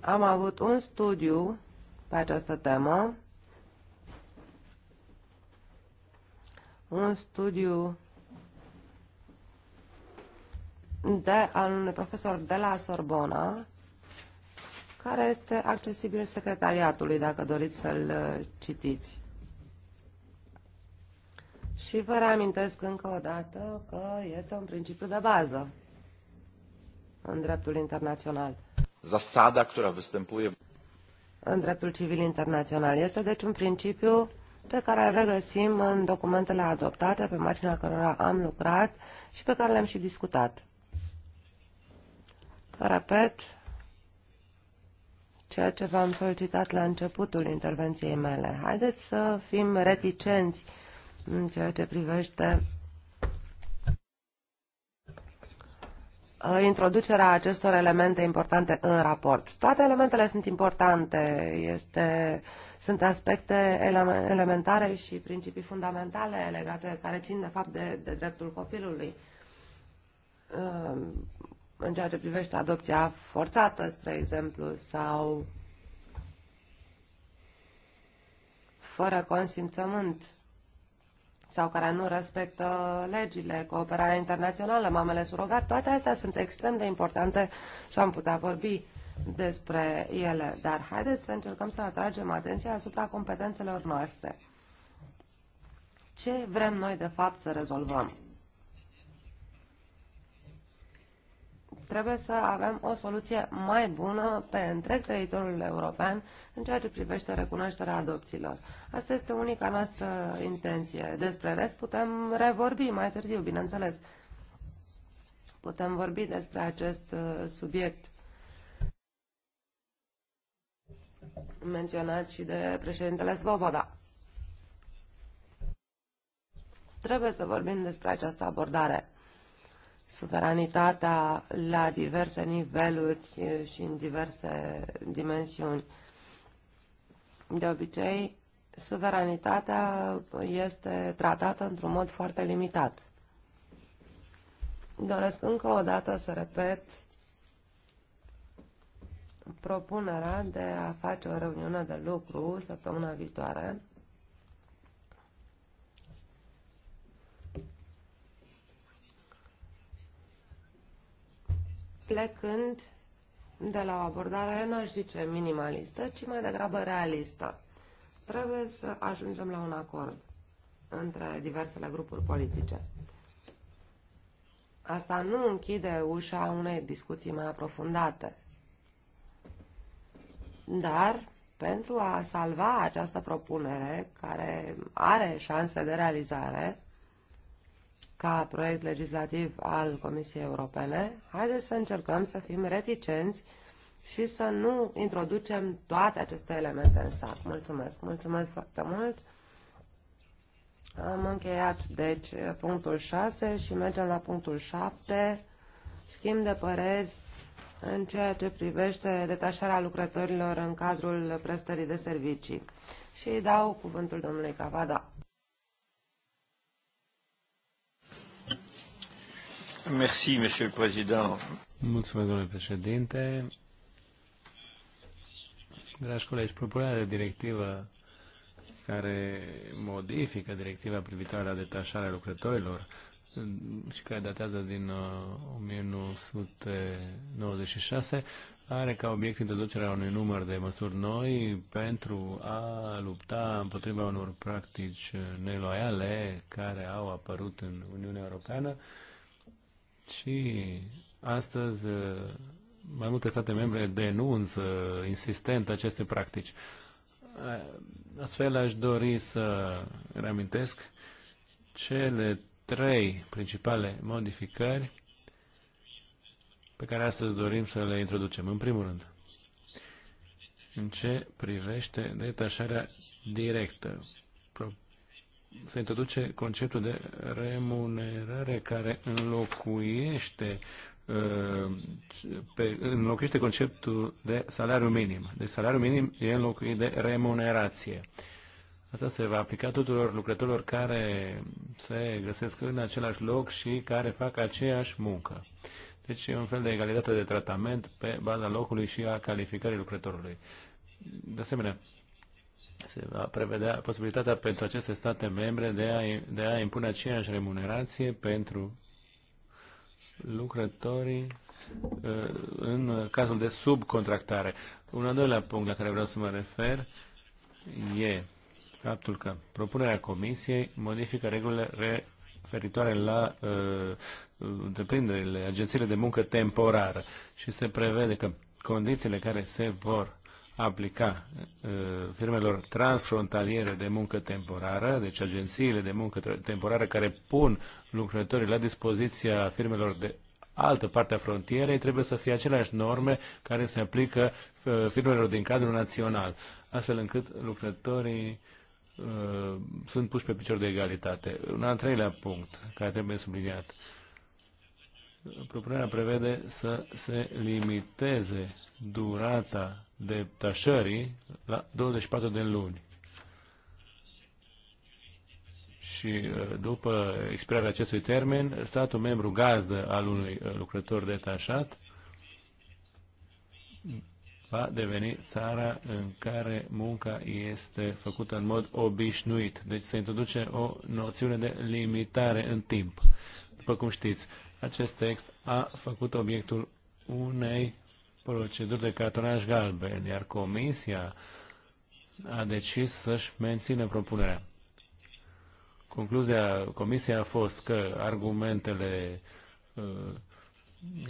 am avut un studiu pe această temă, un studiu de, al unui profesor de la Sorbona, care este accesibil secretariatului, dacă doriți să-l uh, citiți. Și vă reamintesc încă o dată că este un principiu de bază în dreptul internațional. Zasada, care występuje în dreptul civil internațional. Este deci un principiu pe care îl regăsim în documentele adoptate, pe marginea cărora am lucrat și pe care le-am și discutat. Repet, ceea ce v-am solicitat la începutul intervenției mele. Haideți să fim reticenți în ceea ce privește uh, introducerea acestor elemente importante în raport. Toate elementele sunt importante, este, sunt aspecte ele, elementare și principii fundamentale legate, care țin de fapt de, de dreptul copilului. Uh, în ceea ce privește adopția forțată, spre exemplu, sau fără consimțământ sau care nu respectă legile, cooperarea internațională, mamele surogat, toate astea sunt extrem de importante și am putea vorbi despre ele. Dar haideți să încercăm să atragem atenția asupra competențelor noastre. Ce vrem noi de fapt să rezolvăm? Trebuie să avem o soluție mai bună pe întreg teritoriul european în ceea ce privește recunoașterea adopțiilor. Asta este unica noastră intenție. Despre rest putem revorbi mai târziu, bineînțeles. Putem vorbi despre acest uh, subiect menționat și de președintele Svoboda. Trebuie să vorbim despre această abordare suveranitatea la diverse niveluri și în diverse dimensiuni. De obicei, suveranitatea este tratată într-un mod foarte limitat. Doresc încă o dată să repet propunerea de a face o reuniune de lucru săptămâna viitoare plecând de la o abordare, n-aș zice minimalistă, ci mai degrabă realistă. Trebuie să ajungem la un acord între diversele grupuri politice. Asta nu închide ușa unei discuții mai aprofundate. Dar, pentru a salva această propunere, care are șanse de realizare, ca proiect legislativ al Comisiei Europene, haideți să încercăm să fim reticenți și să nu introducem toate aceste elemente în sac. Mulțumesc! Mulțumesc foarte mult! Am încheiat, deci, punctul 6 și mergem la punctul 7, schimb de păreri în ceea ce privește detașarea lucrătorilor în cadrul prestării de servicii. Și îi dau cuvântul domnului Cavada. Merci, Monsieur le Président. Mulțumesc, domnule președinte. Dragi colegi, propunerea de directivă care modifică directiva privitoare la detașarea lucrătorilor și care datează din 1996, uh, are ca obiect introducerea unui număr de măsuri noi pentru a lupta împotriva unor practici neloiale care au apărut în Uniunea Europeană și astăzi uh, mai multe state membre denunță insistent aceste practici. Uh, astfel aș dori să reamintesc cele trei principale modificări pe care astăzi dorim să le introducem. În primul rând, în ce privește detașarea directă se introduce conceptul de remunerare care înlocuiește uh, pe, înlocuiește conceptul de salariu minim. Deci salariu minim e înlocuit de remunerație. Asta se va aplica tuturor lucrătorilor care se găsesc în același loc și care fac aceeași muncă. Deci e un fel de egalitate de tratament pe baza locului și a calificării lucrătorului. De asemenea, se va prevedea posibilitatea pentru aceste state membre de a, de a impune aceeași remunerație pentru lucrătorii uh, în cazul de subcontractare. Un al doilea punct la care vreau să mă refer e faptul că propunerea Comisiei modifică regulile referitoare la uh, întreprinderile, agențiile de muncă temporară și se prevede că condițiile care se vor aplica uh, firmelor transfrontaliere de muncă temporară, deci agențiile de muncă temporară care pun lucrătorii la dispoziția firmelor de altă parte a frontierei, trebuie să fie aceleași norme care se aplică uh, firmelor din cadrul național, astfel încât lucrătorii uh, sunt puși pe picior de egalitate. Un al treilea punct care trebuie subliniat. Uh, propunerea prevede să se limiteze durata detașării la 24 de luni. Și uh, după expirarea acestui termen, statul membru gazdă al unui uh, lucrător detașat va deveni țara în care munca este făcută în mod obișnuit. Deci se introduce o noțiune de limitare în timp. După cum știți, acest text a făcut obiectul unei proceduri de cartonaj galben, iar Comisia a decis să-și mențină propunerea. Concluzia Comisiei a fost că argumentele uh,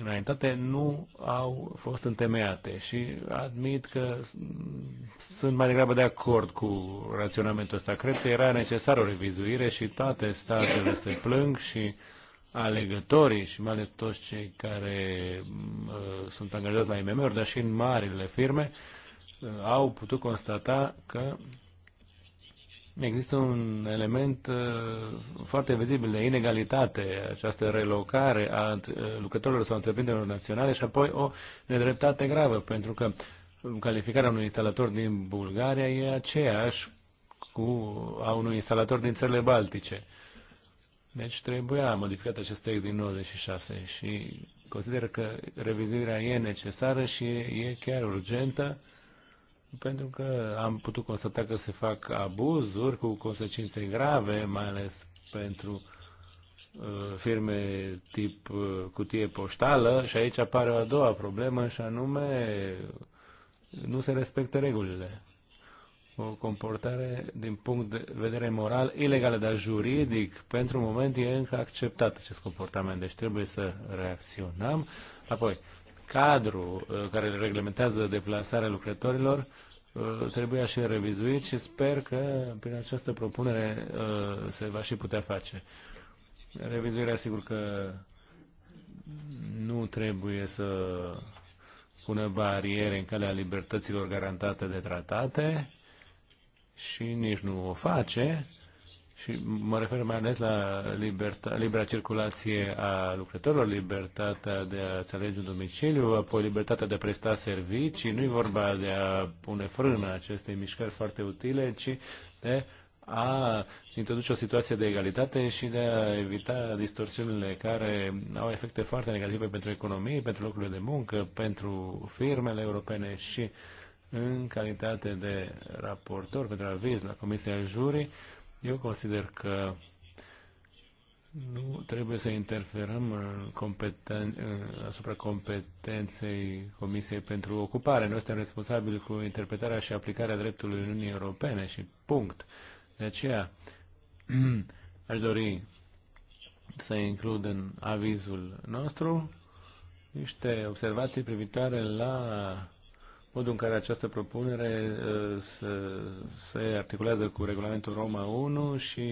înaintate nu au fost întemeiate și admit că sunt mai degrabă de acord cu raționamentul ăsta. Cred că era necesară o revizuire și toate statele se plâng și uh, alegătorii și mai ales toți cei care uh, sunt angajați la IMM-uri, dar și în marile firme, uh, au putut constata că există un element uh, foarte vizibil de inegalitate, această relocare a uh, lucrătorilor sau întreprinderilor naționale și apoi o nedreptate gravă, pentru că calificarea unui instalator din Bulgaria e aceeași cu a unui instalator din țările baltice. Deci trebuia modificat acest text din 96 și consider că revizuirea e necesară și e chiar urgentă pentru că am putut constata că se fac abuzuri cu consecințe grave, mai ales pentru uh, firme tip uh, cutie poștală și aici apare o a doua problemă și anume nu se respectă regulile o comportare din punct de vedere moral ilegală, dar juridic pentru moment e încă acceptat acest comportament, deci trebuie să reacționăm. Apoi, cadrul uh, care reglementează deplasarea lucrătorilor uh, trebuie și revizuit și sper că prin această propunere uh, se va și putea face. Revizuirea, sigur că nu trebuie să pună bariere în calea libertăților garantate de tratate, și nici nu o face, și mă refer mai ales la liberta, libera circulație a lucrătorilor, libertatea de a-ți alege un domiciliu, apoi libertatea de a presta servicii. Nu e vorba de a pune frână acestei mișcări foarte utile, ci de a introduce o situație de egalitate și de a evita distorsiunile care au efecte foarte negative pentru economie, pentru locurile de muncă, pentru firmele europene și uh, în calitate de raportor pentru aviz la Comisia Jurii, eu consider că nu trebuie să interferăm în competen- asupra competenței Comisiei pentru Ocupare. Noi suntem responsabili cu interpretarea și aplicarea dreptului Uniunii Europene și punct. De aceea *clears throat* aș dori să includ în avizul nostru niște observații privitoare la modul în care această propunere uh, se, se articulează cu regulamentul Roma 1 și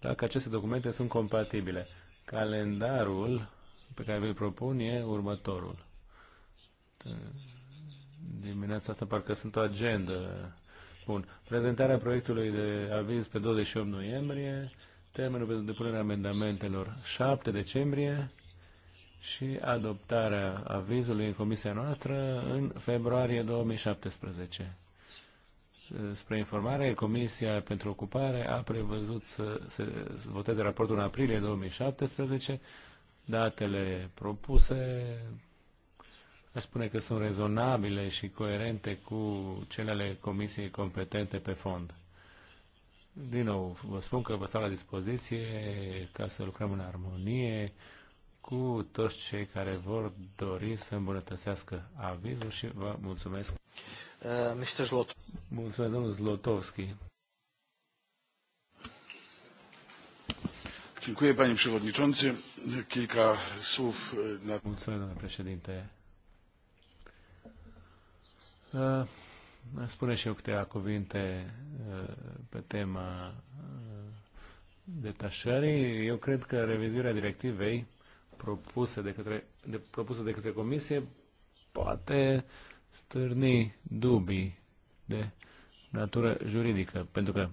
dacă aceste documente sunt compatibile. Calendarul pe care vi-l propun e următorul. Dimineața asta parcă sunt o agendă. Bun. Prezentarea proiectului de aviz pe 28 noiembrie, termenul pentru depunerea amendamentelor 7 decembrie, și adoptarea avizului în comisia noastră în februarie 2017. Spre informare, Comisia pentru Ocupare a prevăzut să se voteze raportul în aprilie 2017. Datele propuse aș spune că sunt rezonabile și coerente cu cele ale Comisiei competente pe fond. Din nou, vă spun că vă stau la dispoziție ca să lucrăm în armonie cu toți cei care vor dori să îmbunătățească avizul și vă mulțumesc. Uh, Zlot. Mulțumesc, domnul Zlotovski. Dziękuję, panie przewodniczący. Kilka słów na... Mulțumesc, domnule președinte. Uh, spune și eu câteva cuvinte uh, pe tema uh, detașării. Eu cred că revizuirea directivei propuse de către, de, propuse de către comisie poate stârni dubii de natură juridică, pentru că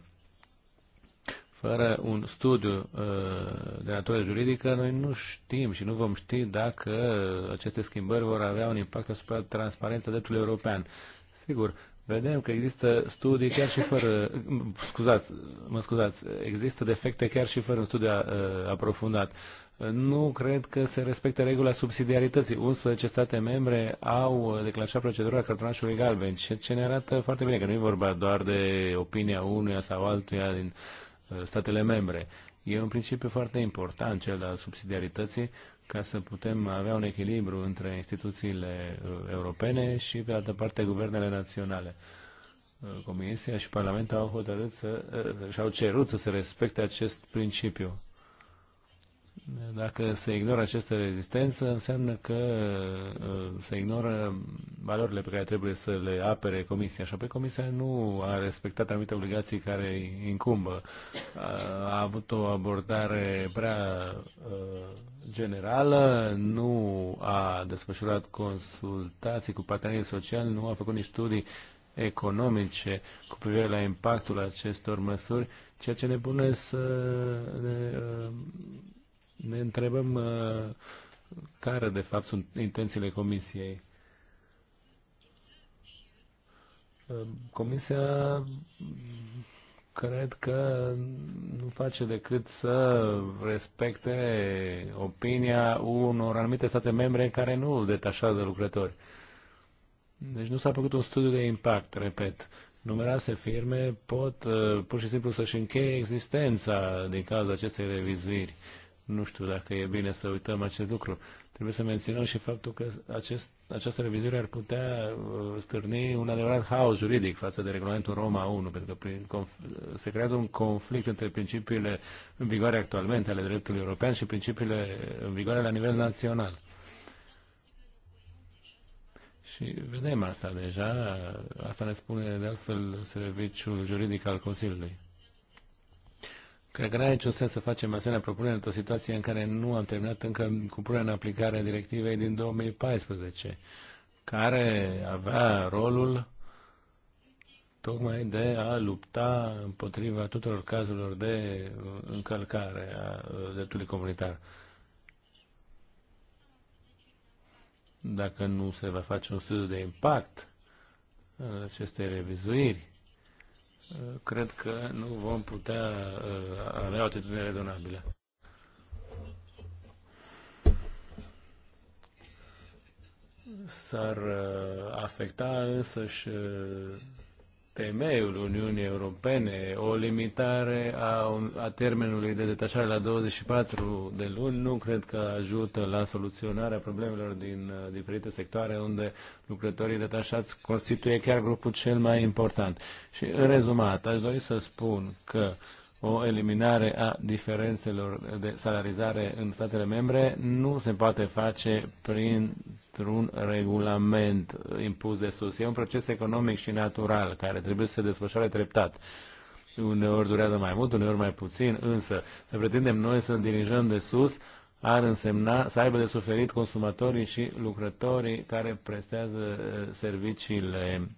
fără un studiu uh, de natură juridică, noi nu știm și nu vom ști dacă aceste schimbări vor avea un impact asupra transparenței dreptului european. Sigur, vedem că există studii chiar și fără, scuzați, mă scuzați, există defecte chiar și fără un studiu uh, aprofundat nu cred că se respectă regula subsidiarității. 11 state membre au declanșat procedura cartonașului galben, ceea ce ne arată foarte bine că nu e vorba doar de opinia unuia sau altuia din uh, statele membre. E un principiu foarte important, cel al subsidiarității, ca să putem avea un echilibru între instituțiile uh, europene și, pe altă parte, guvernele naționale. Uh, Comisia și Parlamentul au hotărât să, și-au cerut să se respecte acest principiu. Dacă se ignoră această rezistență, înseamnă că uh, se ignoră valorile pe care trebuie să le apere Comisia. Și apoi Comisia nu a respectat anumite obligații care îi incumbă. A avut o abordare prea uh, generală, nu a desfășurat consultații cu partenerii sociali, nu a făcut nici studii economice cu privire la impactul acestor măsuri, ceea ce ne pune să ne uh, ne întrebăm uh, care, de fapt, sunt intențiile Comisiei. Uh, comisia cred că nu face decât să respecte opinia unor anumite state membre care nu detașează lucrători. Deci nu s-a făcut un studiu de impact, repet. Numeroase firme pot uh, pur și simplu să-și încheie existența din cauza acestei revizuiri. Uh, nu știu dacă e bine să uităm acest lucru. Trebuie să menționăm și faptul că acest, această revizuire ar putea uh, stârni un adevărat haos juridic față de regulamentul Roma 1, pentru că prin, se creează un conflict între principiile în vigoare actualmente ale dreptului european și principiile în vigoare la nivel național. Și vedem asta deja, asta ne spune de altfel serviciul juridic al Consiliului. Cred că nu are niciun sens să facem asemenea propunere într-o situație în care nu am terminat încă cu punerea în aplicare directivei din 2014, care avea rolul tocmai de a lupta împotriva tuturor cazurilor de încălcare a uh, dreptului comunitar. Dacă nu se va face un studiu de impact în aceste revizuiri, cred că nu vom putea uh, avea o atitudine rezonabilă. S-ar uh, afecta însăși uh, temeiul Uniunii Europene, o limitare a, un, a termenului de detașare la 24 de luni nu cred că ajută la soluționarea problemelor din uh, diferite sectoare unde lucrătorii detașați constituie chiar grupul cel mai important. Și în rezumat, aș dori să spun că uh, o eliminare a diferențelor de salarizare în statele membre nu se poate face printr-un regulament impus de sus. E un proces economic și natural care trebuie să se desfășoare treptat. Uneori durează mai mult, uneori mai puțin, însă să pretindem noi să dirijăm de sus ar însemna să aibă de suferit consumatorii și lucrătorii care prestează eh, serviciile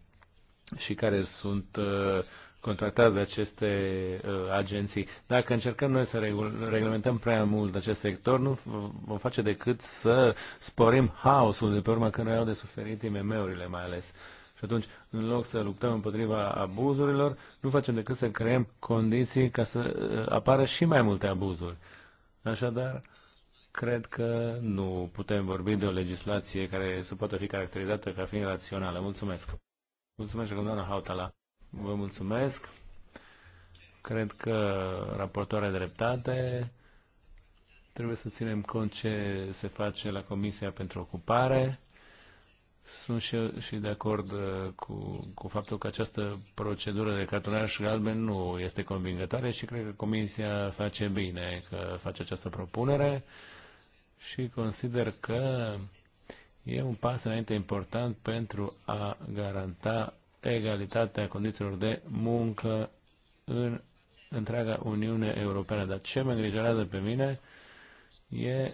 și care sunt eh, contractați de aceste uh, agenții. Dacă încercăm noi să reglementăm prea mult acest sector, nu vom face decât să sporim haosul de pe când noi au de suferit IMM-urile mai ales. Și atunci, în loc să luptăm împotriva abuzurilor, nu facem decât să creăm condiții ca să uh, apară și mai multe abuzuri. Așadar, cred că nu putem vorbi de o legislație care să poată fi caracterizată ca fiind rațională. Mulțumesc! Mulțumesc, doamna Hautala! Vă mulțumesc. Cred că raportoarea dreptate trebuie să ținem cont ce se face la Comisia pentru Ocupare. Sunt și, și de acord uh, cu, cu faptul că această procedură de cartonaș galben nu este convingătoare și cred că Comisia face bine că face această propunere și consider că e un pas înainte important pentru a garanta egalitatea condițiilor de muncă în întreaga Uniune Europeană. Dar ce mă îngrijorează pe mine e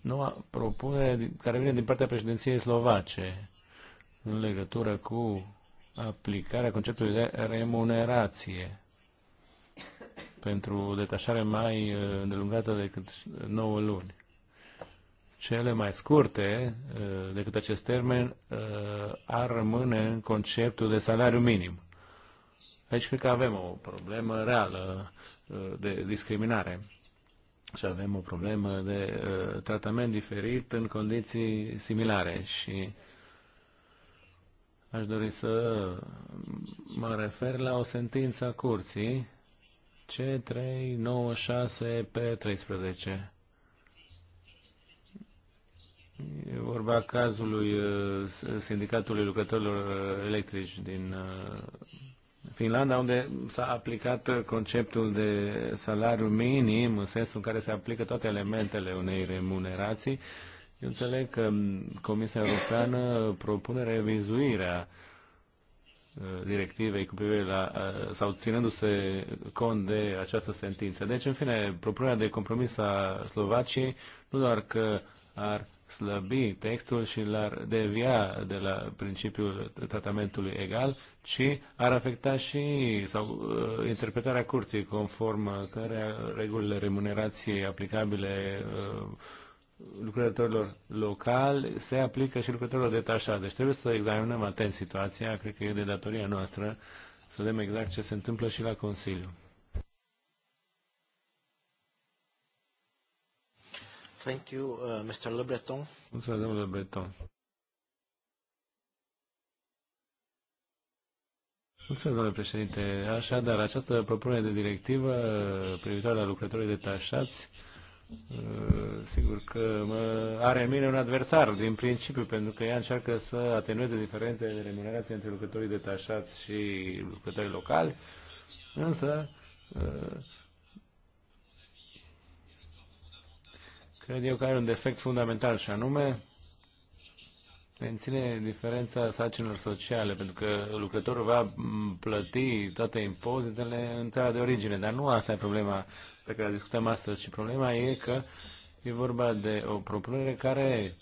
noua propunere care vine din partea președinției slovace în legătură cu aplicarea conceptului de remunerație pentru detașare mai uh, îndelungată decât 9 luni cele mai scurte uh, decât acest termen uh, ar rămâne în conceptul de salariu minim. Aici cred că avem o problemă reală uh, de discriminare și avem o problemă de tratament diferit în condiții similare și aș dori să mă refer la o sentință a curții C396 pe 13 E vorba cazului uh, Sindicatului Lucrătorilor Electrici din uh, Finlanda, unde s-a aplicat conceptul de salariu minim, în sensul în care se aplică toate elementele unei remunerații. Eu înțeleg că Comisia Europeană propune revizuirea uh, directivei cu privire la, sau ținându-se cont de această sentință. Deci, în fine, propunerea de compromis a Slovaciei nu doar că ar slăbi textul și l-ar devia de la principiul tratamentului egal, ci ar afecta și sau, uh, interpretarea curții conform care regulile remunerației aplicabile uh, lucrătorilor locali se aplică și lucrătorilor detașați. Deci trebuie să examinăm atent situația, cred că e de datoria noastră să vedem exact ce se întâmplă și la Consiliu. Thank you, uh, Mr. Le Breton. Mulțumesc, domnule Breton. Mulțumesc, domnule președinte. Așadar, această propunere de directivă uh, privitoare la lucrătorii detașați, uh, sigur că mă are în mine un adversar din principiu, pentru că ea încearcă să atenueze diferențele de remunerație între lucrătorii detașați și lucrătorii locali, însă uh, cred eu că are un defect fundamental și anume menține diferența sacinilor sociale, pentru că lucrătorul va plăti toate impozitele în țara de origine, dar nu asta e problema pe care discutăm astăzi, ci problema e că e vorba de o propunere care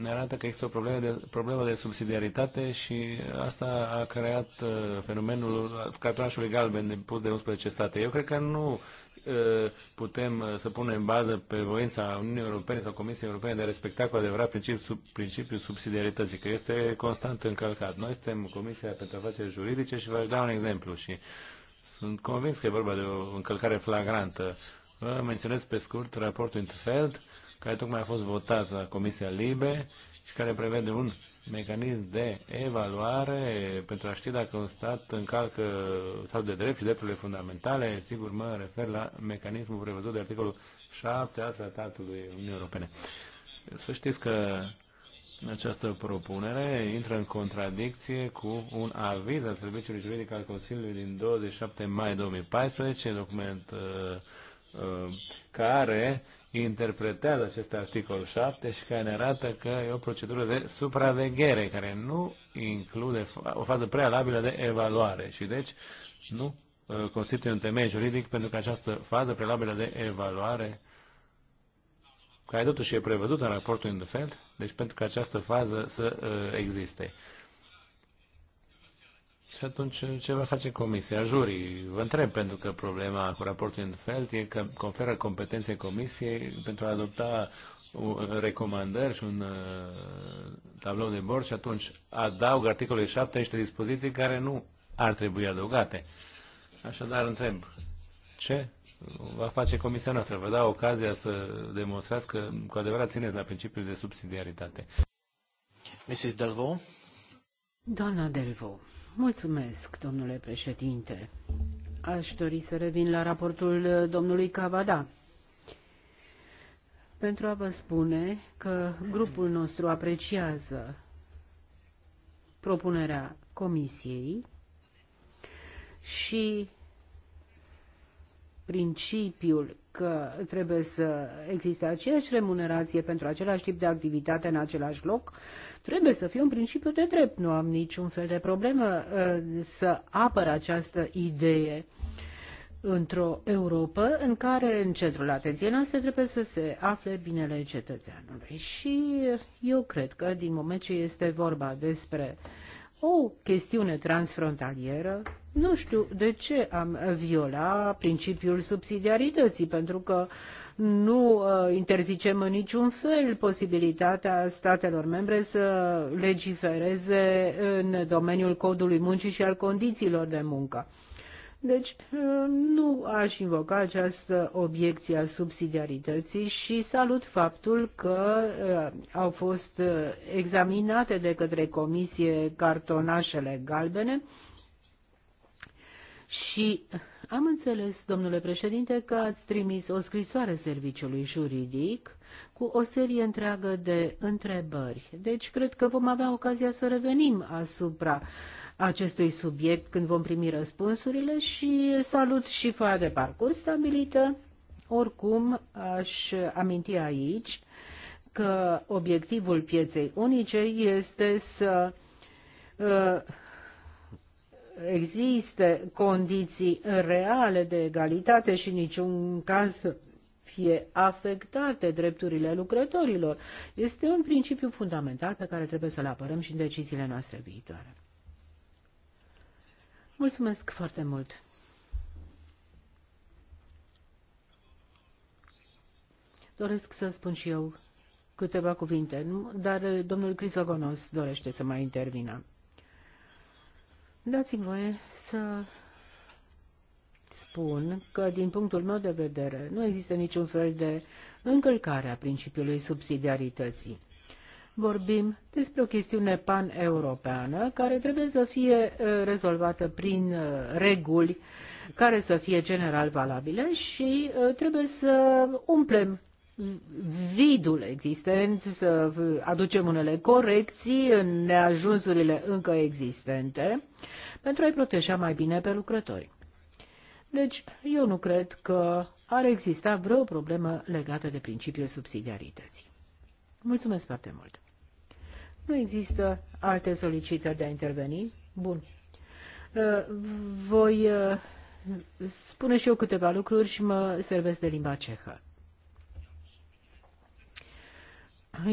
ne arată că există o problemă de, problemă de subsidiaritate și asta a creat uh, fenomenul cartonașului galben de pus de 11 state. Eu cred că nu uh, putem uh, să punem în bază pe voința Uniunii Europene sau Comisiei Europene de a respecta cu adevărat principiul, sub, principiul subsidiarității, că este constant încălcat. Noi suntem Comisia pentru Afaceri Juridice și v-aș da un exemplu și sunt convins că e vorba de o încălcare flagrantă. Vă menționez pe scurt raportul Interfeld, uh, care tocmai a fost votat la Comisia Libe și care prevede un mecanism de evaluare pentru a ști dacă un stat încalcă statul de drept și drepturile fundamentale. Sigur, mă refer la mecanismul prevăzut de articolul 7 al Tratatului Uniunii Europene. Să știți că această propunere intră în contradicție cu un aviz al Serviciului Juridic al Consiliului din 27 mai 2014, document uh, Uh, care interpretează acest articol 7 și care ne arată că e o procedură de supraveghere care nu include o fază prealabilă de evaluare și deci nu uh, constituie un temei juridic pentru că această fază prealabilă de evaluare care totuși e prevăzută în raportul Indefend, deci pentru că această fază să uh, existe. Și atunci ce va face comisia? Jurii, vă întreb, pentru că problema cu raportul în felt e că conferă competențe comisiei pentru a adopta recomandări și un uh, tablou de bord și atunci adaug articolul 7 niște dispoziții care nu ar trebui adăugate. Așadar întreb, ce va face comisia noastră? Vă da ocazia să demonstrați că cu adevărat țineți la principiul de subsidiaritate. Mrs. Delvaux? Doamna Delvaux. Mulțumesc, domnule președinte. Aș dori să revin la raportul domnului Cavada pentru a vă spune că grupul nostru apreciază propunerea Comisiei și principiul că trebuie să existe aceeași remunerație pentru același tip de activitate în același loc, trebuie să fie un principiu de drept. Nu am niciun fel de problemă uh, să apăr această idee într-o Europa în care în centrul atenției noastre trebuie să se afle binele cetățeanului. Și eu cred că din moment ce este vorba despre uh, o chestiune transfrontalieră, nu știu de ce am viola principiul subsidiarității, pentru că nu uh, interzicem în niciun fel posibilitatea statelor membre să legifereze în domeniul codului muncii și al condițiilor de muncă. Deci uh, nu aș invoca această obiecție a subsidiarității și salut faptul că uh, au fost uh, examinate de către comisie cartonașele galbene și am înțeles, domnule președinte, că ați trimis o scrisoare serviciului juridic cu o serie întreagă de întrebări. Deci cred că vom avea ocazia să revenim asupra uh, acestui subiect când vom primi răspunsurile și salut și foaia de parcurs stabilită. Oricum, aș aminti aici că obiectivul pieței unice este să uh, existe condiții reale de egalitate și niciun caz fie afectate drepturile lucrătorilor. Este un principiu fundamental pe care trebuie să-l apărăm și în deciziile noastre viitoare. Mulțumesc foarte mult! Doresc să spun și eu câteva cuvinte, nu? dar eh, domnul Crisogonos dorește să mai intervină. Dați-mi voie să spun că, din punctul meu de vedere, nu există niciun fel de încălcare a principiului subsidiarității vorbim despre o chestiune pan-europeană care trebuie să fie uh, rezolvată prin uh, reguli care să fie general valabile și uh, trebuie să umplem vidul existent, să aducem unele corecții în neajunsurile încă existente pentru a-i proteja mai bine pe lucrători. Deci, eu nu cred că ar exista vreo problemă legată de principiul subsidiarității. Mulțumesc foarte mult! Nu există alte solicitări de a interveni? Bun. Uh, voi uh, spune și eu câteva lucruri și mă servesc de limba cehă.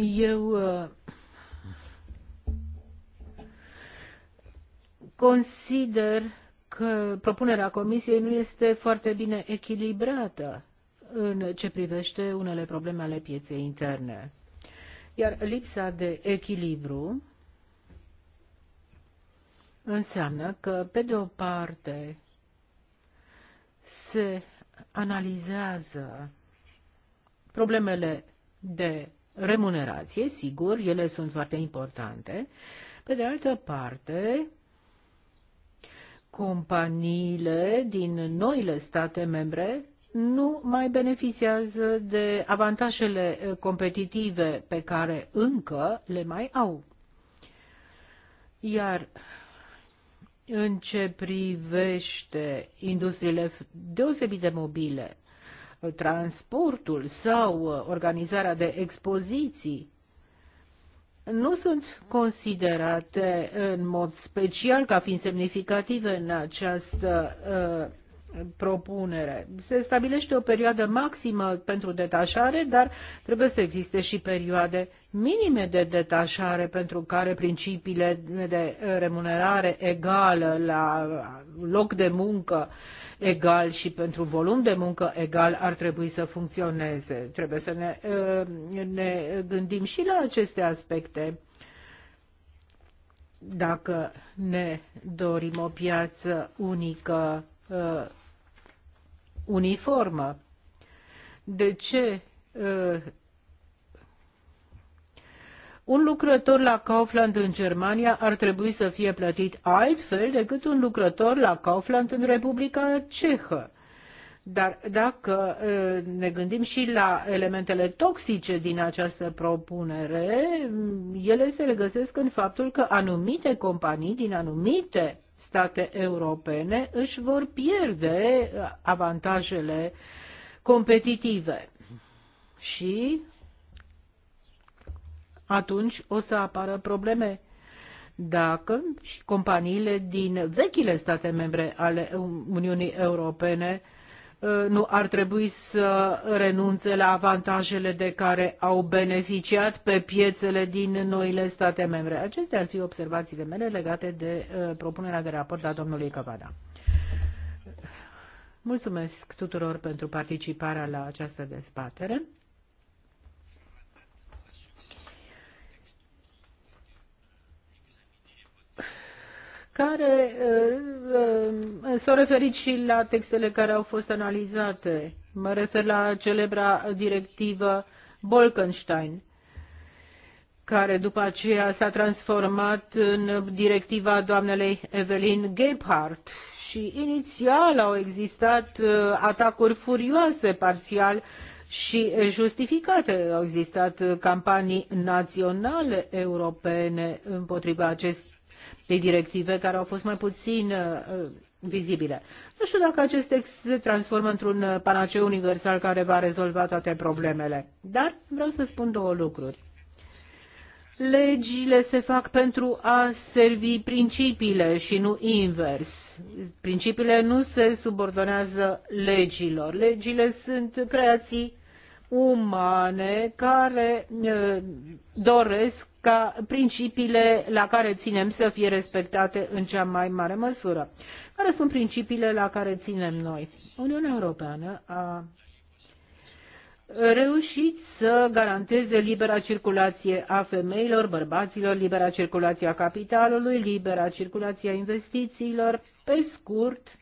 Eu uh, consider că propunerea Comisiei nu este foarte bine echilibrată în ce privește unele probleme ale pieței interne. Iar lipsa de echilibru înseamnă că, pe de o parte, se analizează problemele de remunerație, sigur, ele sunt foarte importante. Pe de altă parte, companiile din noile state membre nu mai beneficiază de avantajele eh, competitive pe care încă le mai au. Iar în ce privește industriile deosebit de mobile, eh, transportul sau eh, organizarea de expoziții, nu sunt considerate în mod special ca fiind semnificative în această uh, propunere. Se stabilește o perioadă maximă pentru detașare, dar trebuie să existe și perioade minime de detașare pentru care principiile de remunerare egală la loc de muncă egal și pentru volum de muncă egal ar trebui să funcționeze. Trebuie să ne, uh, ne gândim și la aceste aspecte dacă ne dorim o piață unică uh, uniformă. De ce ă, un lucrător la Kaufland în Germania ar trebui să fie plătit altfel decât un lucrător la Kaufland în Republica Cehă. Dar dacă ă, ne gândim și la elementele toxice din această propunere, ele se regăsesc în faptul că anumite companii din anumite state europene își vor pierde uh, avantajele competitive. Și atunci o să apară probleme dacă și companiile din vechile state membre ale Uniunii Europene uh, Uh, nu ar trebui să renunțe la avantajele de care au beneficiat pe piețele din noile state membre. Acestea ar fi observațiile mele legate de uh, propunerea de raport a domnului Cavada. Mulțumesc tuturor pentru participarea la această dezbatere. care uh, uh, s-au referit și la textele care au fost analizate. Mă refer la celebra directivă Bolkenstein care după aceea s-a transformat în directiva doamnelei Evelyn Gebhardt și inițial au existat uh, atacuri furioase parțial și justificate. Au existat campanii naționale europene împotriva acestui de directive care au fost mai puțin uh, vizibile. Nu știu dacă acest text se transformă într-un uh, panaceu universal care va rezolva toate problemele, dar vreau să spun două lucruri. Legile se fac pentru a servi principiile și nu invers. Principiile nu se subordonează legilor. Legile sunt creații umane care uh, doresc ca principiile la care ținem să fie respectate în cea mai mare măsură. Care sunt principiile la care ținem noi? Uniunea Europeană a reușit să garanteze libera circulație a femeilor, bărbaților, libera circulație a capitalului, libera circulație a investițiilor. Pe scurt,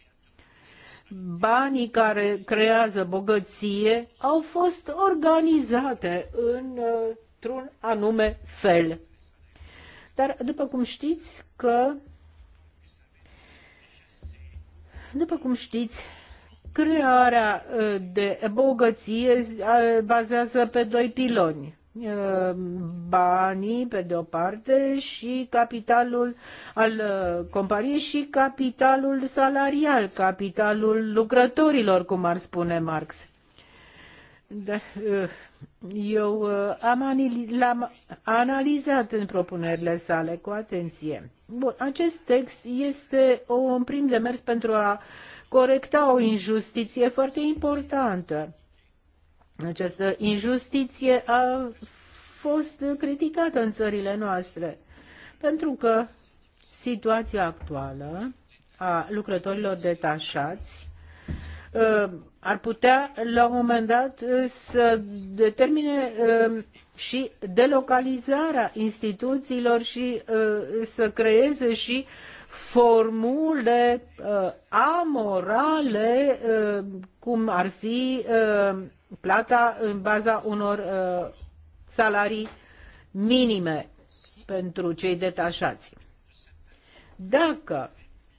banii care creează bogăție au fost organizate în uh, într-un anume fel. Dar, după cum știți că după cum știți, crearea uh, de bogăție uh, bazează pe doi piloni uh, banii pe de o parte și capitalul al companiei și capitalul salarial, capitalul lucrătorilor, cum ar spune Marx. Da, uh, eu uh, am l-am analizat în propunerile sale cu atenție. Bun, acest text este o, un prim demers pentru a corecta o injustiție foarte importantă. Această injustiție a fost criticată în țările noastre, pentru că situația actuală a lucrătorilor detașați Uh, ar putea la un moment dat uh, să determine uh, și delocalizarea instituțiilor și să creeze și formule amorale, cum ar fi plata în baza unor salarii minime pentru cei detașați. Dacă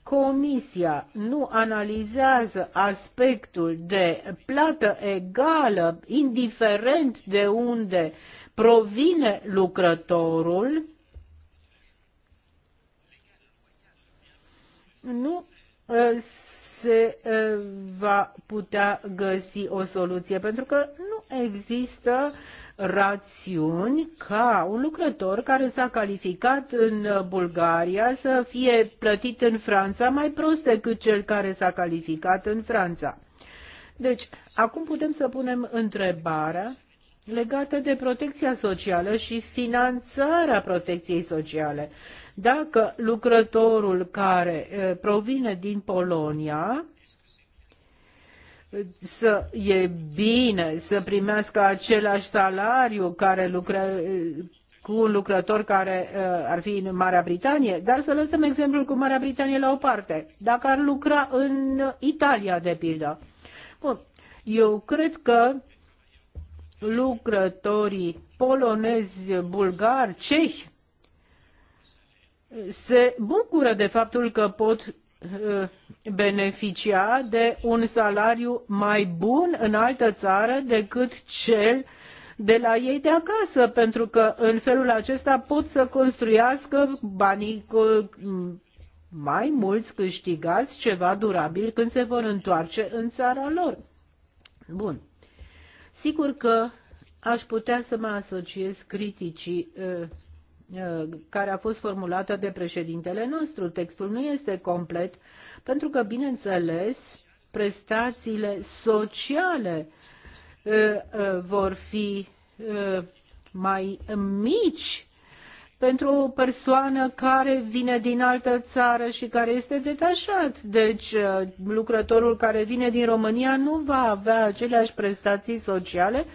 Comisia nu analizează aspectul de plată egală, indiferent de unde provine lucrătorul, nu uh, se uh, va putea găsi o soluție, pentru că există rațiuni ca un lucrător care s-a calificat în Bulgaria să fie plătit în Franța mai prost decât cel care s-a calificat în Franța. Deci, acum putem să punem întrebarea legată de protecția socială și finanțarea protecției sociale. Dacă lucrătorul care eh, provine din Polonia să e bine să primească același salariu care lucre, cu un lucrător care uh, ar fi în Marea Britanie, dar să lăsăm exemplul cu Marea Britanie la o parte. Dacă ar lucra în Italia, de pildă. Bun. Eu cred că lucrătorii polonezi, bulgari, cehi se bucură de faptul că pot Uh, beneficia de un salariu mai bun în altă țară decât cel de la ei de acasă, pentru că în felul acesta pot să construiască banii mm, mai mulți câștigați ceva durabil când se vor întoarce în țara lor. Bun. Sigur că aș putea să mă asociez criticii uh, care a fost formulată de președintele nostru. Textul nu este complet, pentru că, bineînțeles, prestațiile sociale uh, uh, vor fi uh, mai mici pentru o persoană care vine din altă țară și care este detașat. Deci lucrătorul care vine din România nu va avea aceleași prestații sociale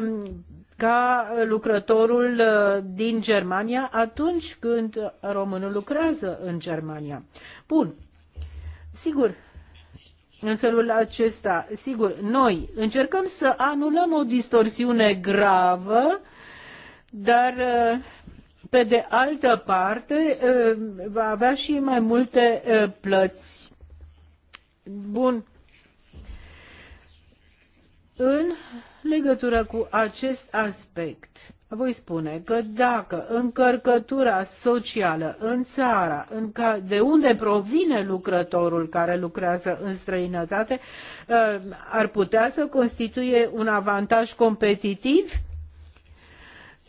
um, ca uh, lucrătorul uh, din Germania atunci când românul lucrează în Germania. Bun. Sigur, în felul acesta, sigur, noi încercăm să anulăm o distorsiune gravă, dar uh, pe de altă parte va avea și mai multe plăți. Bun. În legătură cu acest aspect, voi spune că dacă încărcătura socială în țara în ca, de unde provine lucrătorul care lucrează în străinătate uh, ar putea să constituie un avantaj competitiv,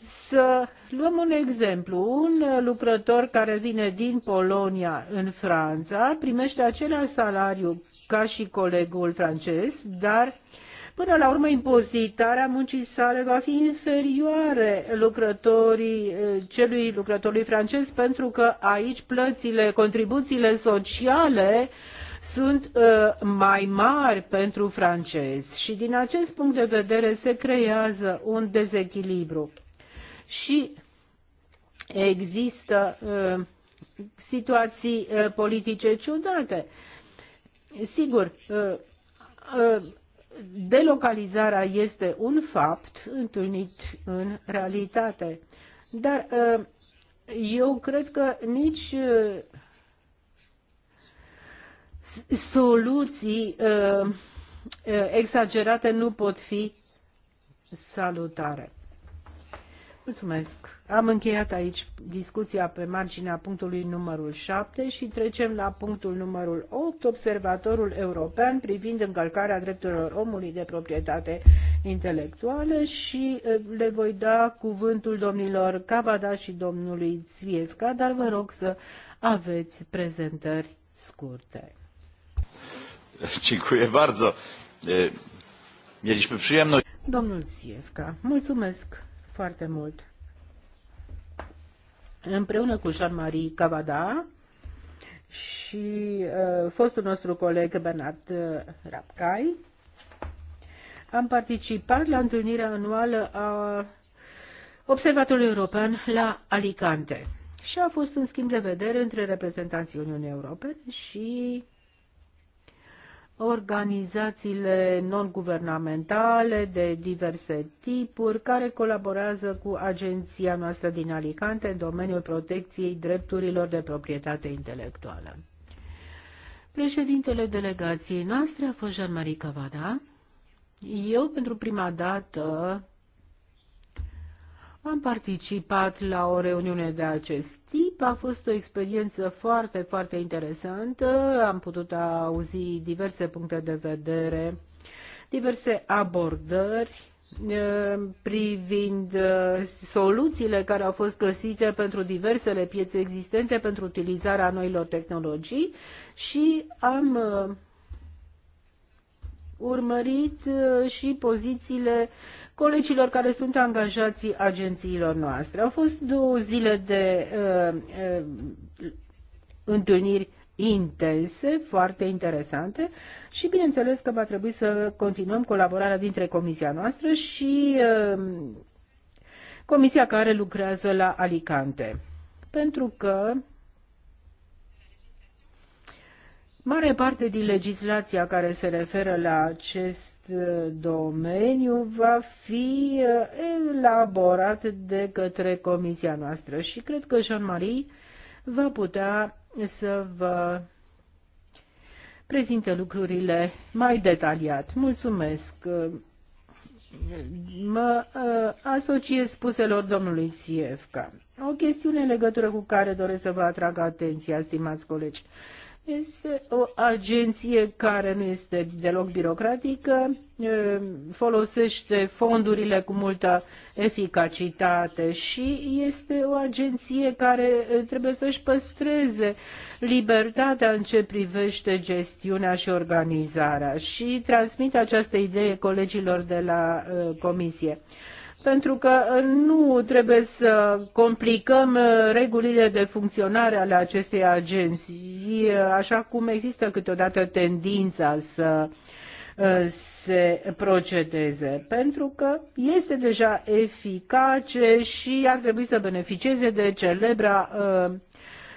să luăm un exemplu. Un lucrător care vine din Polonia în Franța primește același salariu ca și colegul francez, dar uh, Până la urmă, impozitarea muncii sale va fi inferioare lucrătorii, eh, celui lucrătorului francez, pentru că aici plățile, contribuțiile sociale sunt uh, mai mari pentru francezi și din acest punct de vedere se creează un dezechilibru. Și există uh, situații uh, politice ciudate. Sigur, uh, delocalizarea este un fapt întâlnit în realitate. Dar uh, eu cred că nici uh, soluții uh, exagerate nu pot fi salutare. Mulțumesc. Am încheiat aici discuția pe marginea punctului numărul 7 și trecem la punctul numărul 8, Observatorul European privind încălcarea drepturilor omului de proprietate intelectuală și eh, le voi da cuvântul domnilor Cavada și domnului Țvievca, dar vă rog să aveți prezentări scurte. Dziękuję bardzo. Mieliśmy przyjemność. Domnul Țievca, mulțumesc foarte mult. Împreună cu Jean-Marie Cavada și uh, fostul nostru coleg Bernard uh, Rapcai, am participat la întâlnirea anuală a Observatorului European la Alicante și a fost un schimb de vedere între reprezentanții Uniunii Europene și organizațiile non-guvernamentale de diverse tipuri care colaborează cu agenția noastră din Alicante în domeniul protecției drepturilor de proprietate intelectuală. Președintele delegației noastre a fost Jean-Marie Cavada. Eu, pentru prima dată, am participat la o reuniune de acest tip, a fost o experiență foarte, foarte interesantă, am putut auzi diverse puncte de vedere, diverse abordări privind soluțiile care au fost găsite pentru diversele piețe existente pentru utilizarea noilor tehnologii și am urmărit și pozițiile uh, colegilor care sunt angajații agențiilor noastre. Au fost două zile de uh, uh, întâlniri intense, foarte interesante și bineînțeles că va trebui să continuăm colaborarea dintre comisia noastră și uh, comisia care lucrează la Alicante. Pentru că Mare parte din legislația care se referă la acest uh, domeniu va fi uh, elaborat de către comisia noastră și cred că Jean-Marie va putea să vă prezinte lucrurile mai detaliat. Mulțumesc! Mă uh, asociez spuselor domnului Țievca. O chestiune în legătură cu care doresc să vă atrag atenția, stimați colegi. Este o agenție care nu este deloc birocratică, folosește fondurile cu multă eficacitate și este o agenție care trebuie să-și păstreze libertatea în ce privește gestiunea și organizarea și transmit această idee colegilor de la Comisie pentru că uh, nu trebuie să complicăm uh, regulile de funcționare ale acestei agenții, uh, așa cum există câteodată tendința să se procedeze, pentru că este deja eficace și ar trebui să beneficieze de celebra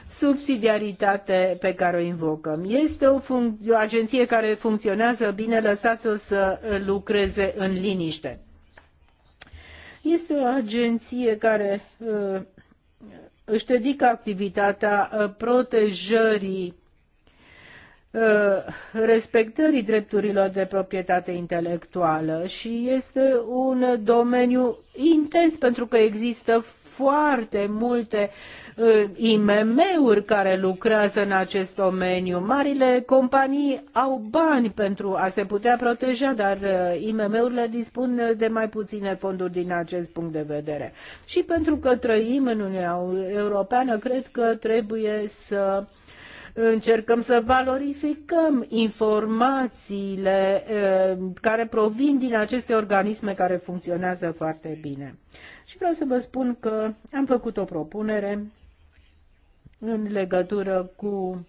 subsidiaritate pe care o invocăm. Este o, o agenție care funcționează bine, lăsați-o să lucreze în liniște. Este o agenție care uh, își dedică activitatea uh, protejării uh, respectării drepturilor de proprietate intelectuală și este un domeniu intens pentru că există foarte multe uh, IMM-uri care lucrează în acest domeniu. Marile companii au bani pentru a se putea proteja, dar uh, IMM-urile dispun de mai puține fonduri din acest punct de vedere. Și pentru că trăim în Uniunea Europeană, cred că trebuie să uh, Încercăm să valorificăm informațiile eh, care provin din aceste organisme care funcționează foarte bine. Și vreau să vă spun că am făcut o propunere în legătură cu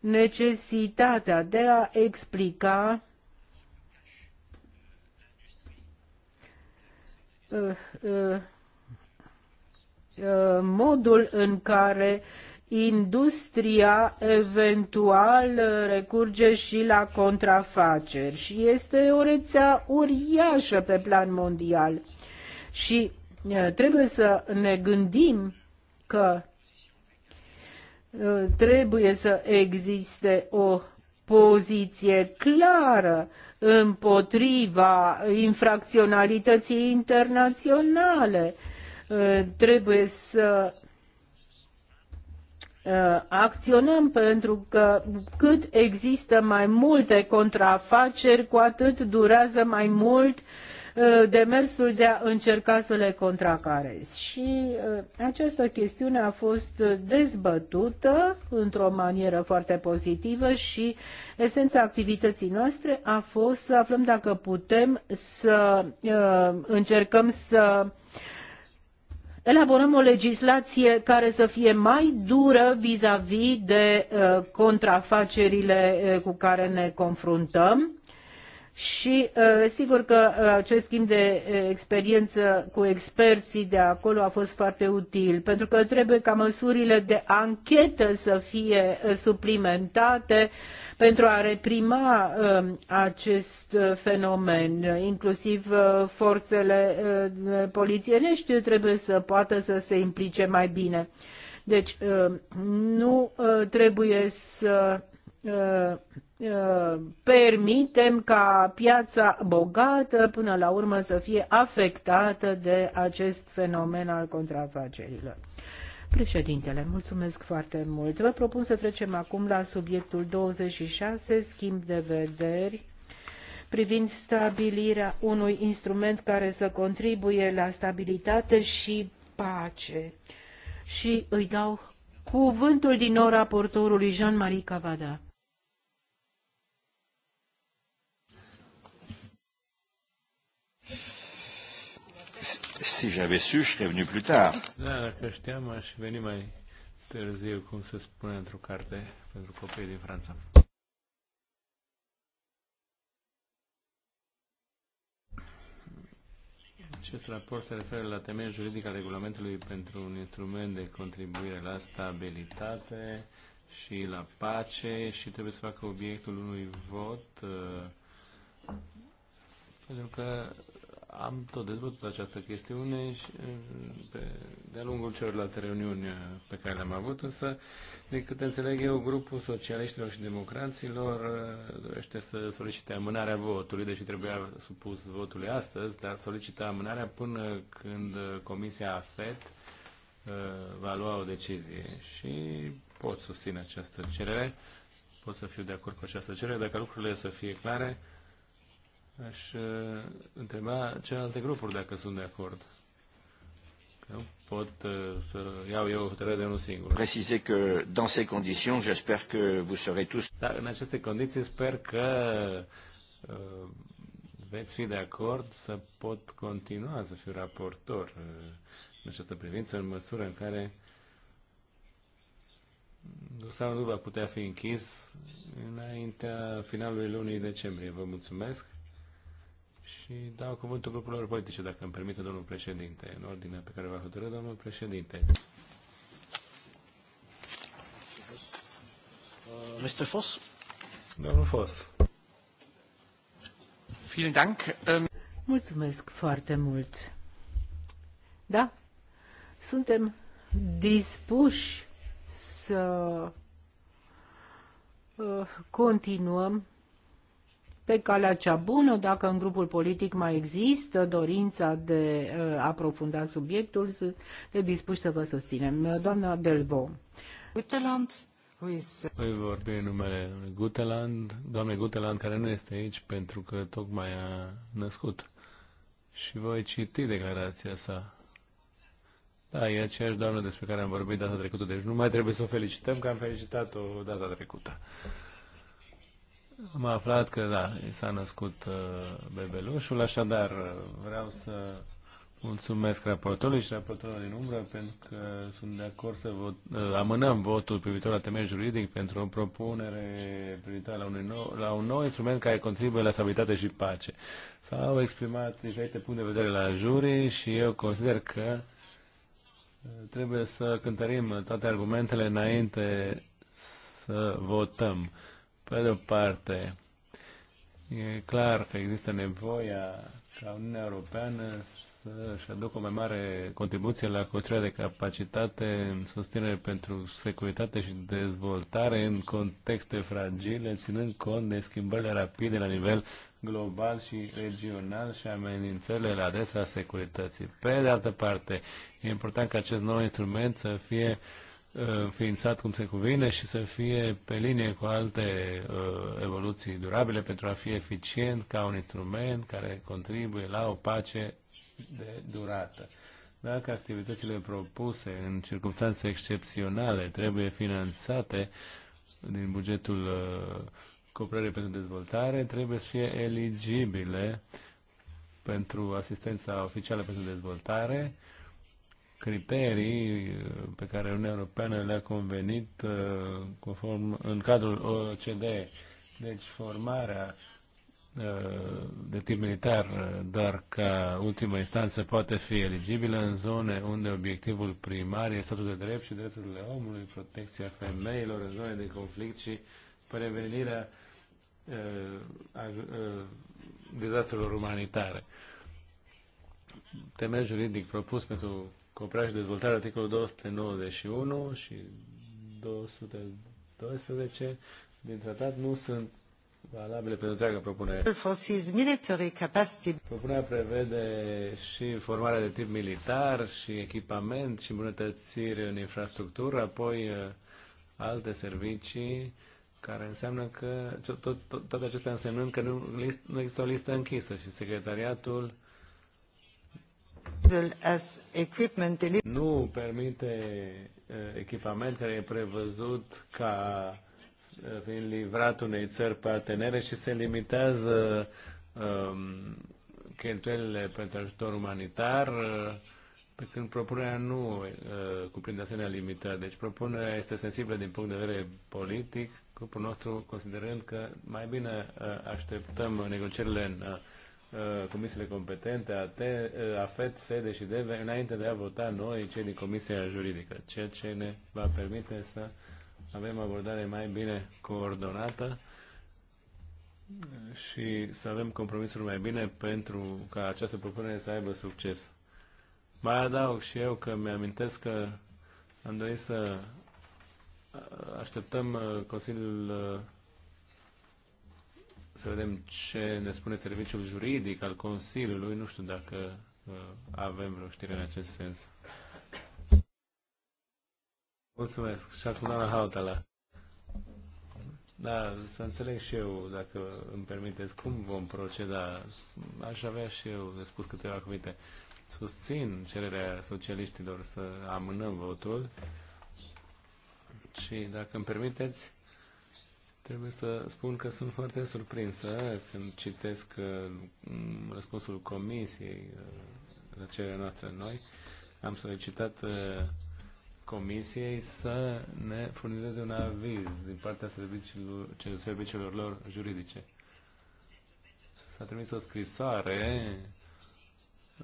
necesitatea de a explica eh, eh, modul în care uh, industria eventual recurge și la contrafaceri și este o rețea uriașă pe plan mondial. Și trebuie să ne gândim că trebuie să existe o poziție clară împotriva infracționalității internaționale. Trebuie să Uh, acționăm pentru că cât există mai multe contrafaceri, cu atât durează mai mult uh, demersul de a încerca să le contracarezi. Și uh, această chestiune a fost dezbătută într-o manieră foarte pozitivă și esența activității noastre a fost să aflăm dacă putem să încercăm să elaborăm o legislație care să fie mai dură vis-a-vis de uh, contrafacerile uh, cu care ne confruntăm și uh, sigur că uh, acest schimb de uh, experiență cu experții de acolo a fost foarte util, pentru că trebuie ca măsurile de anchetă să fie suplimentate pentru a reprima um, acest fenomen. Inclusiv forțele polițienești trebuie să poată să se implice mai bine. Deci nu trebuie să Uh, permitem ca piața bogată până la urmă să fie afectată de acest fenomen al contrafacerilor. Președintele, mulțumesc foarte mult. Vă propun să trecem acum la subiectul 26, schimb de vederi privind stabilirea unui instrument care să contribuie la stabilitate și pace. Și îi dau cuvântul din nou raportorului Jean-Marie Cavada. Si j'avais su, je serais venu plus tard. Da, dacă știam, aș veni mai târziu, cum se spune într-o carte pentru copii din Franța. Acest raport se referă la temeiul juridic al regulamentului pentru un instrument de contribuire la stabilitate și la pace și trebuie să facă obiectul unui vot uh, pentru că am tot dezbătut această chestiune și de-a lungul celorlalte reuniuni uh, pe care le-am avut, însă, de câte înțeleg eu, grupul socialiștilor și democraților uh, dorește să solicite amânarea votului, deși trebuia supus votului astăzi, dar solicită amânarea până când uh, Comisia AFET va lua o decizie și pot susține această cerere, pot să fiu de acord cu această cerere, dacă lucrurile să fie clare, aș uh, întreba celelalte grupuri dacă sunt de acord. Că pot uh, să iau eu hotărâre de unul singur. Precize că, dans ces conditions, j'espère que vous serez tous... în aceste condiții sper că uh, veți fi de acord să pot continua să fiu raportor uh, în această privință, în măsură în care dosarul nu va putea fi închis înaintea finalului lunii decembrie. Vă mulțumesc și dau cuvântul grupurilor politice, dacă îmi permite, domnul președinte, în ordinea pe care va hotărâ domnul președinte. Uh, Mr. Foss? Domnul Foss. Vielen Dank. Ähm, Mulțumesc foarte mult. Da, suntem dispuși să uh, continuăm pe calea cea bună, dacă în grupul politic mai există dorința de a uh, aprofunda subiectul, sunt dispuși să vă susținem. Doamna Delvo. Guteland. Uh, voi vorbi în numele Guteland, doamne Guteland, care nu este aici pentru că tocmai a născut. Și voi citi declarația sa. Da, e aceeași doamnă despre care am vorbit data trecută, deci nu mai trebuie să o felicităm, că am felicitat-o data trecută. Am aflat că, da, s-a născut uh, bebelușul, așadar uh, vreau să mulțumesc raportorului și raportorului din umbră pentru că sunt de acord să vot, uh, amânăm votul privitor la temei juridic pentru o propunere privitoare la, unui nou, la un nou instrument care contribuie la stabilitate și pace. S-au exprimat diferite puncte de vedere la juri și eu consider că trebuie să cântărim toate argumentele înainte să votăm. Pe de o parte, e clar că există nevoia ca Uniunea Europeană să-și aducă o mai mare contribuție la construirea de capacitate în susținere pentru securitate și dezvoltare în contexte fragile, ținând cont de schimbările rapide la nivel global și regional și amenințările la adresa securității. Pe de altă parte, e important ca acest nou instrument să fie uh, Uh, înființat cum se cuvine și să fie pe linie cu alte uh, evoluții durabile pentru a fi eficient ca un instrument care contribuie la o pace de durată. Dacă activitățile propuse în circunstanțe excepționale trebuie finanțate din bugetul uh, cooperării pentru dezvoltare, trebuie să fie eligibile pentru asistența oficială pentru dezvoltare uh, criterii pe care Uniunea Europeană le-a convenit uh, conform, în cadrul OCD. Deci formarea uh, de tip militar, uh, dar ca ultimă instanță poate fi eligibilă în zone unde obiectivul primar este statul de drept și drepturile omului, protecția femeilor în zone de conflict și prevenirea dezastrelor umanitare. Temel juridic propus pentru Comprare și dezvoltare, articolul 291 și 212 din tratat nu sunt valabile pentru întreaga propunere. Propunerea prevede și formarea de tip militar și echipament și îmbunătățire în infrastructură, apoi uh, alte servicii, care înseamnă că tot, tot, tot acestea însemnând că nu, list, nu există o listă închisă și secretariatul nu permite uh, echipamentele prevăzut ca uh, fiind livrat unei țări partenere și se limitează um, cheltuielile pentru ajutor umanitar, uh, pe când propunerea nu uh, cuprinde asemenea limitări. Deci propunerea este sensibilă din punct de vedere politic, grupul nostru considerând că mai bine uh, așteptăm negocierile în uh, Uh, comisiile competente, AFET, uh, SEDE și DEVE, înainte de a vota noi, cei din Comisia Juridică, ceea ce ne va permite să avem abordare mai bine coordonată și să avem compromisuri mai bine pentru ca această propunere să aibă succes. Mai adaug și eu că mi-amintesc că am dorit să uh, așteptăm Consiliul să vedem ce ne spune serviciul juridic al Consiliului. Nu știu dacă uh, avem vreo știre în acest sens. Mulțumesc. Și acum doamna Hautala. Da, să înțeleg și eu, dacă îmi permiteți, cum vom proceda. Aș avea și eu de spus câteva cuvinte. Susțin cererea socialiștilor să amânăm votul și, dacă îmi permiteți, Trebuie să spun că sunt foarte surprinsă când citesc uh, răspunsul comisiei uh, la cererea noastră noi. Am solicitat uh, comisiei să ne furnizeze un aviz din partea serviciilor, serviciilor lor juridice. S-a trimis o scrisoare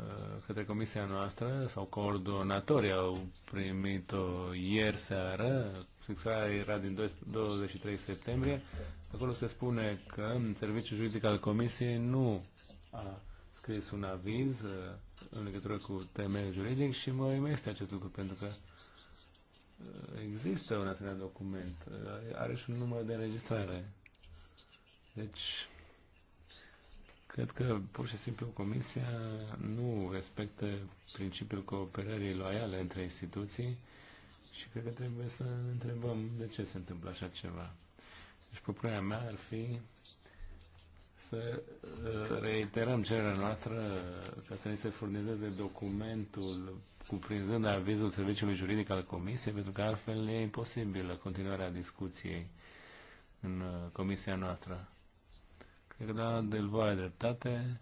Uh, către comisia noastră sau coordonatorii au primit-o ieri seară, scrisoarea era din 23 septembrie, acolo se spune că serviciul juridic al comisiei nu a scris un aviz uh, în legătură cu temeiul juridic și mă este acest lucru pentru că uh, există un asemenea document, are și un număr de înregistrare. Deci, Cred că pur și simplu Comisia nu respectă principiul cooperării loiale între instituții și cred că trebuie să ne întrebăm de ce se întâmplă așa ceva. Deci propunerea mea ar fi să uh, reiterăm cererea noastră ca să ne se furnizeze documentul cuprinzând avizul serviciului juridic al Comisiei, pentru că altfel e imposibilă continuarea discuției în uh, Comisia noastră. Cred că doamna Delvo are dreptate.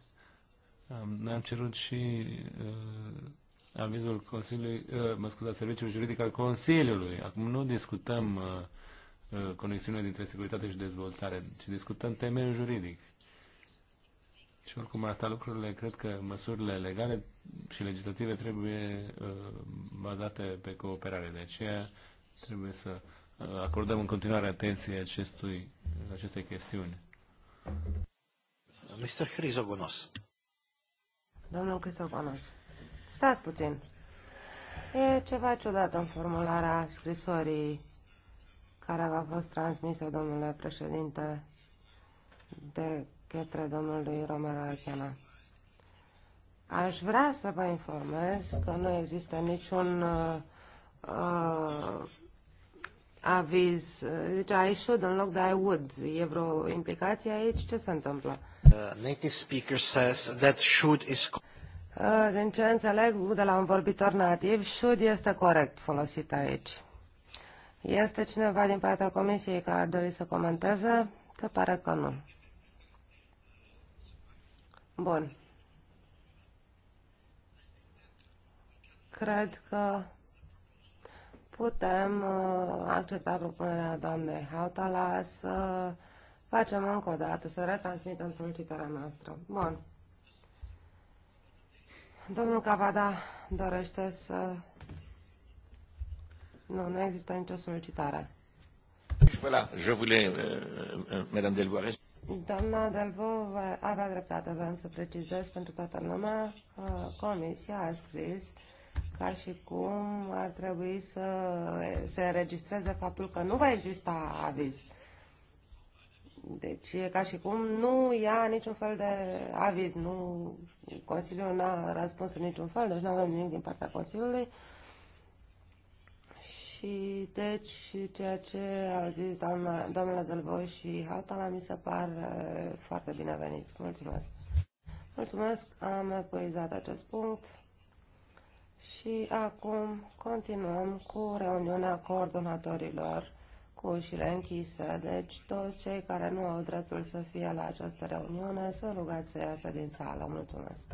Am, ne-am cerut și uh, avizul Consiliului, uh, mă scuzați, Serviciul Juridic al Consiliului. Acum nu discutăm uh, uh conexiunea dintre securitate și dezvoltare, ci discutăm temeiul juridic. Și oricum arată lucrurile, cred că măsurile legale și legislative trebuie uh, bazate pe cooperare. De aceea trebuie să uh, acordăm în continuare atenție acestui, acestei chestiuni. Mr. Hrizogonos. Domnul Hrizogonos, stați puțin. E ceva ciudat în formularea scrisorii care v-a fost transmisă, domnule președinte, de către domnului Romero Achena. Aș vrea să vă informez că nu există niciun uh, uh, aviz. Deci I should în loc de I would. E vreo implicație aici? Ce se întâmplă? Uh, native speaker says that should is... Uh, din ce înțeleg de la un vorbitor nativ, should este corect folosit aici. Este cineva din partea comisiei care ar dori să comenteze? Se pare că nu. Bun. Cred că putem uh, accepta propunerea doamnei Hautala să facem încă o dată, să retransmitem solicitarea noastră. Bun. Domnul Cavada dorește să... Nu, nu există nicio solicitare. Voilà, je voulais, euh, euh, euh Madame Delvoire. Doamna Delvo avea dreptate, vreau să precizez pentru toată lumea că Comisia a scris uh, ca și cum ar trebui să se înregistreze faptul că nu va exista aviz. Deci e ca și cum nu ia niciun fel de aviz, nu, Consiliul n-a răspuns în niciun fel, deci nu avem nimic din partea Consiliului. Și deci ceea ce au zis doamna, doamna Delvoi și Hautala mi se par foarte binevenit. Mulțumesc! Mulțumesc, am epuizat acest punct. Și acum continuăm cu reuniunea coordonatorilor cu ușile închise, deci toți cei care nu au dreptul să fie la această reuniune sunt rugați să iasă din sală. Mulțumesc!